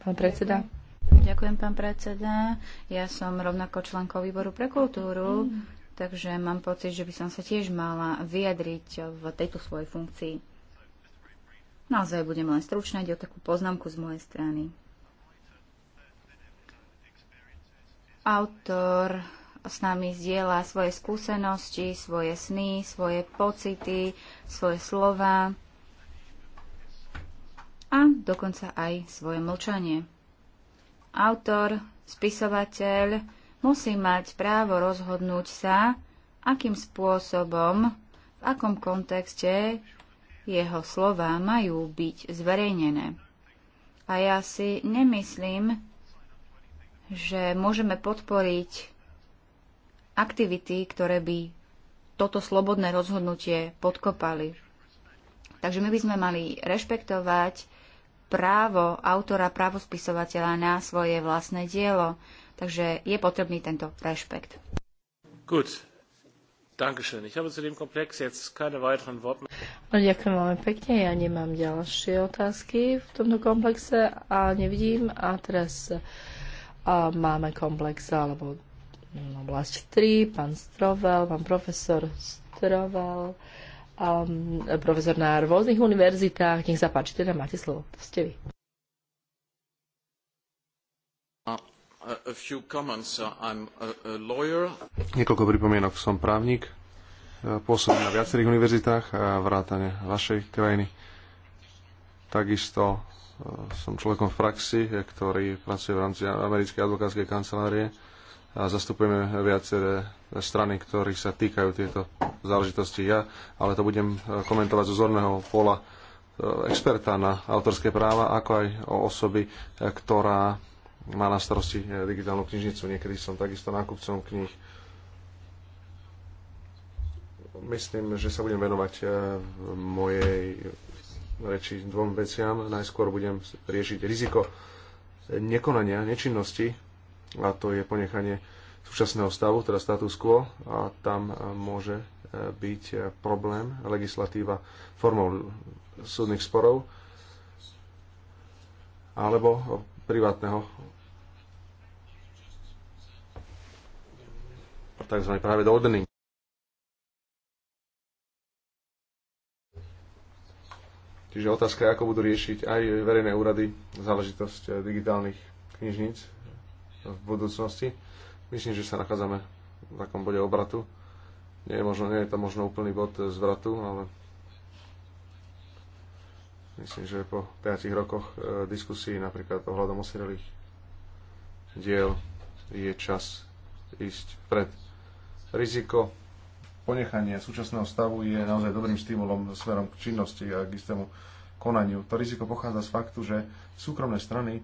Pán predseda. Ďakujem, pán predseda. Ja som rovnako členkou výboru pre kultúru, mm. takže mám pocit, že by som sa tiež mala vyjadriť v tejto svojej funkcii. Naozaj budem len stručná, ide o takú poznámku z mojej strany. Autor s nami zdieľa svoje skúsenosti, svoje sny, svoje pocity, svoje slova a dokonca aj svoje mlčanie. Autor, spisovateľ musí mať právo rozhodnúť sa, akým spôsobom, v akom kontexte jeho slova majú byť zverejnené. A ja si nemyslím, že môžeme podporiť aktivity, ktoré by toto slobodné rozhodnutie podkopali. Takže my by sme mali rešpektovať právo autora, právo spisovateľa na svoje vlastné dielo. Takže je potrebný tento rešpekt. Good. No, ďakujem veľmi pekne. Ja nemám ďalšie otázky v tomto komplexe a nevidím. A teraz a máme komplex alebo oblasť 3, pán Strovel, pán profesor Strovel, a um, profesor na rôznych univerzitách. Nech sa páči, teda máte slovo. ste vy. Uh, Niekoľko pripomienok. Som právnik. Uh, pôsobím na viacerých univerzitách a vrátane vašej krajiny. Takisto uh, som človekom v praxi, eh, ktorý pracuje v rámci americkej advokátskej kancelárie a zastupujeme viaceré strany, ktorých sa týkajú tieto záležitosti ja, ale to budem eh, komentovať zo zorného pola eh, experta na autorské práva, ako aj o osoby, ktorá má na starosti eh, digitálnu knižnicu. Niekedy som takisto nákupcom kníh. Myslím, že sa budem venovať eh, mojej reči dvom veciam. Najskôr budem riešiť riziko nekonania, nečinnosti, a to je ponechanie súčasného stavu, teda status quo, a tam eh, môže byť problém legislatíva formou súdnych sporov alebo privátneho tzv. do ordering. Čiže otázka je, ako budú riešiť aj verejné úrady záležitosť eh, digitálnych knižníc v budúcnosti. Myslím, že sa nachádzame v takom bode obratu. Nie je, možno, nie je to možno úplný bod eh, zvratu, ale myslím, že po 5 rokoch eh, diskusí napríklad ohľadom osirelých diel je čas ísť vpred riziko ponechania súčasného stavu je naozaj dobrým stimulom smerom k činnosti a k istému konaniu. To riziko pochádza z faktu, že súkromné strany e,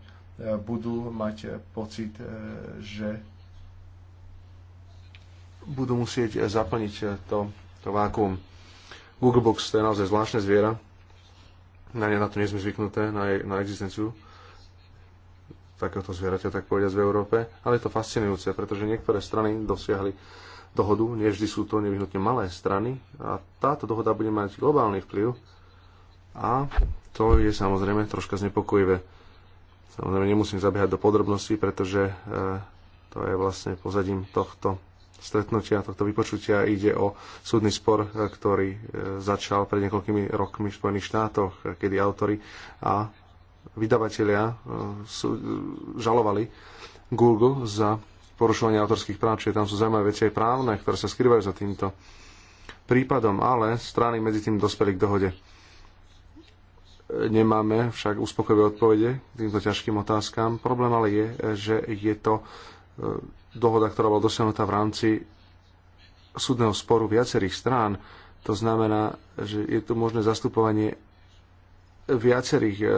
budú mať e, pocit, e, že budú musieť zaplniť to, to vákuum. Google Box to je naozaj zvláštne zviera. Na ne na to nie sme zvyknuté, na, jej, na existenciu takéhoto zvieratia, tak povediať v Európe. Ale je to fascinujúce, pretože niektoré strany dosiahli dohodu, vždy sú to nevyhnutne malé strany a táto dohoda bude mať globálny vplyv a to je samozrejme troška znepokojivé. Samozrejme nemusím zabiehať do podrobností, pretože e, to je vlastne pozadím tohto stretnutia, tohto vypočutia. Ide o súdny spor, e, ktorý e, začal pred niekoľkými rokmi v Spojených štátoch, kedy autory a vydavatelia žalovali Google za porušovania autorských práv, čiže tam sú zaujímavé veci aj právne, ktoré sa skrývajú za týmto prípadom, ale strany medzi tým dospeli k dohode. Nemáme však uspokojivé odpovede k týmto ťažkým otázkam. Problém ale je, že je to e, dohoda, ktorá bola dosiahnutá v rámci súdneho sporu viacerých strán. To znamená, že je tu možné zastupovanie viacerých e,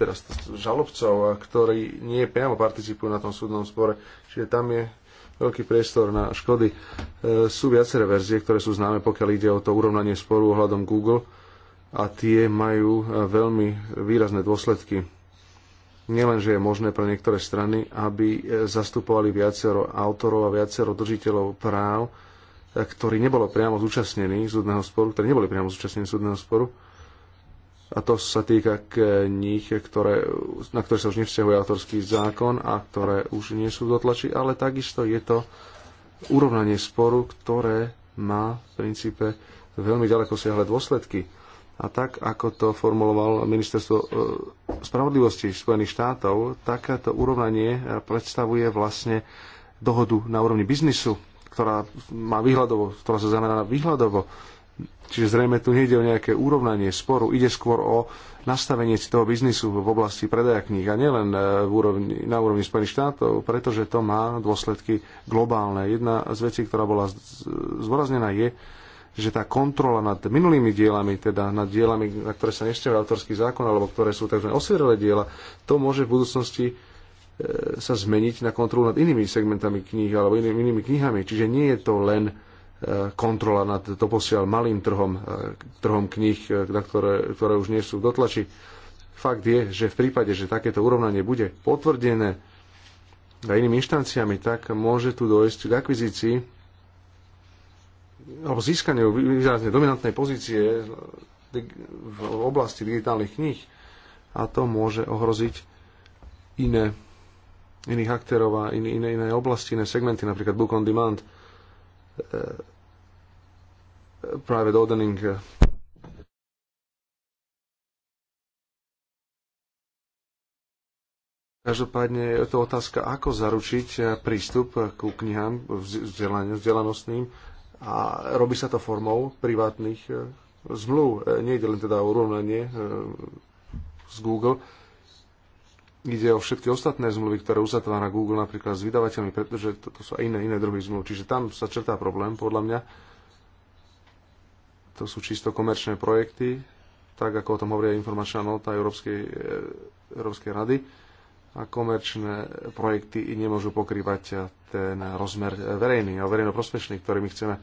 teraz žalobcov, ktorí nie priamo participujú na tom súdnom spore. Čiže tam je veľký priestor na škody. E, sú viaceré verzie, ktoré sú známe, pokiaľ ide o to urovnanie sporu ohľadom Google a tie majú e, veľmi výrazné dôsledky. Nielenže je možné pre niektoré strany, aby e, zastupovali viacero autorov a viacero držiteľov práv, ktorí nebolo priamo zúčastnení súdneho sporu, ktorí neboli priamo zúčastnení súdneho sporu, a to sa týka kníh, ktoré, na ktoré sa už nevzťahuje autorský zákon a ktoré už nie sú v dotlači, ale takisto je to urovnanie sporu, ktoré má v princípe veľmi ďaleko siahle dôsledky. A tak, ako to formuloval ministerstvo e, spravodlivosti Spojených štátov, takéto urovnanie e, predstavuje vlastne dohodu na úrovni biznisu, ktorá má výhľadovo, ktorá sa zamerá na výhľadovo Čiže zrejme tu nejde o nejaké úrovnanie sporu, ide skôr o nastavenie si toho biznisu v oblasti predaja kníh a nielen e, v úrovni, na úrovni Spojených štátov, pretože to má dôsledky globálne. Jedna z vecí, ktorá bola zdôraznená, je, že tá kontrola nad minulými dielami, teda nad dielami, na ktoré sa nešťahuje autorský zákon alebo ktoré sú tzv. osvierelé diela, to môže v budúcnosti e, sa zmeniť na kontrolu nad inými segmentami kníh alebo inými, inými knihami. Čiže nie je to len kontrola nad doposiaľ malým trhom, e, trhom kníh, e, ktoré, ktoré už nie sú v dotlači. Fakt je, že v prípade, že takéto urovnanie bude potvrdené a inými inštanciami, tak môže tu dojsť k akvizícii alebo získaniu výrazne dominantnej pozície v oblasti digitálnych kníh a to môže ohroziť iné, iných aktérov a iné, iné, iné oblasti, iné segmenty, napríklad Book on Demand, Eh, private ordering eh. Každopádne je to otázka, ako zaručiť eh, prístup ku knihám vzdelanostným a robí sa to formou privátnych zmluv. Nie len teda o urovnanie z Google, ide o všetky ostatné zmluvy, ktoré uzatvára Google napríklad s vydavateľmi, pretože to, to sú aj iné, iné druhy zmluv. Čiže tam sa črtá problém, podľa mňa. To sú čisto komerčné projekty, tak ako o tom hovorí informačná nota Európskej, e, Európskej rady. A komerčné projekty nemôžu pokrývať ten rozmer verejný a verejnoprospešný, ktorý my chceme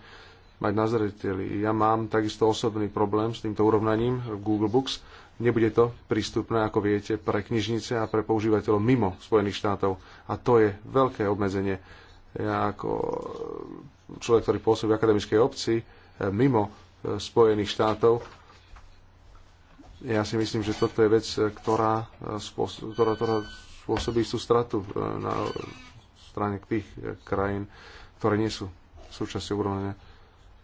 mať na zreteli. Ja mám takisto osobný problém s týmto urovnaním v Google Books Nebude to prístupné, ako viete, pre knižnice a pre používateľov mimo Spojených štátov. A to je veľké obmedzenie. Ja ako človek, ktorý pôsobí v akademickej obci eh, mimo eh, Spojených štátov, ja si myslím, že toto je vec, eh, ktorá, spôsob, ktorá, ktorá spôsobí istú stratu na strane tých krajín, ktoré nie sú súčasťou urovnania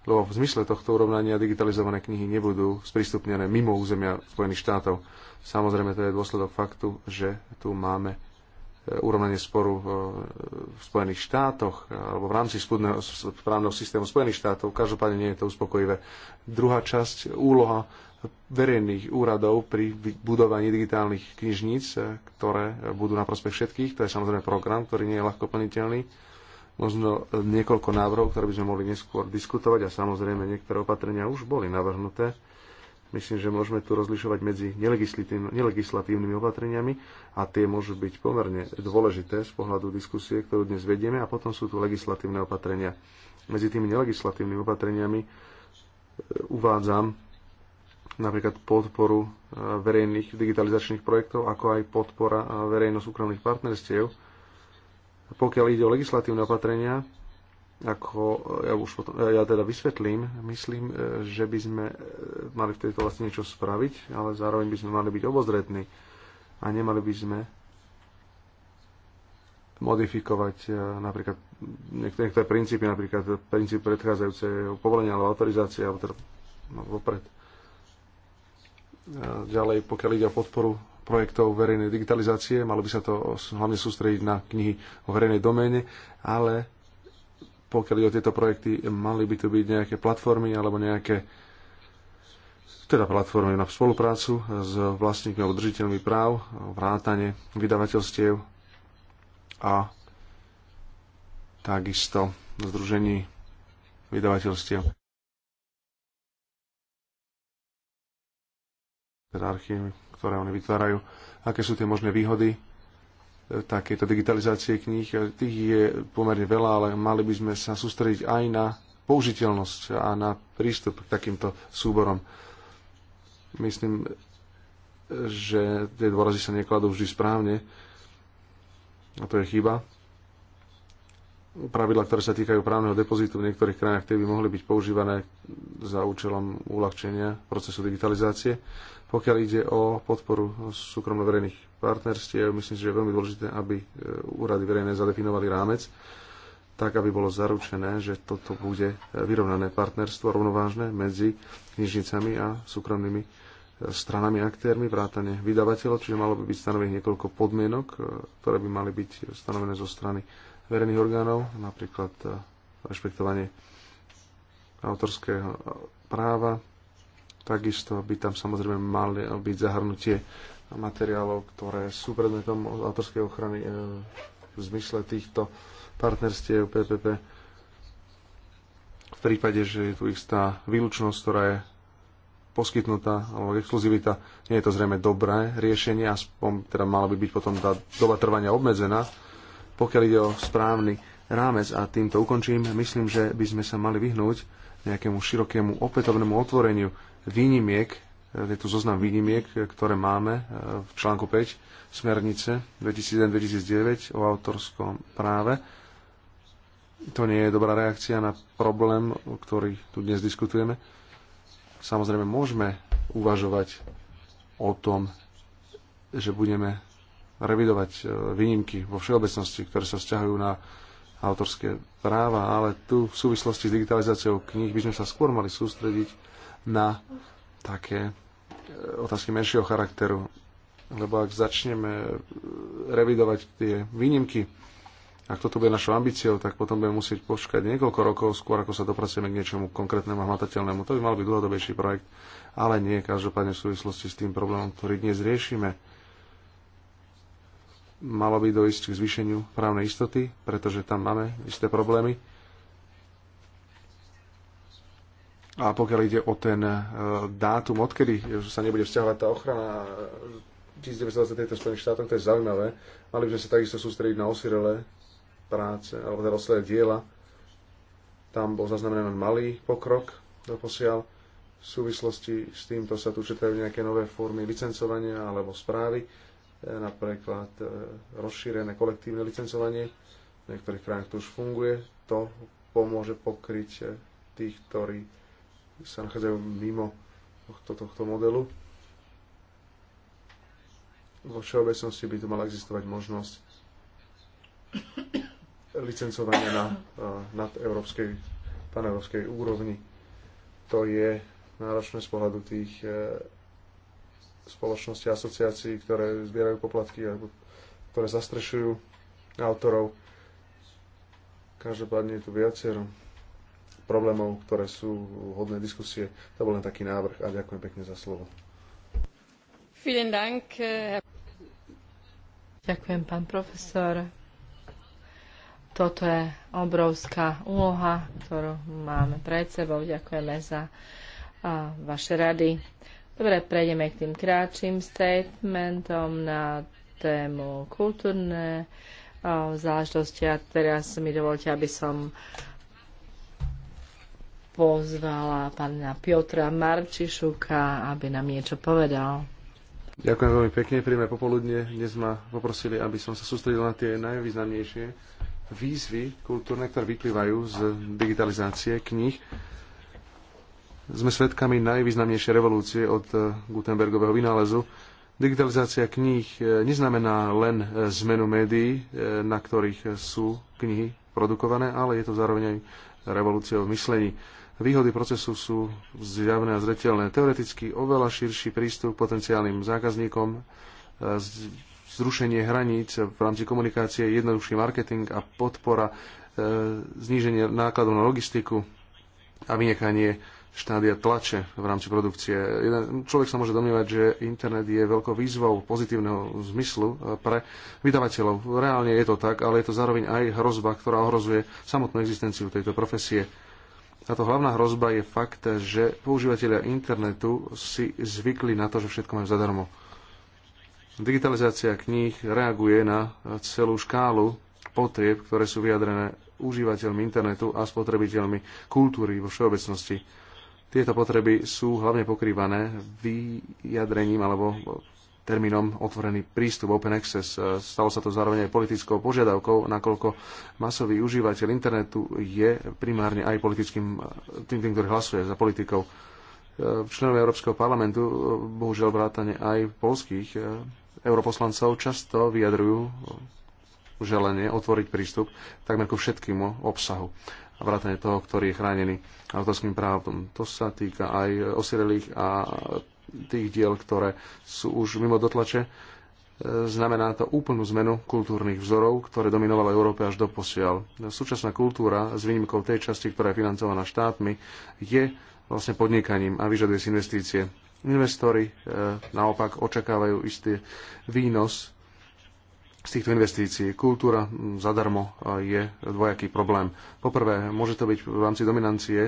lebo v zmysle tohto urovnania digitalizované knihy nebudú sprístupnené mimo územia Spojených štátov. Samozrejme, to je dôsledok faktu, že tu máme e, urovnanie sporu e, v Spojených štátoch e, alebo v rámci spúdneho, správneho systému Spojených štátov. Každopádne nie je to uspokojivé. Druhá časť, úloha verejných úradov pri budovaní digitálnych knižníc, ktoré budú na prospech všetkých. To je samozrejme program, ktorý nie je ľahko plniteľný možno e, niekoľko návrhov, ktoré by sme mohli neskôr diskutovať a samozrejme niektoré opatrenia už boli navrhnuté. Myslím, že môžeme tu rozlišovať medzi nelegislatívnymi opatreniami a tie môžu byť pomerne dôležité z pohľadu diskusie, ktorú dnes vedieme a potom sú tu legislatívne opatrenia. Medzi tými nelegislatívnymi opatreniami e, uvádzam napríklad podporu e, verejných digitalizačných projektov, ako aj podpora verejno-súkromných partnerstiev, pokiaľ ide o legislatívne opatrenia, ako ja už potom, ja teda vysvetlím, myslím, e, že by sme e, mali v tejto vlasti niečo spraviť, ale zároveň by sme mali byť obozretní a nemali by sme modifikovať e, napríklad niektoré, niektoré princípy, napríklad princíp predchádzajúceho povolenia alebo autorizácie, alebo teda no, vopred. ďalej, pokiaľ ide o podporu projektov verejnej digitalizácie. Malo by sa to hlavne sústrediť na knihy o verejnej doméne, ale pokiaľ ide o tieto projekty, mali by to byť nejaké platformy alebo nejaké teda platformy na spoluprácu s vlastníkmi a udržiteľmi práv, vrátane vydavateľstiev a takisto združení vydavateľstiev. Teda archívy ktoré oni vytvárajú, aké sú tie možné výhody e, takéto digitalizácie kníh. E, tých je pomerne veľa, ale mali by sme sa sústrediť aj na použiteľnosť a na prístup k takýmto súborom. Myslím, že tie dôrazy sa nekladú vždy správne a to je chyba. Pravidla, ktoré sa týkajú právneho depozitu v niektorých krajinách, tie by mohli byť používané za účelom uľahčenia procesu digitalizácie. Pokiaľ ide o podporu súkromno-verejných partnerstiev, myslím si, že je veľmi dôležité, aby e, úrady verejné zadefinovali rámec, tak aby bolo zaručené, že toto bude e, vyrovnané partnerstvo rovnovážne medzi knižnicami a súkromnými e, stranami a aktérmi, vrátane vydavateľov, čiže malo by byť stanovených niekoľko podmienok, ktoré by mali byť stanovené zo strany verejných orgánov, napríklad rešpektovanie autorského práva, Takisto by tam samozrejme mali byť zahrnutie materiálov, ktoré sú predmetom autorskej ochrany e, v zmysle týchto partnerstiev PPP. V prípade, že je tu istá výlučnosť, ktorá je poskytnutá alebo exkluzivita, nie je to zrejme dobré riešenie, aspoň teda mala by byť potom tá doba trvania obmedzená. Pokiaľ ide o správny rámec a týmto ukončím, myslím, že by sme sa mali vyhnúť nejakému širokému opätovnému otvoreniu výnimiek, e, je tu zoznam výnimiek, e, ktoré máme e, v článku 5 smernice 2001-2009 o autorskom práve. To nie je dobrá reakcia na problém, o ktorý tu dnes diskutujeme. Samozrejme, môžeme uvažovať o tom, že budeme revidovať výnimky vo všeobecnosti, ktoré sa vzťahujú na autorské práva, ale tu v súvislosti s digitalizáciou kníh by sme sa skôr mali sústrediť na také e, otázky menšieho charakteru. Lebo ak začneme e, revidovať tie výnimky, ak toto bude našou ambíciou, tak potom budeme musieť počkať niekoľko rokov skôr, ako sa dopracujeme k niečomu konkrétnemu a hmatateľnému. To by mal byť dlhodobejší projekt, ale nie každopádne v súvislosti s tým problémom, ktorý dnes riešime. Malo by dojsť k zvýšeniu právnej istoty, pretože tam máme isté problémy A pokiaľ ide o ten e, dátum, odkedy sa nebude vzťahovať tá ochrana 1923 e, Spojených štátov, to je zaujímavé. Mali by sme sa takisto sústrediť na osirele práce, alebo teda osirele diela. Tam bol zaznamenaný malý pokrok doposiaľ. V súvislosti s týmto sa tu četajú nejaké nové formy licencovania alebo správy, e, napríklad rozšírené kolektívne licencovanie. V niektorých krajinách to už funguje. To pomôže pokryť tých, ktorí sa nachádzajú mimo tohto, tohto modelu. Vo všeobecnosti by tu mala existovať možnosť licencovania na európskej paneurópskej úrovni. To je náročné z pohľadu tých e, spoločnosti a asociácií, ktoré zbierajú poplatky alebo ktoré zastrešujú autorov. Každopádne je tu viacero problémov, ktoré sú hodné diskusie. To bol len taký návrh a ďakujem pekne za slovo. Eh, ďakujem, pán profesor. Toto je obrovská úloha, ktorú máme pred sebou. Ďakujeme za a, vaše rady. Dobre, prejdeme k tým krátším statementom na tému kultúrne záležitosti a teraz mi dovolte, aby som pozvala pána Piotra Marčišuka, aby nám niečo povedal. Ďakujem veľmi pekne, príjme popoludne. Dnes ma poprosili, aby som sa sústredil na tie najvýznamnejšie výzvy kultúrne, ktoré vyplývajú z digitalizácie kníh. Sme svedkami najvýznamnejšej revolúcie od eh, Gutenbergového vynálezu. Digitalizácia kníh eh, neznamená len eh, zmenu médií, na ktorých sú knihy produkované, ale je to zároveň aj revolúcia v myslení. Výhody procesu sú zjavné a zretelné. Teoreticky oveľa širší prístup potenciálnym zákazníkom, e, zrušenie hraníc v rámci komunikácie, jednoduchší marketing a podpora, e, zníženie nákladov na logistiku a vynechanie štádia tlače v rámci produkcie. človek sa môže domnievať, že internet je veľkou výzvou pozitívneho zmyslu e, pre vydavateľov. Reálne je to tak, ale je to zároveň aj hrozba, ktorá ohrozuje samotnú existenciu tejto profesie. Táto hlavná hrozba je fakt, že používateľia internetu si zvykli na to, že všetko majú zadarmo. Digitalizácia kníh reaguje na celú škálu potrieb, ktoré sú vyjadrené užívateľmi internetu a spotrebiteľmi kultúry vo všeobecnosti. Tieto potreby sú hlavne pokrývané vyjadrením alebo termínom otvorený prístup, open access. E, stalo sa to zároveň aj politickou požiadavkou, nakoľko masový užívateľ internetu je primárne aj politickým, e, tým, tým ktorý hlasuje za politikou. E, Členovia Európskeho parlamentu, bohužiaľ vrátane aj polských europoslancov, často vyjadrujú želenie otvoriť prístup takmer ku všetkému obsahu a vrátane toho, ktorý je chránený autorským právom. To sa týka aj osirelých a tých diel, ktoré sú už mimo dotlače. E, znamená to úplnú zmenu kultúrnych vzorov, ktoré dominovala Európe až do posiaľ. Súčasná kultúra, s výnimkou tej časti, ktorá je financovaná štátmi, je vlastne podnikaním a vyžaduje si investície. Investori e, naopak očakávajú istý výnos z týchto investícií. Kultúra zadarmo e, je dvojaký problém. Poprvé, môže to byť v rámci dominancie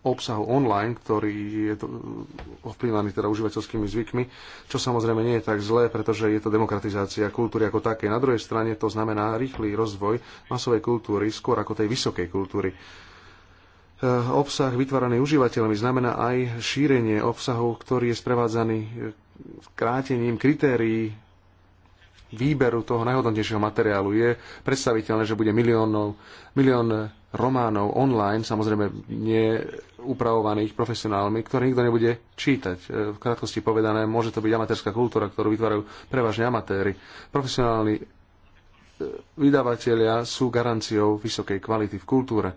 obsahu online, ktorý je to ovplyvnaný teda užívateľskými zvykmi, čo samozrejme nie je tak zlé, pretože je to demokratizácia kultúry ako také. Na druhej strane to znamená rýchly rozvoj masovej kultúry, skôr ako tej vysokej kultúry. Eh, obsah vytváraný užívateľmi znamená aj šírenie obsahu, ktorý je sprevádzaný eh, krátením kritérií výberu toho najhodnotnejšieho materiálu. Je predstaviteľné, že bude miliónov, milión románov online, samozrejme neupravovaných profesionálmi, ktoré nikto nebude čítať. E, v krátkosti povedané, môže to byť amatérska kultúra, ktorú vytvárajú prevažne amatéry. Profesionálni e, vydavatelia sú garanciou vysokej kvality v kultúre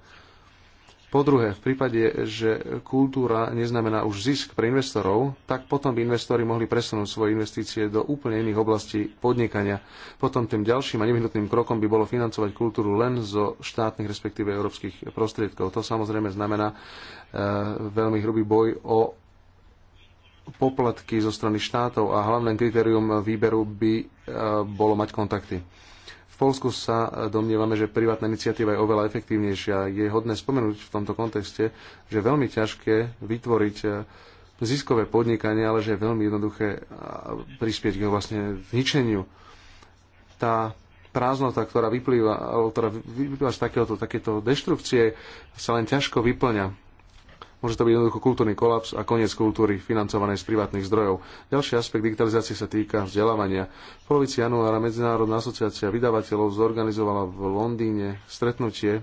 po druhé, v prípade, že kultúra neznamená už zisk pre investorov, tak potom by investori mohli presunúť svoje investície do úplne iných oblastí podnikania. Potom tým ďalším a nevyhnutným krokom by bolo financovať kultúru len zo štátnych, respektíve európskych prostriedkov. To samozrejme znamená e, veľmi hrubý boj o poplatky zo strany štátov a hlavné kritérium výberu by e, bolo mať kontakty. Polsku sa domnievame, že privátna iniciatíva je oveľa efektívnejšia. Je hodné spomenúť v tomto kontexte, že je veľmi ťažké vytvoriť eh, ziskové podnikanie, ale že je veľmi jednoduché eh, prispieť k jeho vlastne zničeniu. Tá prázdnota, ktorá vyplýva, ktorá vyplýva z takéhoto, takéto deštrukcie, sa len ťažko vyplňa. Môže to byť jednoducho kultúrny kolaps a koniec kultúry financovanej z privátnych zdrojov. Ďalší aspekt digitalizácie sa týka vzdelávania. V polovici januára Medzinárodná asociácia vydavateľov zorganizovala v Londýne stretnutie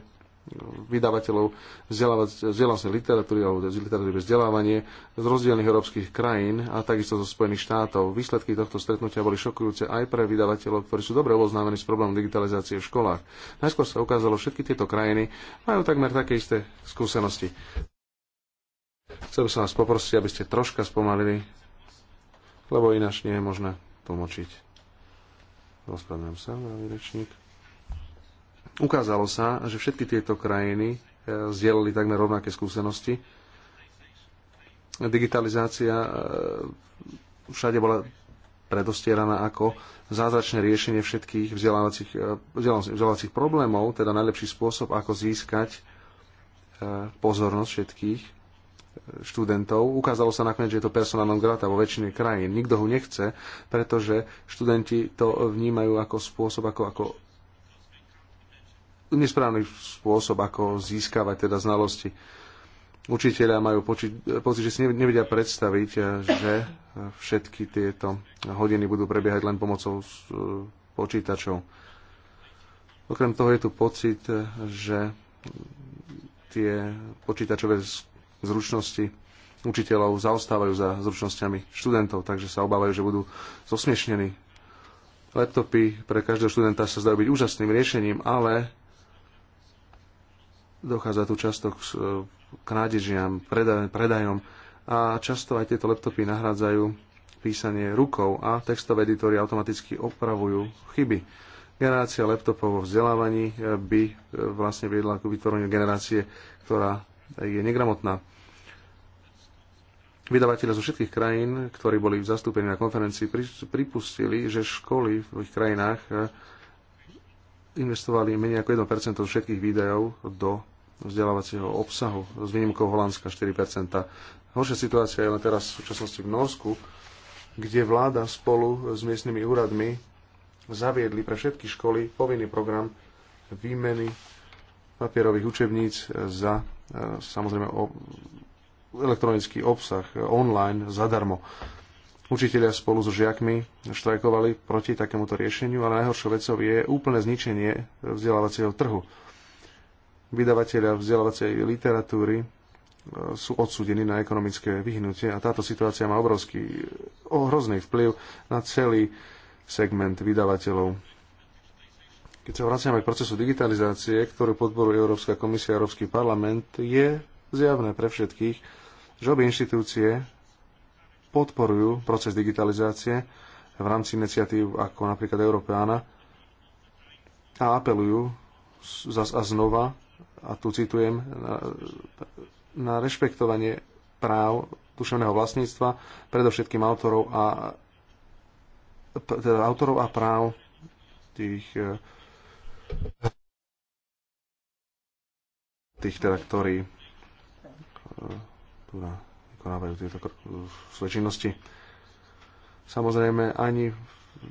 vydavateľov vzdelávacej literatúry alebo literatúry vzdelávanie z rozdielnych európskych krajín a takisto zo Spojených štátov. Výsledky tohto stretnutia boli šokujúce aj pre vydavateľov, ktorí sú dobre oboznámení s problémom digitalizácie v školách. Najskôr sa ukázalo, že všetky tieto krajiny majú takmer také isté skúsenosti. Chcel by som vás poprosiť, aby ste troška spomalili, lebo ináč nie je možné tlmočiť. Rozpadnem sa, rečník. Ukázalo sa, že všetky tieto krajiny e, zdieľali takmer rovnaké skúsenosti. Digitalizácia e, všade bola predostieraná ako zázračné riešenie všetkých vzdelávacích, e, vzdelávacích problémov, teda najlepší spôsob, ako získať pozornosť všetkých študentov. Ukázalo sa nakoniec, že je to persona non grata vo väčšine krajín. Nikto ho nechce, pretože študenti to vnímajú ako spôsob, ako, ako nesprávny spôsob, ako získavať teda znalosti. Učiteľia majú pocit, že si nevedia predstaviť, že všetky tieto hodiny budú prebiehať len pomocou počítačov. Okrem toho je tu pocit, že tie počítačové zručnosti učiteľov zaostávajú za zručnosťami študentov, takže sa obávajú, že budú zosmiešnení. Laptopy pre každého študenta sa zdajú byť úžasným riešením, ale dochádza tu často k predaj, predajom a často aj tieto laptopy nahrádzajú písanie rukou a textové editory automaticky opravujú chyby. Generácia laptopov vo vzdelávaní eh, by eh, vlastne viedla k vytvoreniu generácie, ktorá je negramotná. Vydavatelia zo všetkých krajín, ktorí boli zastúpení na konferencii, pripustili, že školy v ich krajinách eh, investovali menej ako 1% z všetkých výdajov do vzdelávacieho obsahu, s výnimkou Holandska 4%. Horšia situácia je len teraz v súčasnosti v Norsku, kde vláda spolu s miestnymi úradmi zaviedli pre všetky školy povinný program výmeny papierových učebníc za e, samozrejme o elektronický obsah e, online zadarmo. Učitelia spolu so žiakmi štrajkovali proti takémuto riešeniu, ale najhoršou vecou je úplné zničenie e, vzdelávacieho trhu. Vydavatelia vzdelávacej literatúry sú odsúdení na ekonomické vyhnutie a táto situácia má obrovský, ohrozný vplyv na celý segment vydavateľov keď sa vraciame k procesu digitalizácie, ktorú podporuje Európska komisia a Európsky parlament, je zjavné pre všetkých, že obe inštitúcie podporujú proces digitalizácie v rámci iniciatív ako napríklad Európeána a apelujú zas a znova, a tu citujem, na, na rešpektovanie práv duševného vlastníctva, predovšetkým autorov a, teda autorov a práv tých eh, Tých teda, ktorí e, teda vykonávajú tieto svoje činnosti. Samozrejme, ani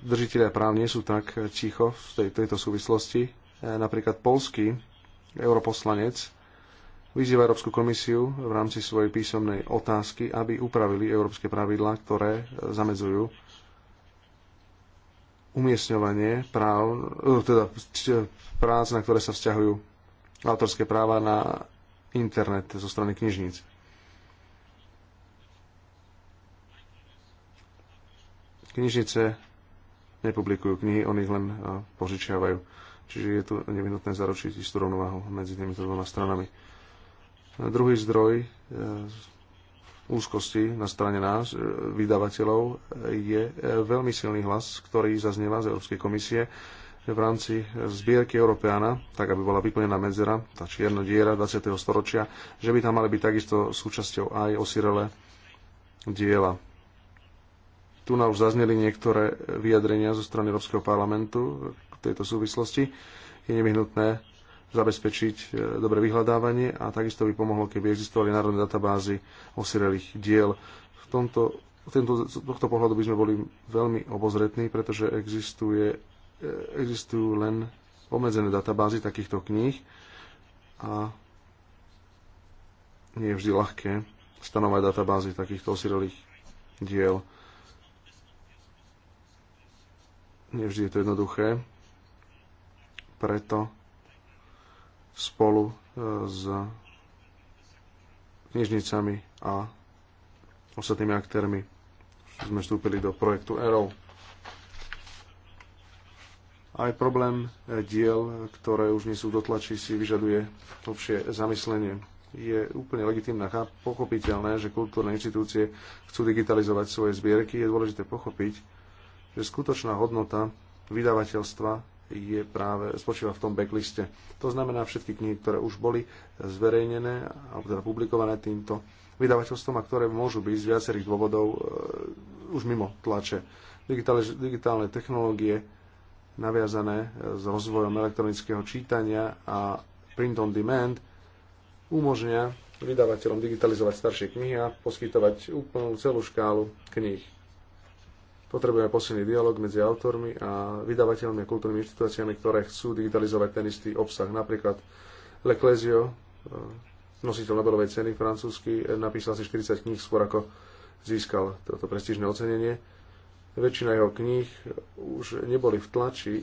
držiteľe práv nie sú tak ticho v tej, tejto súvislosti. E, napríklad polský europoslanec vyzýva Európsku komisiu v rámci svojej písomnej otázky, aby upravili európske pravidlá, ktoré zamedzujú umiestňovanie práv, e, teda prác, na ktoré sa vzťahujú autorské práva na internet zo strany knižníc. Knižnice nepublikujú knihy, oni ich len e, požičiavajú. Čiže je tu nevyhnutné zaručiť istú rovnováhu medzi týmito dvoma stranami. Druhý zdroj e, úzkosti na strane nás, e, vydavateľov, e, je e, veľmi silný hlas, ktorý zaznieva z Európskej komisie v rámci zbierky Európeana, tak aby bola vyplnená medzera, tá čierna diera 20. storočia, že by tam mali byť takisto súčasťou aj osirele diela. Tu nám už zazneli niektoré vyjadrenia zo strany Európskeho parlamentu k tejto súvislosti. Je nevyhnutné zabezpečiť e, dobre vyhľadávanie a takisto by pomohlo, keby existovali národné databázy osirelých diel. V tomto, v tento, z tohto pohľadu by sme boli veľmi obozretní, pretože existuje, e, existujú len obmedzené databázy takýchto kníh a nie je vždy ľahké stanovať databázy takýchto osirelých diel. Nie vždy je to jednoduché. Preto spolu e, s knižnicami a ostatnými aktérmi sme vstúpili do projektu ERO. Aj problém e, diel, ktoré už nie sú dotlačí, si vyžaduje hlbšie zamyslenie. Je úplne legitimné a pochopiteľné, že kultúrne inštitúcie chcú digitalizovať svoje zbierky. Je dôležité pochopiť, že skutočná hodnota vydavateľstva je práve, spočíva v tom backliste. To znamená všetky knihy, ktoré už boli zverejnené, alebo teda publikované týmto vydavateľstvom a ktoré môžu byť z viacerých dôvodov e, už mimo tlače. Digitálne, digitálne technológie naviazané e, s rozvojom elektronického čítania a print on demand umožňa vydavateľom digitalizovať staršie knihy a poskytovať úplnú celú škálu kníh Potrebujeme posilný dialog medzi autormi a vydavateľmi a kultúrnymi inštitúciami, ktoré chcú digitalizovať ten istý obsah. Napríklad Leclésio, e, nositeľ Nobelovej ceny francúzsky, e, napísal si 40 kníh skôr ako získal toto prestížne ocenenie. Väčšina jeho kníh už neboli v tlači,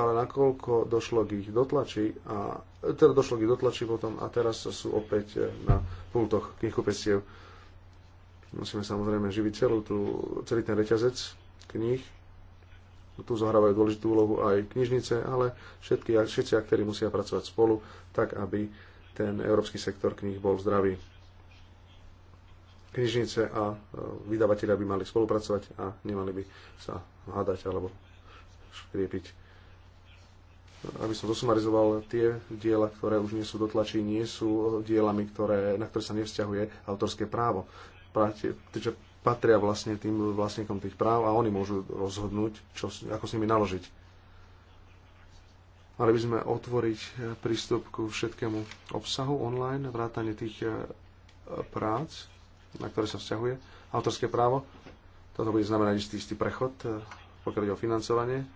ale nakoľko došlo k ich dotlači a teda došlo k ich dotlači potom a teraz sú opäť e, na pultoch knihkupectiev. Musíme samozrejme živiť celú tú, celý ten reťazec kníh. Tu zohrávajú dôležitú úlohu aj knižnice, ale všetky, všetci aktéry musia pracovať spolu, tak aby ten európsky sektor kníh bol zdravý. Knižnice a e, vydavatelia by mali spolupracovať a nemali by sa hádať alebo škriepiť aby som zosumarizoval, tie diela, ktoré už nie sú dotlačí, nie sú dielami, ktoré, na ktoré sa nevzťahuje autorské právo platia, že patria vlastne tým vlastníkom tých práv a oni môžu rozhodnúť, čo, ako s nimi naložiť. Mali by sme otvoriť e, prístup ku všetkému obsahu online, vrátanie tých e, prác, na ktoré sa vzťahuje autorské právo. Toto bude znamenať istý, istý prechod, e, pokiaľ ide o financovanie.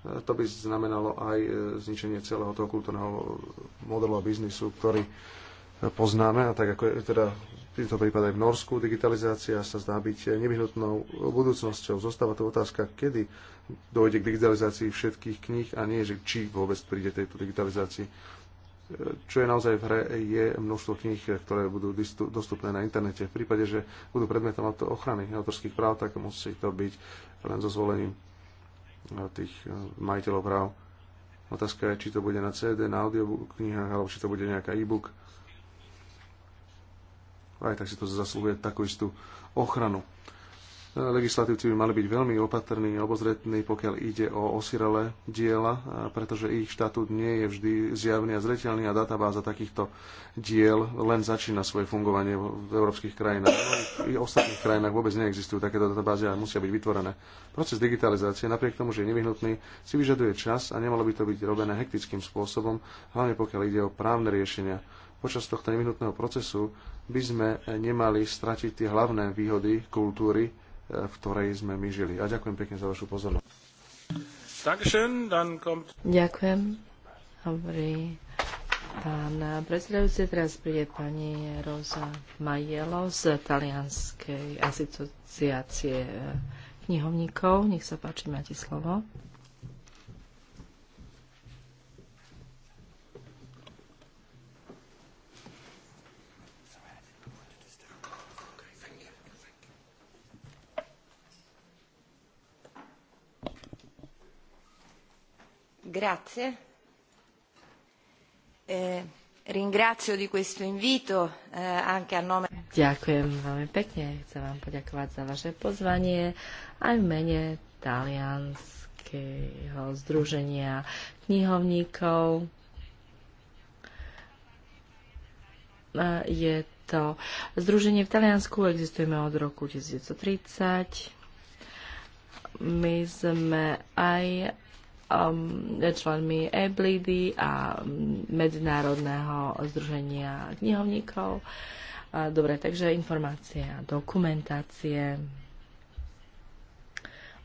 To by znamenalo aj zničenie celého toho kultúrneho modelu a biznisu, ktorý poznáme a tak ako je teda v týmto prípade v Norsku digitalizácia sa zdá byť nevyhnutnou budúcnosťou. Zostáva to otázka, kedy dojde k digitalizácii všetkých kníh a nie, že či vôbec príde tejto digitalizácii. Čo je naozaj v hre, je množstvo kníh, ktoré budú dostupné na internete. V prípade, že budú predmetom ochrany autorských práv, tak musí to byť len so zvolením eh, tých eh, majiteľov práv. Otázka je, či to bude na CD, na audio knihách, alebo či to bude nejaká e-book aj tak si to zaslúhuje takú istú ochranu. Legislatívci by mali byť veľmi opatrní a obozretní, pokiaľ ide o osirelé diela, pretože ich štatút nie je vždy zjavný a zreteľný a databáza takýchto diel len začína svoje fungovanie v európskych krajinách. No I v ostatných krajinách vôbec neexistujú takéto databázy a musia byť vytvorené. Proces digitalizácie, napriek tomu, že je nevyhnutný, si vyžaduje čas a nemalo by to byť robené hektickým spôsobom, hlavne pokiaľ ide o právne riešenia. Počas tohto nevyhnutného procesu by sme nemali stratiť tie hlavné výhody kultúry, e, v ktorej sme my žili. A ďakujem pekne za vašu pozornosť. Ďakujem. Dobrý pán predsedajúci, teraz príde pani Rosa Majelo z Talianskej asociácie e, knihovníkov. Nech sa páči, máte slovo. Grazie. Eh, ringrazio di questo invito eh, anche a nome... Ďakujem veľmi pekne. Chcem vám poďakovať za vaše pozvanie aj v mene Talianského združenia knihovníkov. Je to združenie v Taliansku, existujeme od roku 1930. My sme aj um, členmi EBLIDy a um, Medzinárodného združenia knihovníkov. Dobre, takže informácie a dokumentácie.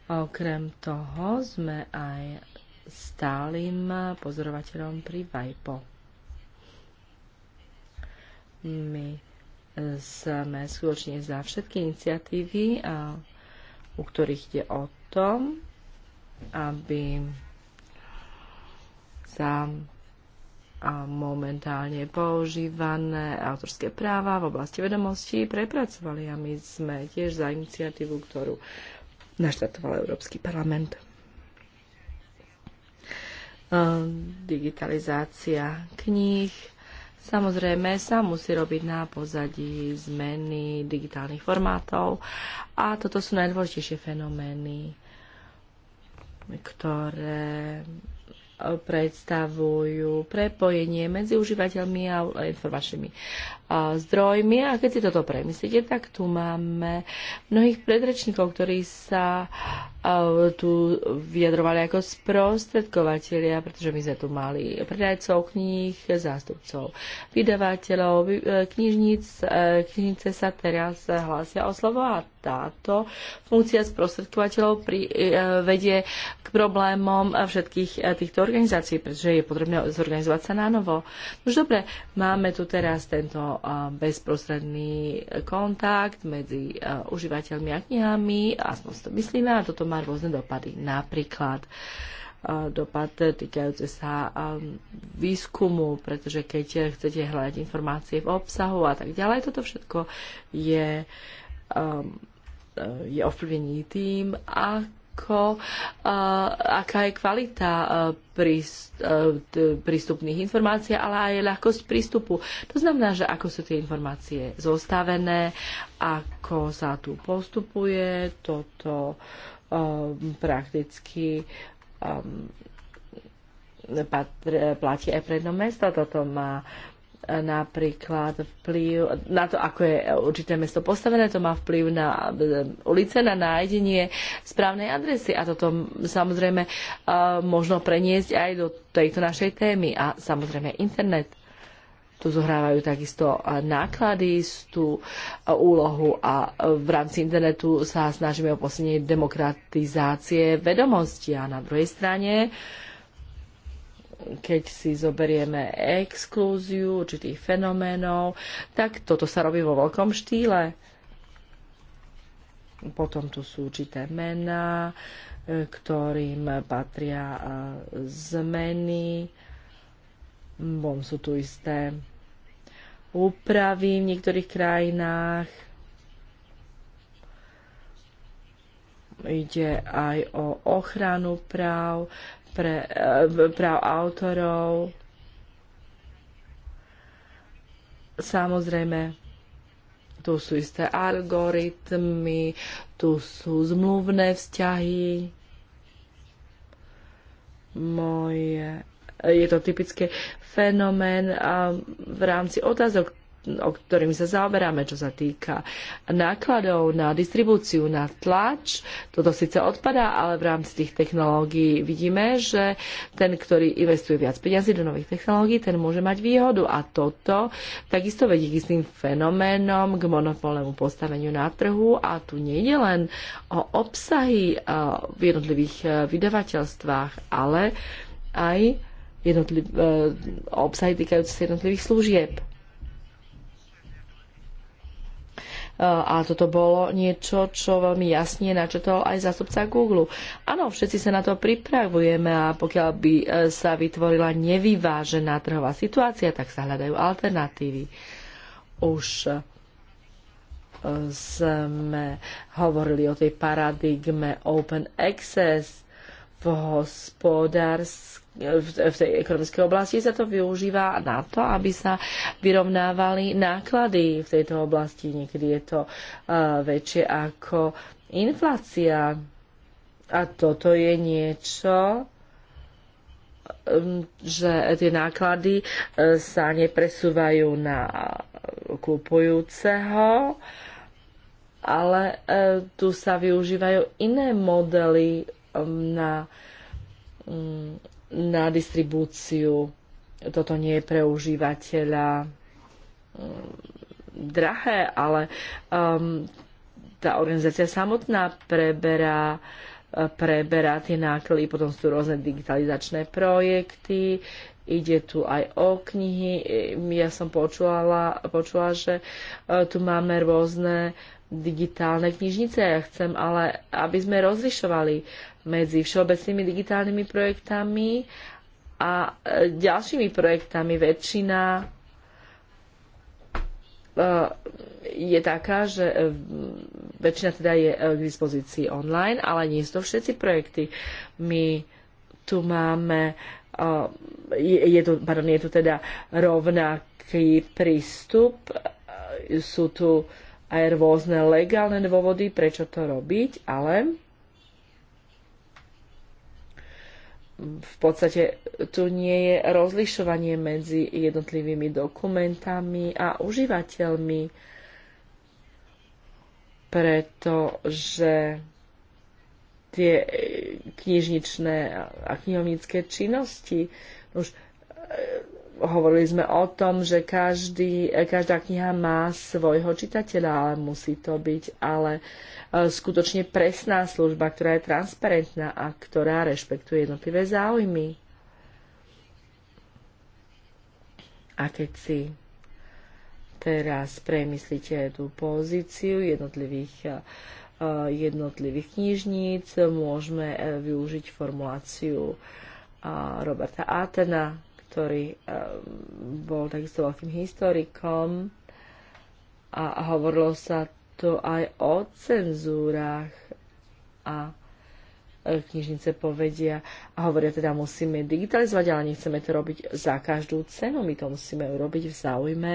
Okrem toho sme aj stálym pozorovateľom pri VIPO. My sme skutočne za všetky iniciatívy, u ktorých ide o tom, aby sa momentálne používané autorské práva v oblasti vedomostí prepracovali a my sme tiež za iniciatívu, ktorú naštartoval Európsky parlament. Digitalizácia kníh. Samozrejme sa musí robiť na pozadí zmeny digitálnych formátov a toto sú najdôležitejšie fenomény, ktoré predstavujú prepojenie medzi užívateľmi a informačnými zdrojmi. A keď si toto premyslíte, tak tu máme mnohých predrečníkov, ktorí sa tu vyjadrovali ako sprostredkovateľia, pretože my sme tu mali predajcov kníh, zástupcov vydavateľov, e, knižnic, e, knižnice sa teraz hlásia o slovo a táto funkcia sprostredkovateľov pri, e, vedie k problémom všetkých týchto organizácií, pretože je potrebné zorganizovať sa na novo. Už dobre, máme tu teraz tento bezprostredný kontakt medzi e, užívateľmi a knihami, aspoň si to myslíme, a toto má rôzne dopady. Napríklad e, dopad týkajúce sa e, výskumu, pretože keď chcete hľadať informácie v obsahu a tak ďalej, toto všetko je, je ovplyvnené tým, ak ako, aká je kvalita prístupných informácií, ale aj ľahkosť prístupu. To znamená, že ako sú tie informácie zostavené, ako sa tu postupuje, toto prakticky platí aj pre jedno mesto. Toto má napríklad vplyv na to, ako je určité mesto postavené, to má vplyv na e, ulice, na nájdenie správnej adresy a toto samozrejme e, možno preniesť aj do tejto našej témy a samozrejme internet. Tu zohrávajú takisto e, náklady, tú úlohu a v rámci internetu sa snažíme o posilnenie demokratizácie vedomosti a na druhej strane uh, keď si zoberieme exklúziu určitých fenoménov, tak toto sa robí vo veľkom štýle. Potom tu sú určité mená, e, ktorým patria e, zmeny. Bom sú tu isté úpravy v niektorých krajinách. Ide aj o ochranu práv pre, e, práv autorov. Samozrejme, tu sú isté algoritmy, tu sú zmluvné vzťahy. Moje, je to typické fenomén v rámci otázok o ktorým sa zaoberáme, čo sa týka nákladov na distribúciu, na tlač. Toto síce odpadá, ale v rámci tých technológií vidíme, že ten, ktorý investuje viac peniazy do nových technológií, ten môže mať výhodu. A toto takisto vedie k istým fenoménom, k monopolnému postaveniu na trhu. A tu nejde len o obsahy eh, v jednotlivých eh, vydavateľstvách, ale aj jednotliv, eh, obsahy týkajúce sa jednotlivých služieb. A toto bolo niečo, čo veľmi jasne načetol aj zástupca Google. Áno, všetci sa na to pripravujeme a pokiaľ by e, sa vytvorila nevyvážená trhová situácia, tak sa hľadajú alternatívy. Už e, sme hovorili o tej paradigme open access v hospodárstve v tej ekonomickej oblasti sa to využíva na to, aby sa vyrovnávali náklady v tejto oblasti. Niekedy je to väčšie ako inflácia. A toto je niečo, že tie náklady e, sa nepresúvajú na kupujúceho, ale e, tu sa využívajú iné modely na na distribúciu. Toto nie je pre užívateľa mm, drahé, ale um, tá organizácia samotná preberá preberá tie náklady, potom sú rôzne digitalizačné projekty, ide tu aj o knihy. Ja som počula, počula že e, tu máme rôzne digitálne knižnice. Ja chcem ale, aby sme rozlišovali medzi všeobecnými digitálnymi projektami a e, ďalšími projektami. Väčšina e, je taká, že e, väčšina teda je k dispozícii online, ale nie sú to všetci projekty. My tu máme, je, tu, pardon, je tu teda rovnaký prístup, sú tu aj rôzne legálne dôvody, prečo to robiť, ale v podstate tu nie je rozlišovanie medzi jednotlivými dokumentami a užívateľmi, pretože tie knižničné a knihovnícke činnosti už hovorili sme o tom, že každý, každá kniha má svojho čitateľa, ale musí to byť ale e, skutočne presná služba, ktorá je transparentná a ktorá rešpektuje jednotlivé záujmy. A keď si teraz premyslíte tú pozíciu jednotlivých, e, jednotlivých knižníc, môžeme e, využiť formuláciu Roberta Atena, ktorý eh, bol takisto veľkým historikom a hovorilo sa to aj o cenzúrach a e, knižnice povedia a hovoria teda musíme digitalizovať, ale nechceme to robiť za každú cenu. My to musíme urobiť v záujme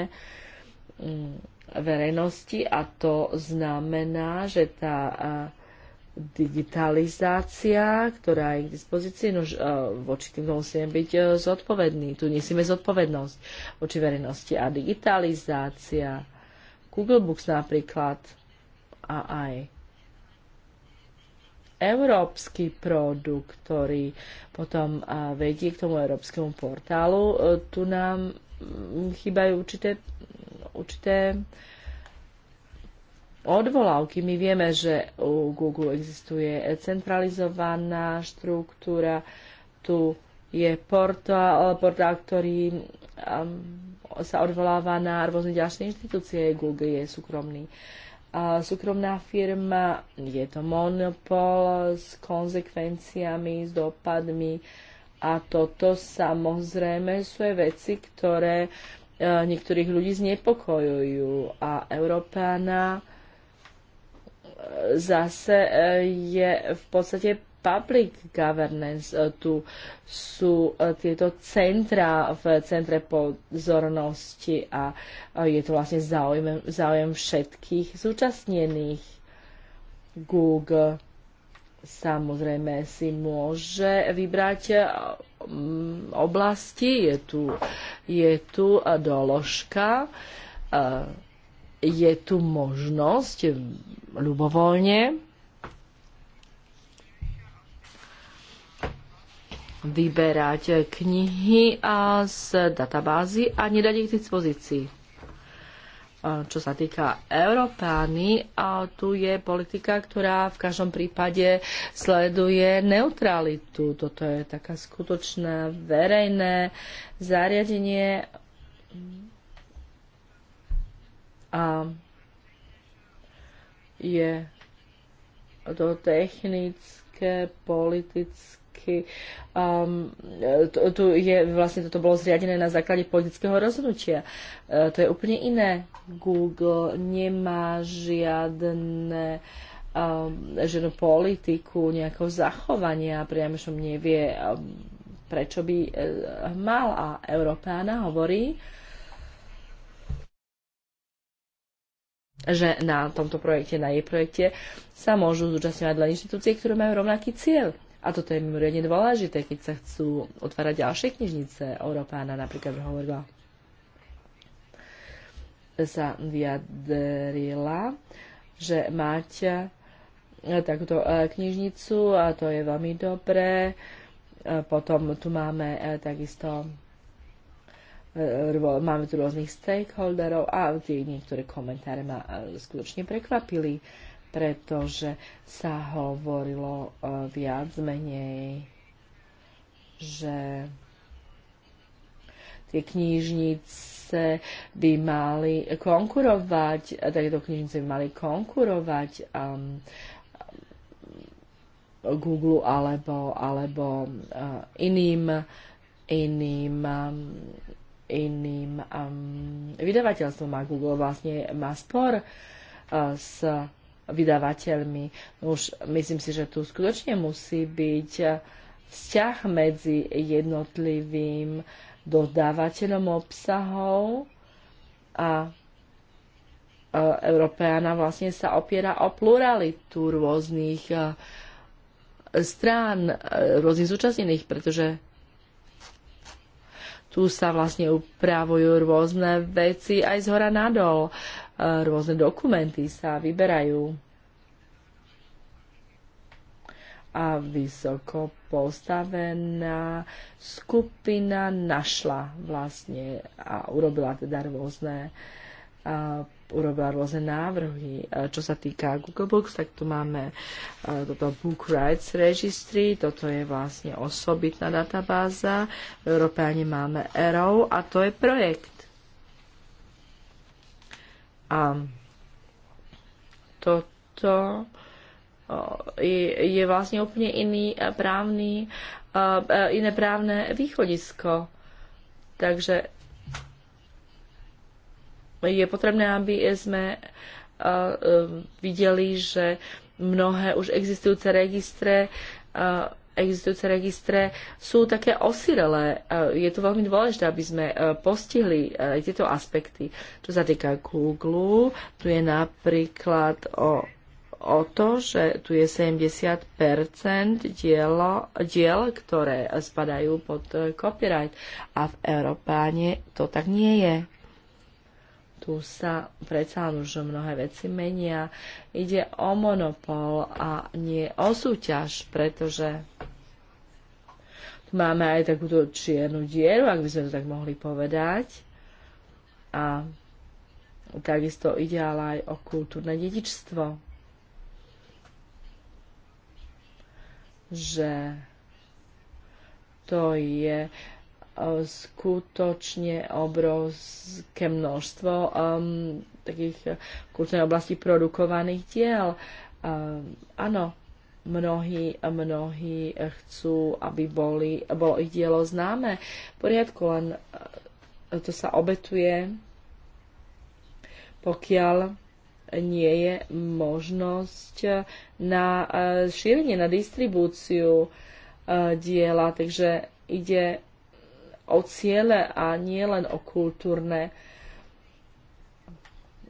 mm, verejnosti a to znamená, že tá eh, digitalizácia, ktorá je k dispozícii, no, voči tým musíme byť e, zodpovední. Tu nesieme zodpovednosť voči verejnosti. A digitalizácia, Google Books napríklad a aj európsky produkt, ktorý potom e, vedie k tomu európskemu portálu, tu nám chýbajú určité, určité odvolávky. My vieme, že u Google existuje centralizovaná štruktúra, tu je portál, portál ktorý um, sa odvoláva na rôzne ďalšie inštitúcie. Google je súkromný. A súkromná firma, je to monopol s konsekvenciami, s dopadmi a toto samozrejme sú aj veci, ktoré eh, niektorých ľudí znepokojujú a Európána zase e, je v podstate public governance. E, tu sú e, tieto centra v centre pozornosti a je to vlastne záujem, záujem všetkých zúčastnených. Google samozrejme si môže vybrať oblasti. Je tu, je tu doložka je tu možnosť ľubovoľne vyberať knihy a z databázy a nedať ich k dispozícii. Čo sa týka Európány, a tu je politika, ktorá v každom prípade sleduje neutralitu. Toto je taká skutočné verejné zariadenie a je to technické, politicky. Um, tu, tu je, vlastne toto bolo zriadené na základe politického rozhodnutia. Uh, to je úplne iné. Google nemá žiadne um, žiadnu politiku nejakého zachovania, som nevie, um, prečo by uh, mal. A Európeana hovorí, uh, že na tomto projekte, na jej projekte sa môžu zúčastňovať len inštitúcie, ktoré majú rovnaký cieľ. A toto je mimoriadne dôležité, keď sa chcú otvárať ďalšie knižnice. Európána napríklad hovorila sa vyjadrila, že mať eh, takúto eh, knižnicu a to je veľmi dobré. Eh, potom tu máme takisto E, máme tu rôznych stakeholderov a tie niektoré komentáre ma e, skutočne prekvapili, pretože sa hovorilo e, viac menej, že tie knižnice by mali konkurovať, takéto knižnice by mali konkurovať um, Google alebo, alebo uh, iným, iným um, iným um, vydavateľstvom a Google vlastne má spor uh, s vydavateľmi. Už myslím si, že tu skutočne musí byť uh, vzťah medzi jednotlivým dodávateľom obsahov a uh, Európeana vlastne sa opiera o pluralitu rôznych uh, strán, rôznych zúčastnených, pretože tu sa vlastne upravujú rôzne veci aj z hora nadol. E, rôzne dokumenty sa vyberajú. A vysoko postavená skupina našla vlastne a urobila teda rôzne urobila rôzne návrhy. E, čo sa týka Google Books, tak tu máme e, toto Book Rights Registry, toto je vlastne osobitná databáza. V Európe ani máme ERO a to je projekt. A toto e, je, vlastne úplne iný právny, iné právne východisko. Takže je potrebné, aby sme e, e, videli, že mnohé už existujúce registre e, existujúce registre sú také osirelé. Je to veľmi dôležité, aby sme postihli tieto aspekty. Čo sa týka Google, tu je napríklad o, o to, že tu je 70% dielo, diel, ktoré spadajú pod copyright a v Európáne to tak nie je tu sa predsa už mnohé veci menia. Ide o monopol a nie o súťaž, pretože tu máme aj takúto čiernu dieru, ak by sme to tak mohli povedať. A takisto ide ale aj o kultúrne dedičstvo. Že to je uh, skutočne obrovské množstvo um, takých kultúrnej oblasti produkovaných diel. Um, áno, mnohí, mnohí chcú, aby boli, bolo ich dielo známe. V poriadku, len uh, to sa obetuje, pokiaľ nie je možnosť na uh, šírenie, na distribúciu uh, diela. Takže ide o ciele a nie len o kultúrne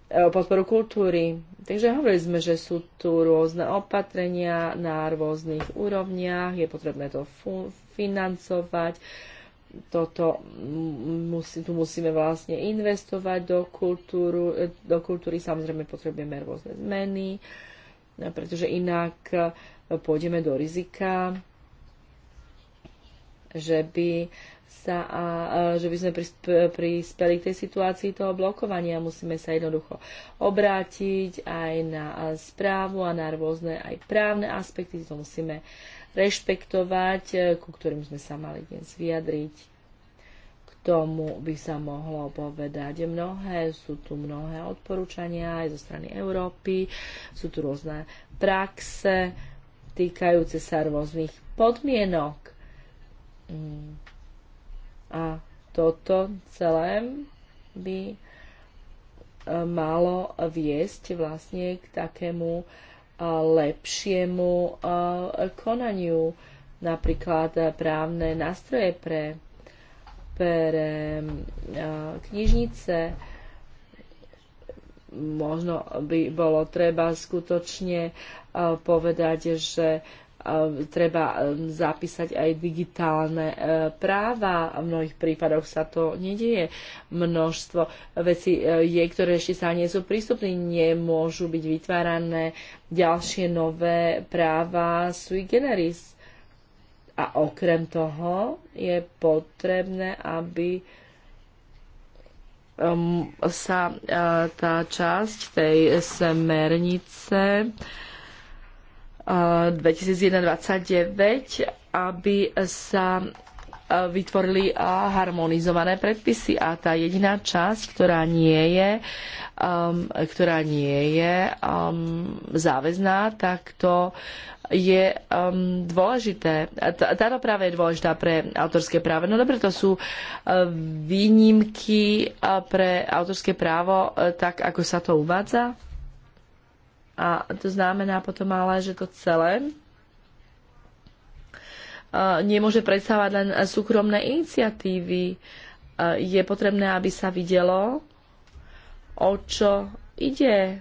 e, o podporu kultúry. Takže hovorili sme, že sú tu rôzne opatrenia na rôznych úrovniach, je potrebné to financovať, toto musí, tu musíme vlastne investovať do, kultúru, e, do kultúry, samozrejme potrebujeme rôzne zmeny, e, pretože inak pôjdeme do rizika, že by sa a e, že by sme prispeli k tej situácii toho blokovania. Musíme sa jednoducho obrátiť aj na e, správu a na rôzne aj právne aspekty. To musíme rešpektovať, e, ku ktorým sme sa mali dnes vyjadriť. K tomu by sa mohlo povedať mnohé. Sú tu mnohé odporúčania aj zo strany Európy. Sú tu rôzne praxe týkajúce sa rôznych podmienok mm. A toto celé by e, malo viesť vlastne k takému e, lepšiemu e, konaniu, napríklad právne nástroje pre, pre knižnice. Možno by bolo treba skutočne povedať, že Ehm, treba ehm, zapísať aj digitálne e, práva. V mnohých prípadoch sa to nedieje. Množstvo vecí e, je, ktoré ešte sa nie sú prístupné, nemôžu byť vytvárané ďalšie nové práva i generis. A okrem toho je potrebné, aby ehm, sa e, tá časť tej smernice 2021-29, aby sa e, vytvorili e, harmonizované predpisy a tá jediná časť, ktorá nie je, um, ktorá nie je um, záväzná, tak to je um, dôležité. táto práve je dôležitá pre autorské právo. No dobre, to sú uh, výnimky uh, pre autorské právo, uh, tak ako sa to uvádza? A to znamená potom ale, že to celé e, nemôže predstavovať len súkromné iniciatívy. E, je potrebné, aby sa videlo, o čo ide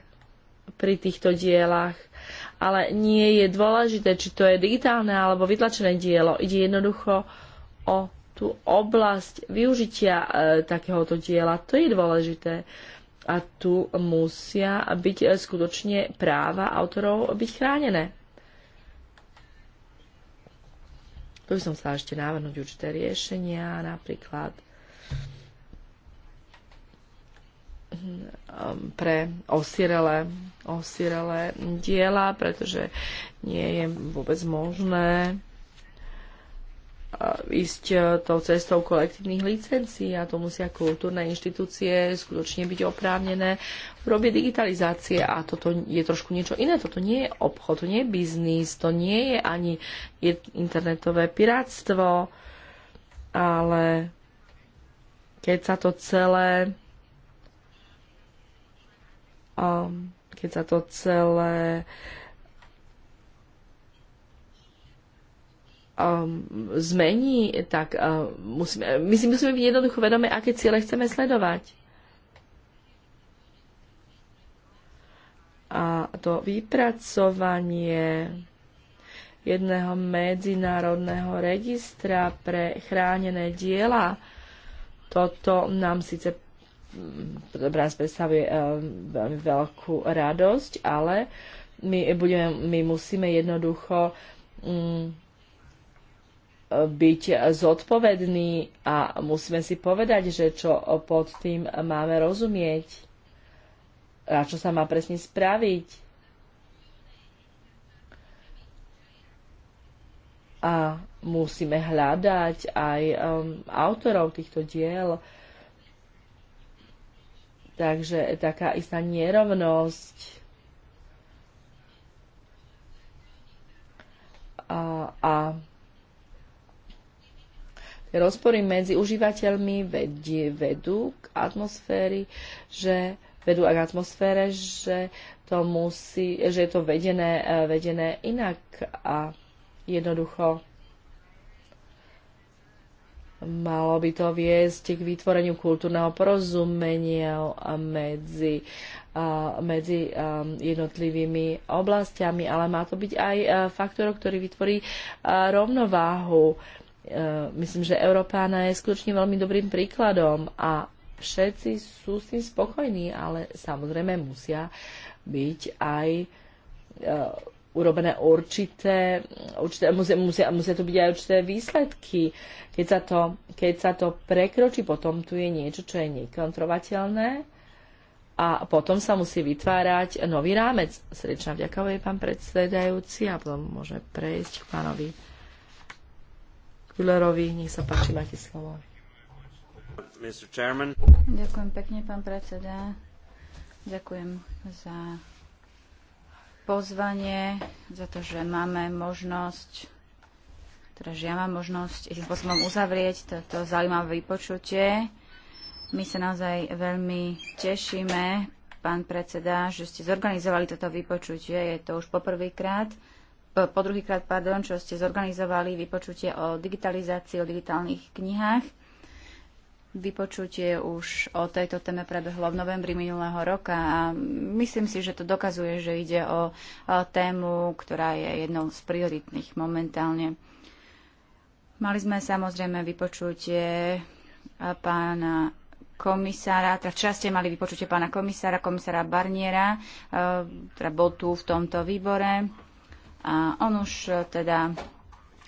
pri týchto dielach. Ale nie je dôležité, či to je digitálne alebo vytlačené dielo. Ide jednoducho o tú oblasť využitia e, takéhoto diela. To je dôležité. E, a tu musia byť skutočne práva autorov byť chránené. Tu by som sa ešte návrhnúť určité riešenia, napríklad hm, pre osirele, osirele diela, pretože nie je vôbec možné E, ísť e, tou cestou kolektívnych licencií a to musia kultúrne inštitúcie skutočne byť oprávnené v robie digitalizácie a toto je trošku niečo iné. Toto nie je obchod, to nie je biznis, to nie je ani internetové pirátstvo, ale keď sa to celé um, keď sa to celé um, zmení, tak um, musíme, my si musíme byť jednoducho vedomi, aké ciele chceme sledovať. A to vypracovanie jedného medzinárodného registra pre chránené diela, toto nám síce dobrá mm, predstavuje uh, veľmi veľkú radosť, ale my, budeme, my musíme jednoducho um, byť zodpovední a musíme si povedať, že čo pod tým máme rozumieť a čo sa má presne spraviť. A musíme hľadať aj um, autorov týchto diel. Takže taká istá nerovnosť a, a rozpory medzi užívateľmi vedie, vedú k atmosféry, že vedú k atmosfére, že to musí, že je to vedené, e, vedené inak a jednoducho malo by to viesť k vytvoreniu kultúrneho porozumenia medzi, medzi jednotlivými oblastiami, ale má to byť aj e, faktor, ktorý vytvorí e, rovnováhu Eh, myslím, že Európána je skutočne veľmi dobrým príkladom a všetci sú s tým spokojní, ale samozrejme musia byť aj eh, urobené určité, určité musia, musia, musia to byť aj určité výsledky. Keď sa, to, keď sa to prekročí, potom tu je niečo, čo je nekontrovateľné a potom sa musí vytvárať nový rámec. Srdečná vďaka, pán predsedajúci, a potom môže prejsť k pánovi nech sa páči, máte slovo. Ďakujem pekne, pán predseda. Ďakujem za pozvanie, za to, že máme možnosť, teda že ja mám možnosť istým spôsobom uzavrieť toto zaujímavé vypočutie. My sa naozaj veľmi tešíme, pán predseda, že ste zorganizovali toto vypočutie. Je to už poprvýkrát. E, po druhýkrát, pardon, čo ste zorganizovali vypočutie o digitalizácii, o digitálnych knihách. Vypočutie už o tejto téme prebehlo v novembri minulého roka a myslím si, že to dokazuje, že ide o e, tému, ktorá je jednou z prioritných momentálne. Mali sme samozrejme vypočutie e, pána komisára, teda včera ste mali vypočutie pána komisára, komisára Barniera, teda bol tu v tomto výbore. A on už e, teda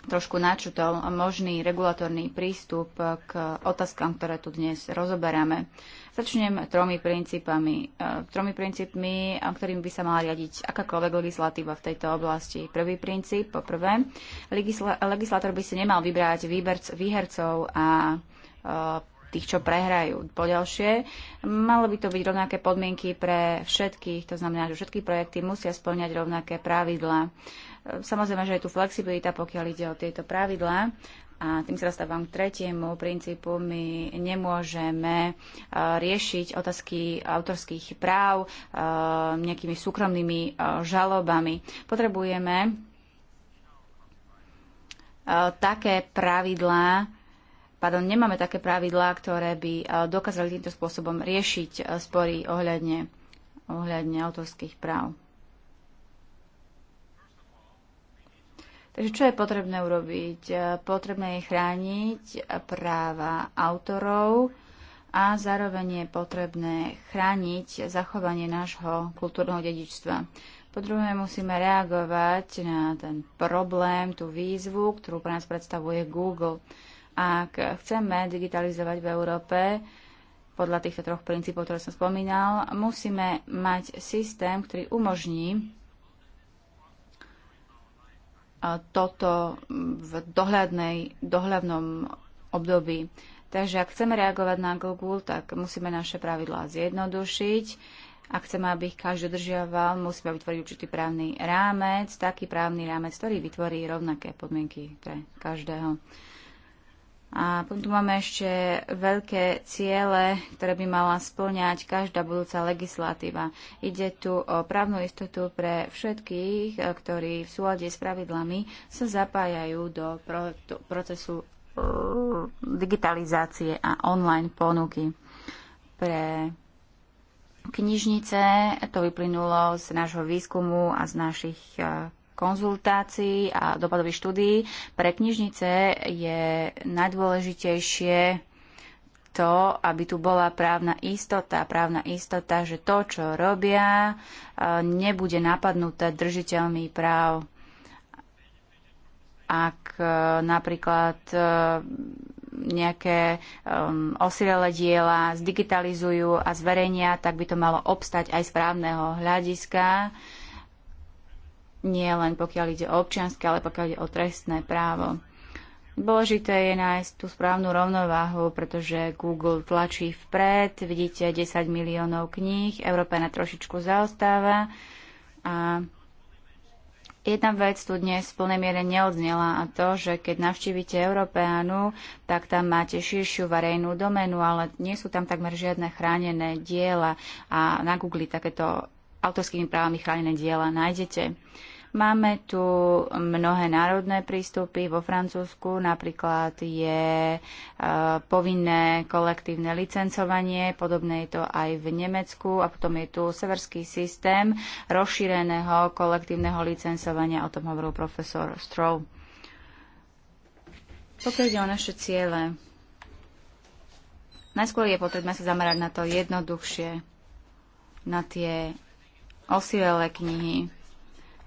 trošku načutol možný regulatorný prístup k otázkam, ktoré tu dnes rozoberáme. Začnem tromi princípami, e, tromi princípmi, e, ktorým by sa mala riadiť akákoľvek legislatíva v tejto oblasti. Prvý princíp, poprvé, legislátor by si nemal vybrať výberc, výhercov a tých, čo prehrajú. Po ďalšie, malo by to byť rovnaké podmienky pre všetkých, to znamená, že všetky projekty musia splňať rovnaké pravidlá. Samozrejme, že je tu flexibilita, pokiaľ ide o tieto pravidlá. A tým sa dostávam k tretiemu princípu. My nemôžeme e, riešiť otázky autorských práv e, nejakými súkromnými e, žalobami. Potrebujeme také pravidlá, pardon, nemáme také pravidlá, ktoré by e, dokázali týmto spôsobom riešiť e, spory ohľadne, ohľadne autorských práv. Takže čo je potrebné urobiť? E, potrebné je chrániť práva autorov a zároveň je potrebné chrániť zachovanie nášho kultúrneho dedičstva. Po druhé, musíme reagovať na ten problém, tú výzvu, ktorú pre nás predstavuje Google. Ak chceme digitalizovať v Európe podľa týchto troch princípov, ktoré som spomínal, musíme mať systém, ktorý umožní e, toto v dohľadnej, dohľadnom období. Takže ak chceme reagovať na Google, tak musíme naše pravidlá zjednodušiť. Ak chceme, aby ich každý dodržiaval, musíme vytvoriť určitý právny rámec, taký právny rámec, ktorý vytvorí rovnaké podmienky pre každého. A potom tu máme ešte veľké ciele, ktoré by mala splňať každá budúca legislatíva. Ide tu o právnu istotu pre všetkých, e, ktorí v súlade s pravidlami sa zapájajú do procesu digitalizácie a online ponuky. Pre knižnice to vyplynulo z nášho výskumu a z našich e, konzultácií a dopadových štúdií. Pre knižnice je najdôležitejšie to, aby tu bola právna istota, právna istota, že to, čo robia, eh, nebude napadnuté držiteľmi práv. Ak eh, napríklad eh, nejaké um, osirele diela zdigitalizujú a zverejnia, tak by to malo obstať aj z právneho hľadiska. Uh, nie len pokiaľ ide o občianske, ale pokiaľ ide o trestné právo. Dôležité je nájsť tú správnu rovnováhu, pretože Google tlačí vpred, vidíte 10 miliónov kníh, Európa na trošičku zaostáva a Jedna vec tu dnes v plnej miere neodznela a to, že keď navštívite Európeánu, tak tam máte širšiu verejnú domenu, ale nie sú tam takmer žiadne chránené diela a na Google takéto autorskými právami chránené diela nájdete. Máme tu mnohé národné prístupy. Vo Francúzsku napríklad je e, povinné kolektívne licencovanie, podobné je to aj v Nemecku a potom je tu severský systém rozšíreného kolektívneho licencovania, o tom hovoril profesor Stroh. Pokiaľ ide o naše ciele, najskôr je potrebné sa zamerať na to jednoduchšie, na tie osiele knihy.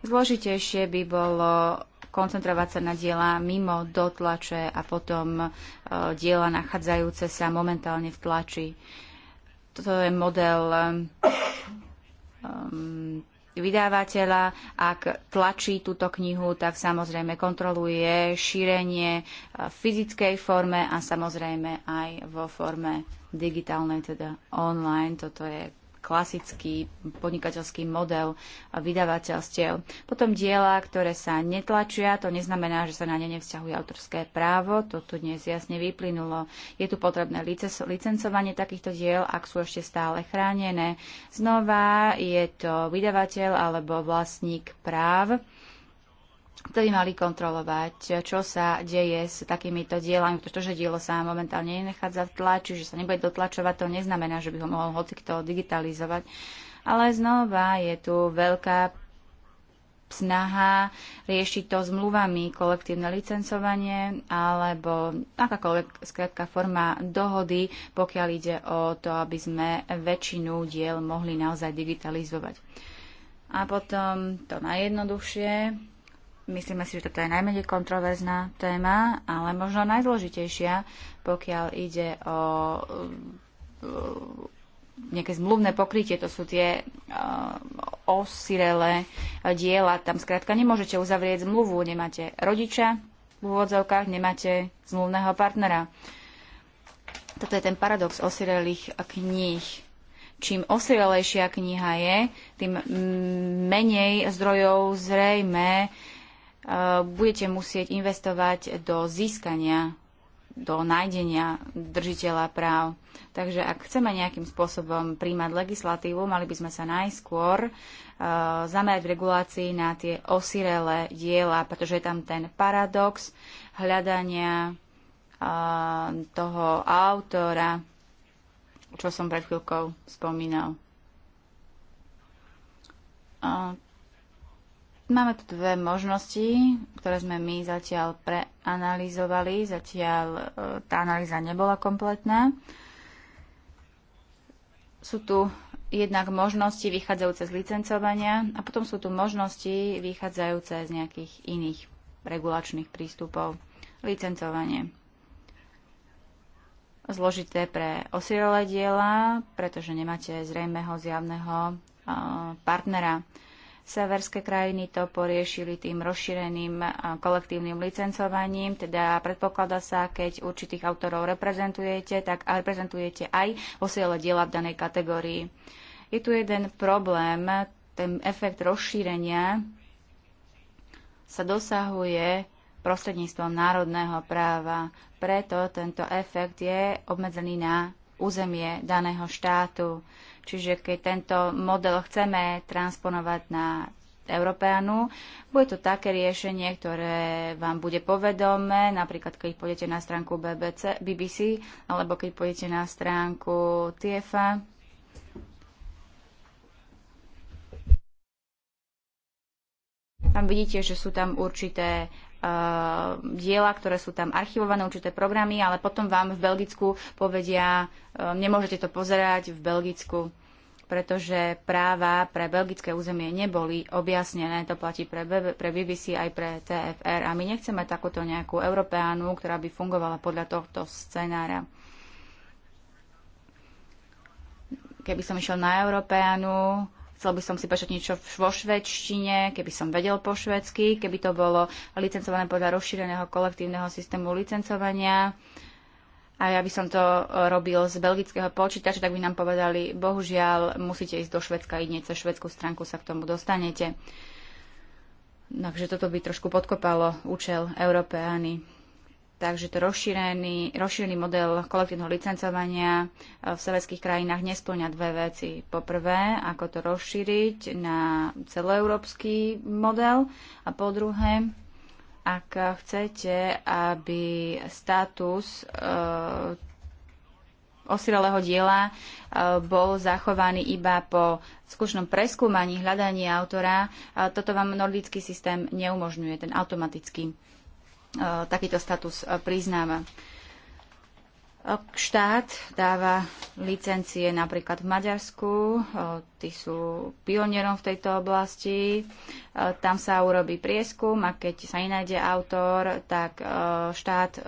Zložitejšie by bolo koncentrovať sa na diela mimo dotlače a potom e, diela nachádzajúce sa momentálne v tlači. Toto je model um, vydávateľa. Ak tlačí túto knihu, tak samozrejme kontroluje šírenie v e, fyzickej forme a samozrejme aj vo forme digitálnej, teda online. Toto je klasický podnikateľský model vydavateľstiev. Potom diela, ktoré sa netlačia, to neznamená, že sa na ne nevzťahuje autorské právo, to tu dnes jasne vyplynulo. Je tu potrebné licencovanie takýchto diel, ak sú ešte stále chránené. Znova je to vydavateľ alebo vlastník práv ktorí mali kontrolovať, čo sa deje s takýmito dielami, pretože dielo sa momentálne nenechádza v tlači, že sa nebude dotlačovať, to neznamená, že by ho mohol hoci kto digitalizovať. Ale znova je tu veľká snaha riešiť to zmluvami, kolektívne licencovanie alebo akákoľvek skrátka forma dohody, pokiaľ ide o to, aby sme väčšinu diel mohli naozaj digitalizovať. A potom to najjednoduchšie, Myslíme si, že toto je najmenej kontroverzná téma, ale možno najdôležitejšia, pokiaľ ide o e, nejaké zmluvné pokrytie, to sú tie e, osirele diela. Tam skrátka nemôžete uzavrieť zmluvu, nemáte rodiča v úvodzovkách, nemáte zmluvného partnera. Toto je ten paradox osirelých kníh čím osirelejšia kniha je, tým menej zdrojov zrejme budete musieť investovať do získania, do nájdenia držiteľa práv. Takže ak chceme nejakým spôsobom príjmať legislatívu, mali by sme sa najskôr e, zamerať v regulácii na tie osirele diela, pretože je tam ten paradox hľadania e, toho autora, čo som pred chvíľkou spomínal. E, Máme tu dve možnosti, ktoré sme my zatiaľ preanalizovali. Zatiaľ e, tá analýza nebola kompletná. Sú tu jednak možnosti vychádzajúce z licencovania a potom sú tu možnosti vychádzajúce z nejakých iných regulačných prístupov. Licencovanie. Zložité pre osirelé diela, pretože nemáte zrejmeho zjavného e, partnera. Severské krajiny to poriešili tým rozšíreným kolektívnym licencovaním, teda predpokladá sa, keď určitých autorov reprezentujete, tak reprezentujete aj osiele diela v danej kategórii. Je tu jeden problém, ten efekt rozšírenia sa dosahuje prostredníctvom národného práva. Preto tento efekt je obmedzený na územie daného štátu. Čiže keď tento model chceme transponovať na Európeanu. Bude to také riešenie, ktoré vám bude povedomé, napríklad keď pôjdete na stránku BBC, BBC alebo keď pôjdete na stránku TFA. Tam vidíte, že sú tam určité Eh, diela, ktoré sú tam archivované, určité programy, ale potom vám v Belgicku povedia, eh, nemôžete to pozerať v Belgicku pretože práva pre belgické územie neboli objasnené. To platí pre, pre BBC aj pre TFR a my nechceme takúto nejakú Európeánu, ktorá by fungovala podľa tohto scenára. Keby som išiel na Európeánu, Chcel by som si prečítať niečo vo švedštine, keby som vedel po švedsky, keby to bolo licencované podľa rozšíreného kolektívneho systému licencovania. A ja by som to robil z belgického počítača, tak by nám povedali, bohužiaľ, musíte ísť do Švedska, ísť cez švedskú stránku, sa k tomu dostanete. Takže toto by trošku podkopalo účel Európeány. Takže to rozšírený, rozšírený model kolektívneho licencovania e, v sovietských krajinách nesplňa dve veci. Po prvé, ako to rozšíriť na celoeurópsky model a po druhé, ak chcete, aby status e, osirelého diela e, bol zachovaný iba po skúšnom preskúmaní hľadaní autora, e, toto vám nordický systém neumožňuje, ten automatický E, takýto status e, priznáva. E, štát dáva licencie napríklad v Maďarsku, tí sú pionierom v tejto oblasti, tam sa urobí prieskum a keď sa inájde autor, tak štát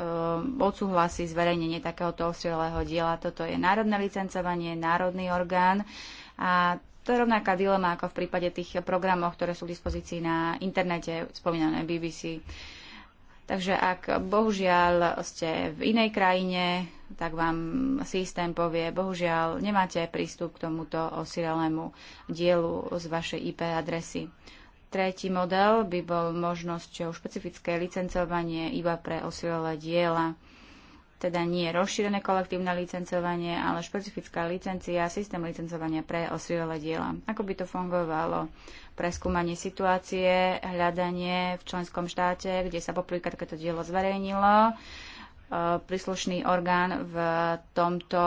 odsúhlasí zverejnenie takéhoto osielého diela. Toto je národné licencovanie, národný orgán a to je rovnaká dilema ako v prípade tých programov, ktoré sú k dispozícii na internete, spomínané BBC. Takže ak bohužiaľ ste v inej krajine, tak vám systém povie, bohužiaľ nemáte prístup k tomuto osirelému dielu z vašej IP adresy. Tretí model by bol možnosťou špecifické licencovanie iba pre osirelé diela teda nie rozšírené kolektívne licencovanie, ale špecifická licencia, systém licencovania pre osvieľové diela. Ako by to fungovalo? Preskúmanie situácie, hľadanie v členskom štáte, kde sa poprvýkrát takéto dielo zverejnilo, e, príslušný orgán v tomto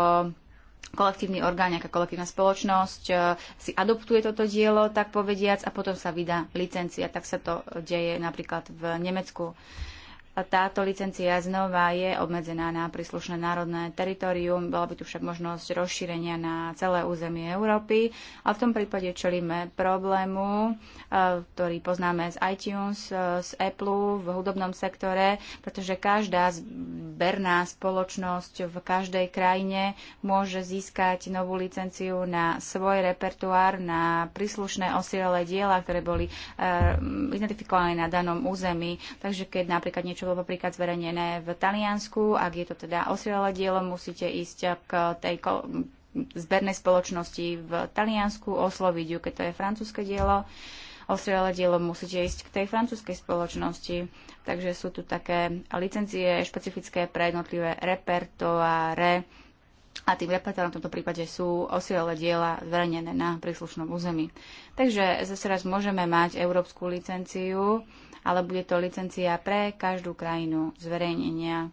kolektívny orgán, nejaká kolektívna spoločnosť e, si adoptuje toto dielo, tak povediac, a potom sa vydá licencia. Tak sa to deje napríklad v Nemecku. Uh, táto licencia znova je obmedzená na príslušné národné teritorium. Bola by tu však možnosť rozšírenia na celé územie Európy. A v tom prípade čelíme problému, e, ktorý poznáme z iTunes, e, z Apple v hudobnom sektore, pretože každá zberná spoločnosť v každej krajine môže získať novú licenciu na svoj repertoár, na príslušné osielé diela, ktoré boli e, identifikované na danom území. Takže keď napríklad niečo dielo napríklad zverejnené v Taliansku. Ak je to teda osielele dielo, musíte ísť k tej zbernej spoločnosti v Taliansku, osloviť ju, keď to je francúzske dielo. Osielele dielo musíte ísť k tej francúzskej spoločnosti. Takže sú tu také licencie špecifické pre jednotlivé repertoáre a tým repertoárom v tomto prípade sú osielele diela zverejnené na príslušnom území. Takže zase raz môžeme mať európsku licenciu, ale bude to licencia pre každú krajinu zverejnenia.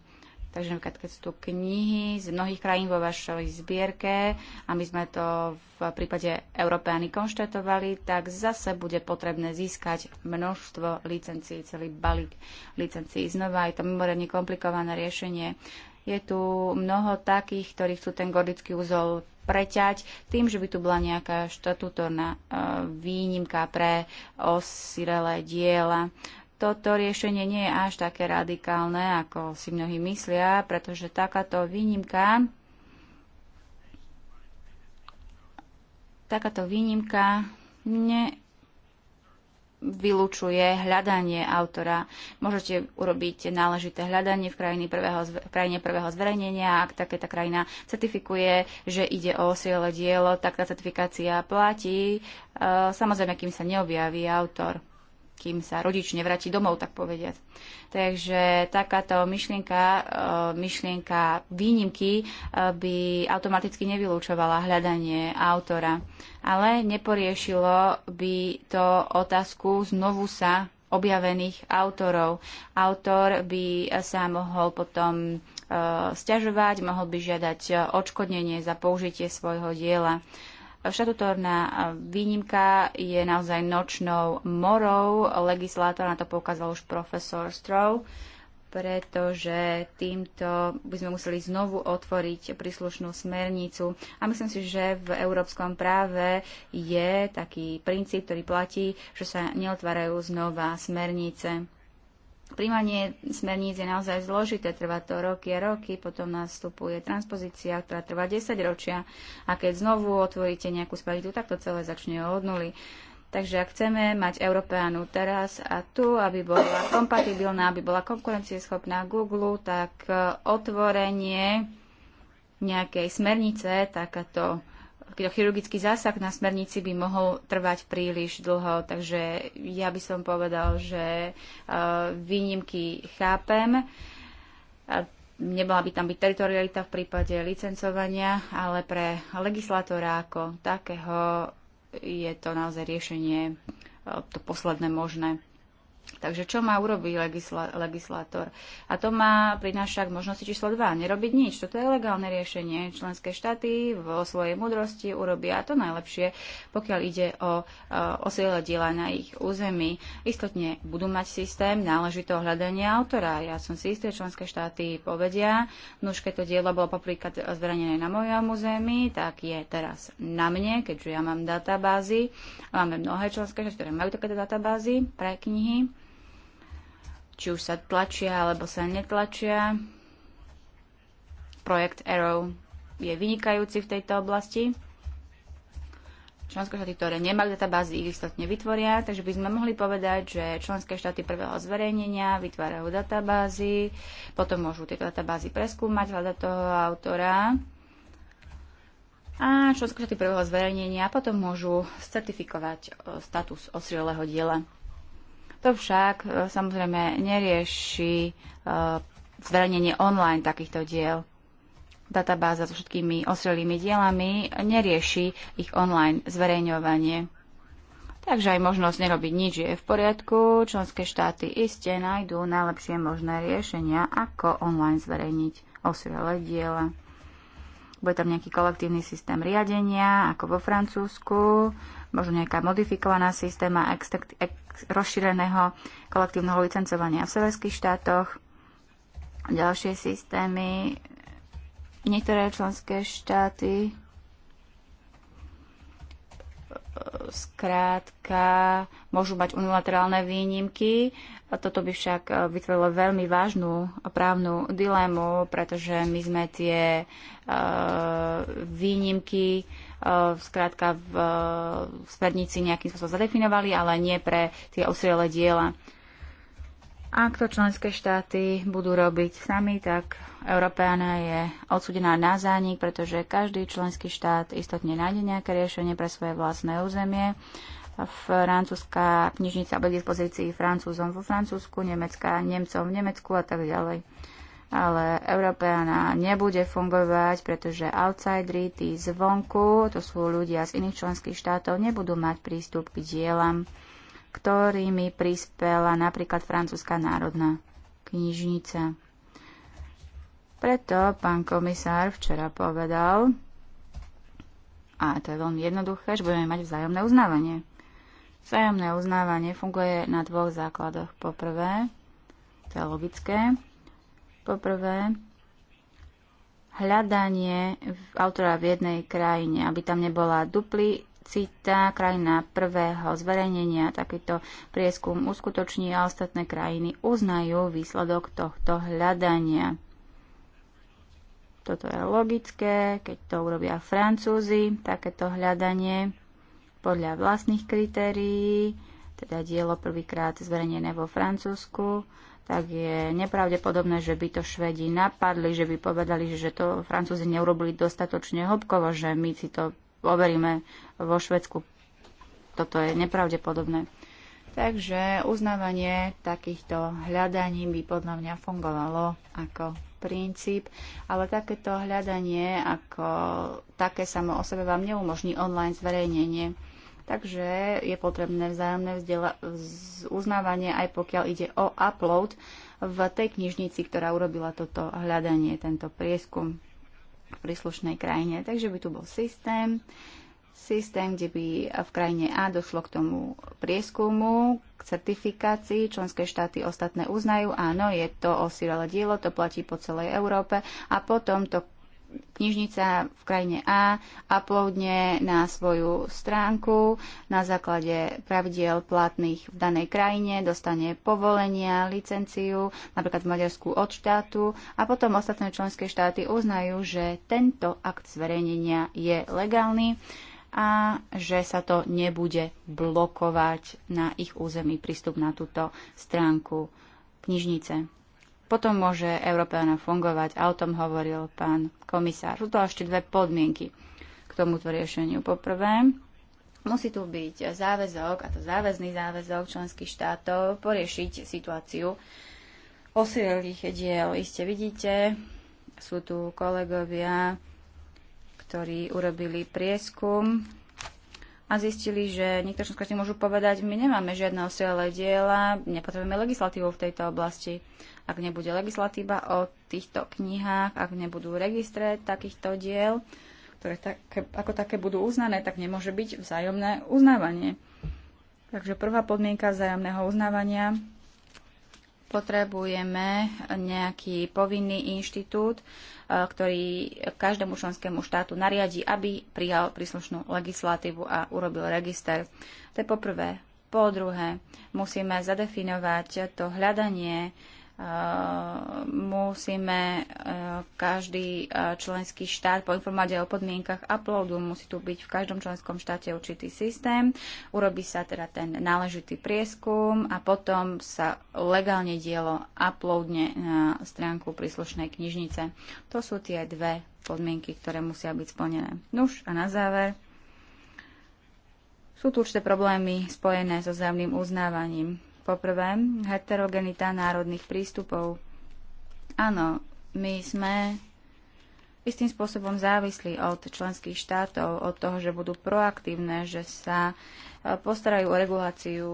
Takže napríklad, keď sú tu knihy z mnohých krajín vo vašej zbierke a my sme to v prípade Európeany konštatovali, tak zase bude potrebné získať množstvo licencií, celý balík licencií. Znova je to mimoriadne komplikované riešenie. Je tu mnoho takých, ktorí chcú ten gordický úzol preťať tým, že by tu bola nejaká štatútorná e, výnimka pre osirelé diela. Toto riešenie nie je až také radikálne, ako si mnohí myslia, pretože takáto výnimka takáto výnimka ne vylúčuje hľadanie autora. Môžete urobiť náležité hľadanie v, krajine prvého, v krajine prvého zverejnenia. Ak takéto tá krajina certifikuje, že ide o osiele dielo, tak tá certifikácia platí. E, samozrejme, kým sa neobjaví autor kým sa rodič nevráti domov, tak povediať. Takže takáto myšlienka, e, myšlienka výnimky e, by automaticky nevylúčovala hľadanie autora, ale neporiešilo by to otázku znovu sa objavených autorov. Autor by sa mohol potom e, stiažovať, mohol by žiadať odškodnenie za použitie svojho diela. Štatutórna výnimka je naozaj nočnou morou. Legislátor na to poukázal už profesor Strow, pretože týmto by sme museli znovu otvoriť príslušnú smernicu. A myslím si, že v európskom práve je taký princíp, ktorý platí, že sa neotvárajú znova smernice. Príjmanie smerníc je naozaj zložité, trvá to roky a roky, potom nastupuje transpozícia, ktorá trvá 10 ročia a keď znovu otvoríte nejakú spadidlu, tak to celé začne od nuly. Takže ak chceme mať Európeanu teraz a tu, aby bola kompatibilná, aby bola konkurencieschopná Google, tak otvorenie nejakej smernice takáto takýto chirurgický zásah na smernici by mohol trvať príliš dlho, takže ja by som povedal, že e, výnimky chápem. E, nebola by tam byť teritorialita v prípade licencovania, ale pre legislatóra ako takého je to naozaj riešenie e, to posledné možné. Takže čo má urobiť legisla- legislátor? A to má prináša k možnosti číslo 2. Nerobiť nič. Toto je legálne riešenie. Členské štáty vo svojej mudrosti urobia to najlepšie, pokiaľ ide o e, diela na ich území. Istotne budú mať systém náležitého hľadania autora. Ja som si istý, členské štáty povedia, nuž no keď to dielo bolo popríklad zverejnené na mojom území, tak je teraz na mne, keďže ja mám databázy. Máme mnohé členské štáty, ktoré majú takéto databázy pre knihy či už sa tlačia alebo sa netlačia. Projekt Arrow je vynikajúci v tejto oblasti. Členské štáty, ktoré nemajú databázy, ich istotne vytvoria, takže by sme mohli povedať, že členské štáty prvého zverejnenia vytvárajú databázy, potom môžu tieto databázy preskúmať, hľadať toho autora a členské štáty prvého zverejnenia potom môžu certifikovať e, status osrielého diela. To však e, samozrejme nerieši e, zverejnenie online takýchto diel. Databáza so všetkými ostrelými dielami nerieši ich online zverejňovanie. Takže aj možnosť nerobiť nič je v poriadku. Členské štáty iste nájdú najlepšie možné riešenia, ako online zverejniť osrelé diela. Bude tam nejaký kolektívny systém riadenia, ako vo Francúzsku, možno nejaká modifikovaná systéma, rozšíreného kolektívneho licencovania v severských štátoch, ďalšie systémy. Niektoré členské štáty skrátka môžu mať unilaterálne výnimky. A toto by však vytvorilo veľmi vážnu právnu dilemu, pretože my sme tie uh, výnimky E, zkrátka v, e, v smernici nejakým spôsobom zadefinovali, ale nie pre tie osiele diela. Ak to členské štáty budú robiť sami, tak Európeana je odsudená na zánik, pretože každý členský štát istotne nájde nejaké riešenie pre svoje vlastné územie. Francúzska knižnica bude k dispozícii Francúzom vo Francúzsku, Nemecka, Nemcom v Nemecku a tak ďalej ale Európeana nebude fungovať, pretože outsideri, tí zvonku, to sú ľudia z iných členských štátov, nebudú mať prístup k dielam, ktorými prispela napríklad francúzska národná knižnica. Preto pán komisár včera povedal, a to je veľmi jednoduché, že budeme mať vzájomné uznávanie. Vzájomné uznávanie funguje na dvoch základoch. Poprvé, to je logické, Poprvé, hľadanie autora v jednej krajine, aby tam nebola duplicita, krajina prvého zverejnenia takýto prieskum uskutoční a ostatné krajiny uznajú výsledok tohto hľadania. Toto je logické, keď to urobia Francúzi, takéto hľadanie podľa vlastných kritérií, teda dielo prvýkrát zverejnené vo Francúzsku, tak je nepravdepodobné, že by to Švedi napadli, že by povedali, že to Francúzi neurobili dostatočne hlbkovo, že my si to overíme vo Švedsku. Toto je nepravdepodobné. Takže uznávanie takýchto hľadaní by podľa mňa fungovalo ako princíp, ale takéto hľadanie ako také samo o sebe vám neumožní online zverejnenie takže je potrebné vzájomné vzdiela- uznávanie, aj pokiaľ ide o upload v tej knižnici, ktorá urobila toto hľadanie, tento prieskum v príslušnej krajine. Takže by tu bol systém, systém, kde by v krajine A došlo k tomu prieskumu, k certifikácii, členské štáty ostatné uznajú, áno, je to osirele dielo, to platí po celej Európe a potom to knižnica v krajine A uploadne na svoju stránku na základe pravidiel platných v danej krajine, dostane povolenia, licenciu, napríklad v Maďarsku od štátu a potom ostatné členské štáty uznajú, že tento akt zverejnenia je legálny a že sa to nebude blokovať na ich území prístup na túto stránku knižnice potom môže Európeana fungovať. A o tom hovoril pán komisár. Sú to ešte dve podmienky k tomuto riešeniu. Poprvé, musí tu byť záväzok, a to záväzný záväzok členských štátov, poriešiť situáciu osirelých diel. Iste vidíte, sú tu kolegovia, ktorí urobili prieskum a zistili, že niektoré členské môžu povedať, my nemáme žiadne osielé diela, nepotrebujeme legislatívu v tejto oblasti ak nebude legislatíva o týchto knihách, ak nebudú registre takýchto diel, ktoré také, ako také budú uznané, tak nemôže byť vzájomné uznávanie. Takže prvá podmienka vzájomného uznávania potrebujeme nejaký povinný inštitút, eh, ktorý každému členskému štátu nariadi, aby prijal príslušnú legislatívu a urobil register. To je poprvé. Po druhé, musíme zadefinovať to hľadanie Eh, musíme eh, každý eh, členský štát poinformovať aj o podmienkach uploadu. Musí tu byť v každom členskom štáte určitý systém. Urobí sa teda ten náležitý prieskum a potom sa legálne dielo uploadne na stránku príslušnej knižnice. To sú tie dve podmienky, ktoré musia byť splnené. Nuž a na záver. Sú tu určité problémy spojené so vzájomným uznávaním. Poprvé, heterogenita národných prístupov. Áno, my sme istým spôsobom závislí od členských štátov, od toho, že budú proaktívne, že sa e, postarajú o reguláciu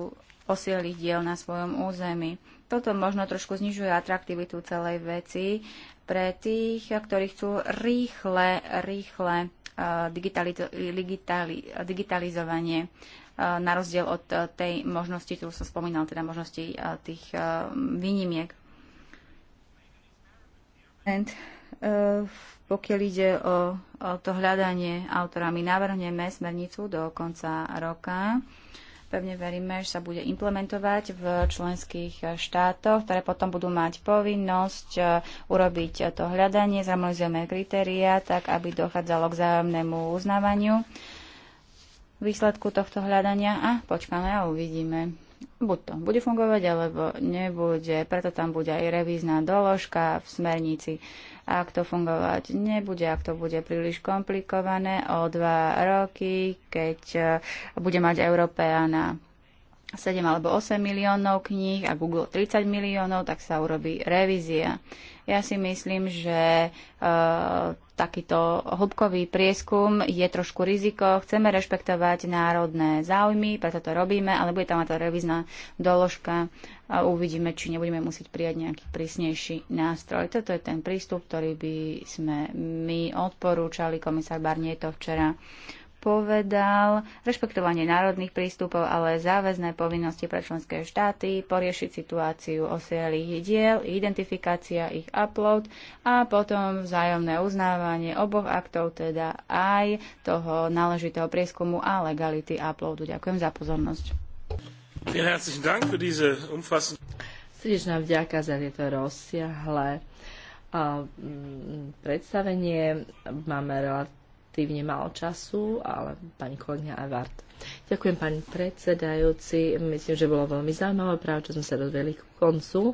osielých diel na svojom území. Toto možno trošku znižuje atraktivitu celej veci pre tých, ktorí chcú rýchle, rýchle e, digitali digitali digitalizovanie E, na rozdiel od e, tej možnosti, ktorú som spomínal, teda možnosti e, tých výnimiek. Pokiaľ ide o to hľadanie autora, my navrhneme smernicu do konca roka. Pevne veríme, že sa bude implementovať v členských štátoch, ktoré potom budú mať povinnosť urobiť to hľadanie, zharmonizujeme kritéria, tak aby dochádzalo k zájomnému uznávaniu výsledku tohto hľadania a počkáme a uvidíme. Buď to bude fungovať, alebo nebude. Preto tam bude aj revízna doložka v smernici. Ak to fungovať nebude, ak to bude príliš komplikované, o dva roky, keď eh, bude mať na 7 alebo 8 miliónov kníh a Google 30 miliónov, tak sa urobí revízia. Ja si myslím, že eh, takýto hĺbkový prieskum je trošku riziko. Chceme rešpektovať národné záujmy, preto to robíme, ale bude tam aj tá revizná doložka a uvidíme, či nebudeme musieť prijať nejaký prísnejší nástroj. Toto je ten prístup, ktorý by sme my odporúčali. Komisár Barnier to včera uh, povedal, rešpektovanie národných prístupov, ale záväzné povinnosti pre členské štáty, poriešiť situáciu osielých diel, identifikácia ich upload a potom vzájomné uznávanie oboch aktov, teda aj toho náležitého prieskumu a legality uploadu. Ďakujem za pozornosť. Srdečná vďaka za tieto rozsiahle predstavenie. Máme relatívne málo času, ale pani kolegyňa Evart. Ďakujem, pani predsedajúci. Myslím, že bolo veľmi zaujímavé, práve čo sme sa dozvedeli k koncu.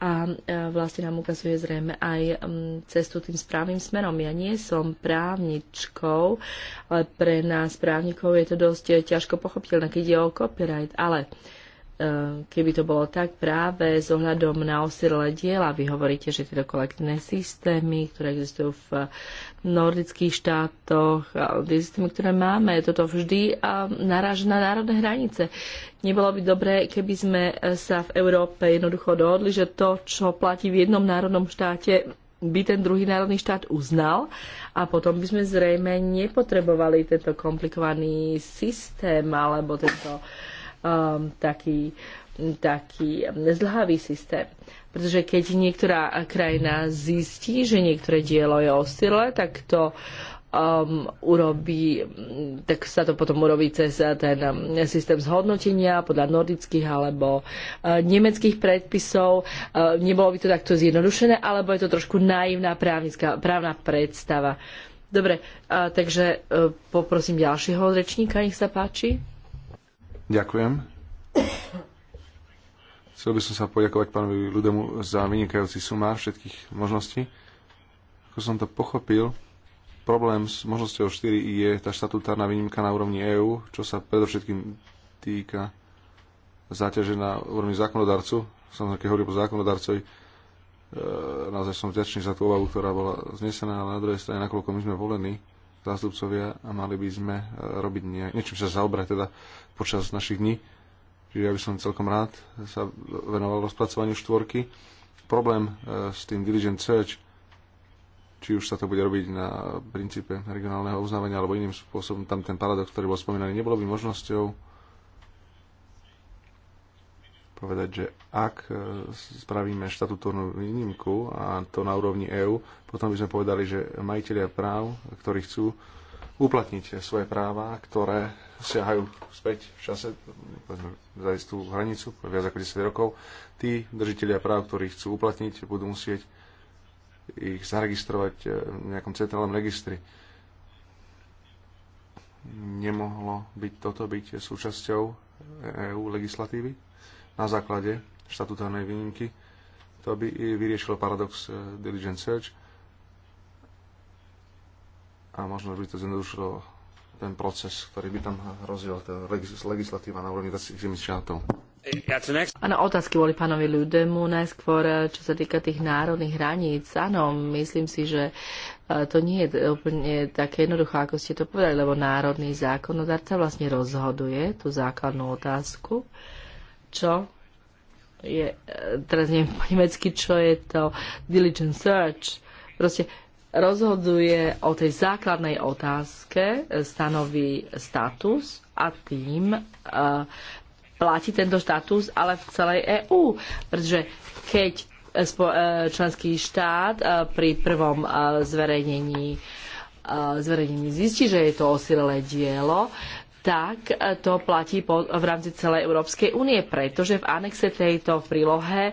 A e, vlastne nám ukazuje zrejme aj cestu tým správnym smerom. Ja nie som právničkou, ale pre nás právnikov je to dosť ťažko pochopiteľné, keď ide o copyright. Ale uh, E, keby to bolo tak práve s ohľadom na osirele diela, vy hovoríte, že tieto kolektívne systémy, ktoré existujú v nordických štátoch, tie systémy, ktoré máme, toto vždy naráža na národné hranice. Nebolo by dobré, keby sme e, sa v Európe jednoducho dohodli, že to, čo platí v jednom národnom štáte, by ten druhý národný štát uznal a potom by sme zrejme nepotrebovali tento komplikovaný systém alebo tento uh, um, taký, taký zlhavý systém. Pretože keď niektorá krajina zistí, že niektoré dielo je ostyle, tak to um, urobí, tak sa to potom urobí cez ten um, systém zhodnotenia podľa nordických alebo uh, nemeckých predpisov. Uh, nebolo by to takto zjednodušené, alebo je to trošku naivná právnická, právna predstava. Dobre, uh, takže uh, poprosím ďalšieho rečníka, nech sa páči. Ďakujem. Chcel by som sa poďakovať pánovi Ludemu za vynikajúci sumár všetkých možností. Ako som to pochopil, problém s možnosťou 4 je tá štatutárna výnimka na úrovni EÚ, čo sa predovšetkým týka záťaže na úrovni zákonodarcu. Som keď hovoril po zákonodarcovi, e, naozaj som vďačný za tú obavu, ktorá bola znesená, ale na druhej strane, nakoľko my sme volení, zástupcovia a mali by sme e, robiť nie, niečím sa zaobrať teda počas našich dní. Čiže ja by som celkom rád sa venoval rozpracovaniu štvorky. Problém e, s tým diligent search, či už sa to bude robiť na princípe regionálneho uznávania alebo iným spôsobom, tam ten paradox, ktorý bol spomínaný, nebolo by možnosťou povedať, že ak e, spravíme štatutórnu výnimku a to na úrovni EÚ, potom by sme povedali, že majiteľia práv, ktorí chcú uplatniť svoje práva, ktoré siahajú späť v čase, povedzme, za istú hranicu, viac ako 10 rokov, tí držiteľia práv, ktorí chcú uplatniť, budú musieť ich zaregistrovať e, v nejakom centrálnom registri. Nemohlo byť toto byť súčasťou EÚ legislatívy? na základe štatutárnej výnimky. To by vyriešilo paradox e, diligent search a možno by to zjednodušilo ten proces, ktorý by tam rozdiel legislatíva na úrovni 27 štátov. Áno, otázky boli pánovi Ľudemu najskôr, e, čo sa týka tých národných hraníc. Áno, myslím si, že e, to nie je úplne také jednoduché, ako ste to povedali, lebo národný zákonodárca vlastne rozhoduje tú základnú otázku. Uh, čo je, e, teraz neviem po nemecky, čo je to diligent search, proste rozhoduje o tej základnej otázke, e, stanoví status a tým uh, platí tento status, ale v celej EÚ. Pretože keď členský štát uh, pri prvom uh, zverejnení zverejnení zistí, že je to osilelé dielo, tak to platí po, v rámci celej Európskej únie, pretože v anexe tejto prílohe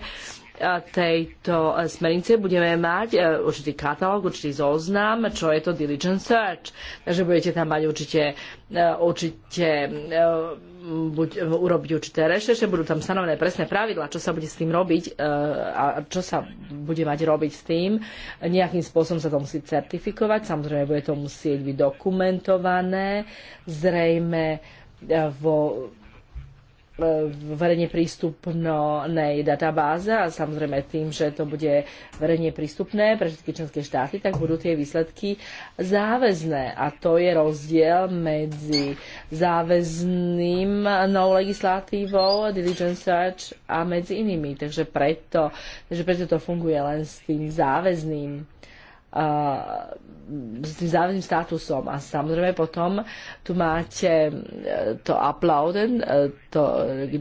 tejto smernice budeme mať e, určitý katalóg, určitý zoznam, čo je to diligent search. Takže budete tam mať určite, e, určite e, buď, urobiť určité rešerše, budú tam stanovené presné pravidla, čo sa bude s tým robiť a čo sa bude mať robiť s tým. Nejakým spôsobom sa to musí certifikovať, samozrejme bude to musieť byť dokumentované, zrejme vo E, verejne prístupnej databáze a samozrejme tým, že to bude verejne prístupné pre všetky členské štáty, tak budú tie výsledky záväzné. A to je rozdiel medzi záväzným novou legislatívou, diligence search a medzi inými. Takže preto, takže preto to funguje len s tým záväzným s tým záväzným statusom. A samozrejme potom tu máte e, to uploaden, e, to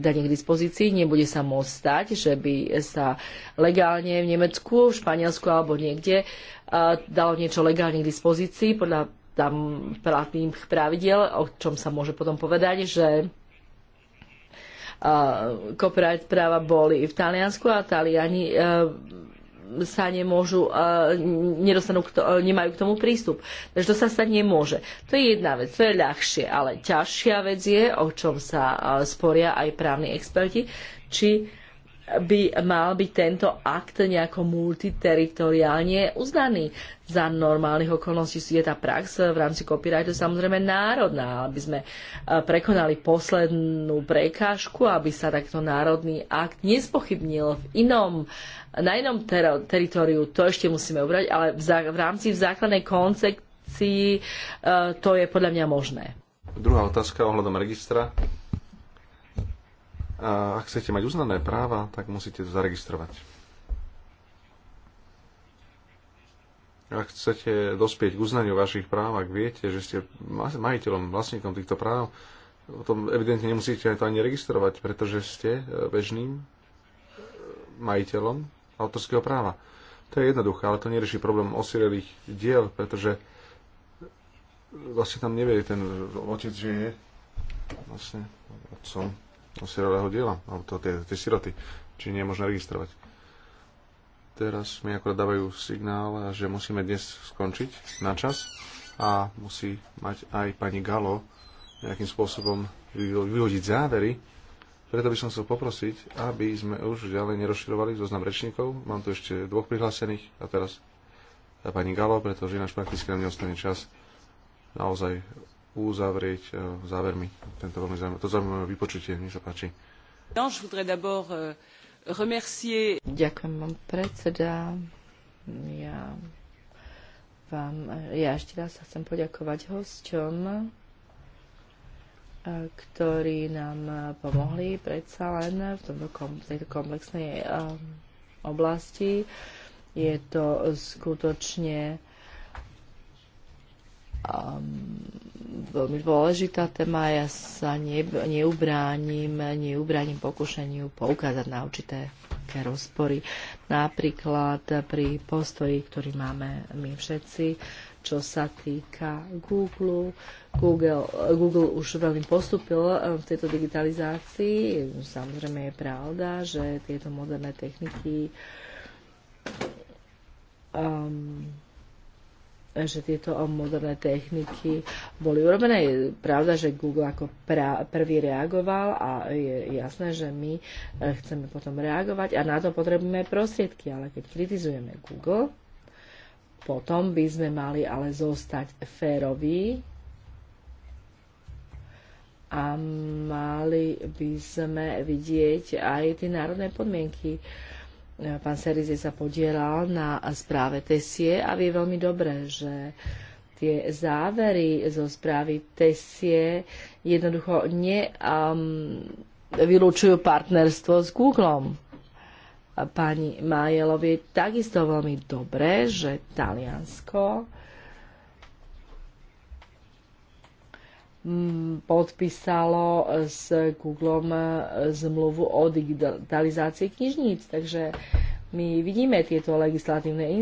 danie k dispozícii. Nebude sa môcť stať, že by sa legálne v Nemecku, v Španielsku alebo niekde e, dalo niečo legálne k dispozícii podľa tam platných pravidel, o čom sa môže potom povedať, že copyright práva boli v Taliansku a Taliani sa nemôžu, e, nedostanú, e, nemajú k tomu prístup. Takže to sa stať nemôže. To je jedna vec, to je ľahšie, ale ťažšia vec je, o čom sa e, sporia aj právni experti, či by mal byť tento akt nejako multiteritoriálne uznaný. Za normálnych okolností je tá prax v rámci copyrightu samozrejme národná, aby sme prekonali poslednú prekážku, aby sa takto národný akt nespochybnil v inom na jednom ter- teritoriu, to ešte musíme ubrať, ale v, v rámci v základnej koncepcii e, to je podľa mňa možné. Druhá otázka ohľadom registra. A ak chcete mať uznané práva, tak musíte to zaregistrovať. ak chcete dospieť k uznaniu vašich práv, ak viete, že ste majiteľom, vlastníkom týchto práv, potom evidentne nemusíte to ani registrovať, pretože ste e, bežným e, majiteľom autorského práva. To je jednoduché, ale to nerieši problém osirelých diel, pretože vlastne tam nevie ten otec, že je vlastne otcom osirelého diela, alebo to, tie, tie siroty, či nie je možné registrovať. Teraz mi akorát dávajú signál, že musíme dnes skončiť na čas a musí mať aj pani Galo nejakým spôsobom vyhodiť závery. Preto by som chcel poprosiť, aby sme už ďalej nerozširovali zoznam rečníkov. Mám tu ešte dvoch prihlásených a teraz a pani Galo, pretože ináč prakticky nám neostane čas naozaj uzavrieť e, závermi tento veľmi zaujímavé, to zaujímavé vypočutie. Nech sa páči. Euh, Ďakujem vám, predseda. Ja vám, ja ešte raz sa chcem poďakovať hosťom ktorí nám pomohli predsa len v, tomto, tejto komplexnej um, oblasti. Je to skutočne um, veľmi dôležitá téma. Ja sa ne, neubránim, neubránim pokušeniu poukázať na určité rozpory. Napríklad pri postoji, ktorý máme my všetci čo sa týka Google. Google, Google už veľmi postupil eh, v tejto digitalizácii. Samozrejme je pravda, že tieto moderné techniky um, že tieto moderné techniky boli urobené. Je pravda, že Google ako pra, prvý reagoval a je jasné, že my eh, chceme potom reagovať a na to potrebujeme prostriedky. Ale keď kritizujeme Google, potom by sme mali ale zostať féroví a mali by sme vidieť aj tie národné podmienky. Pán Serize sa podielal na správe Tesie a vie veľmi dobre, že tie závery zo správy Tesie jednoducho ne, um, vylúčujú partnerstvo s Googlem pani Majelovi je takisto veľmi dobré, že Taliansko mm, podpísalo s Googlem e, zmluvu o digitalizácii knižníc. Takže my vidíme tieto legislatívne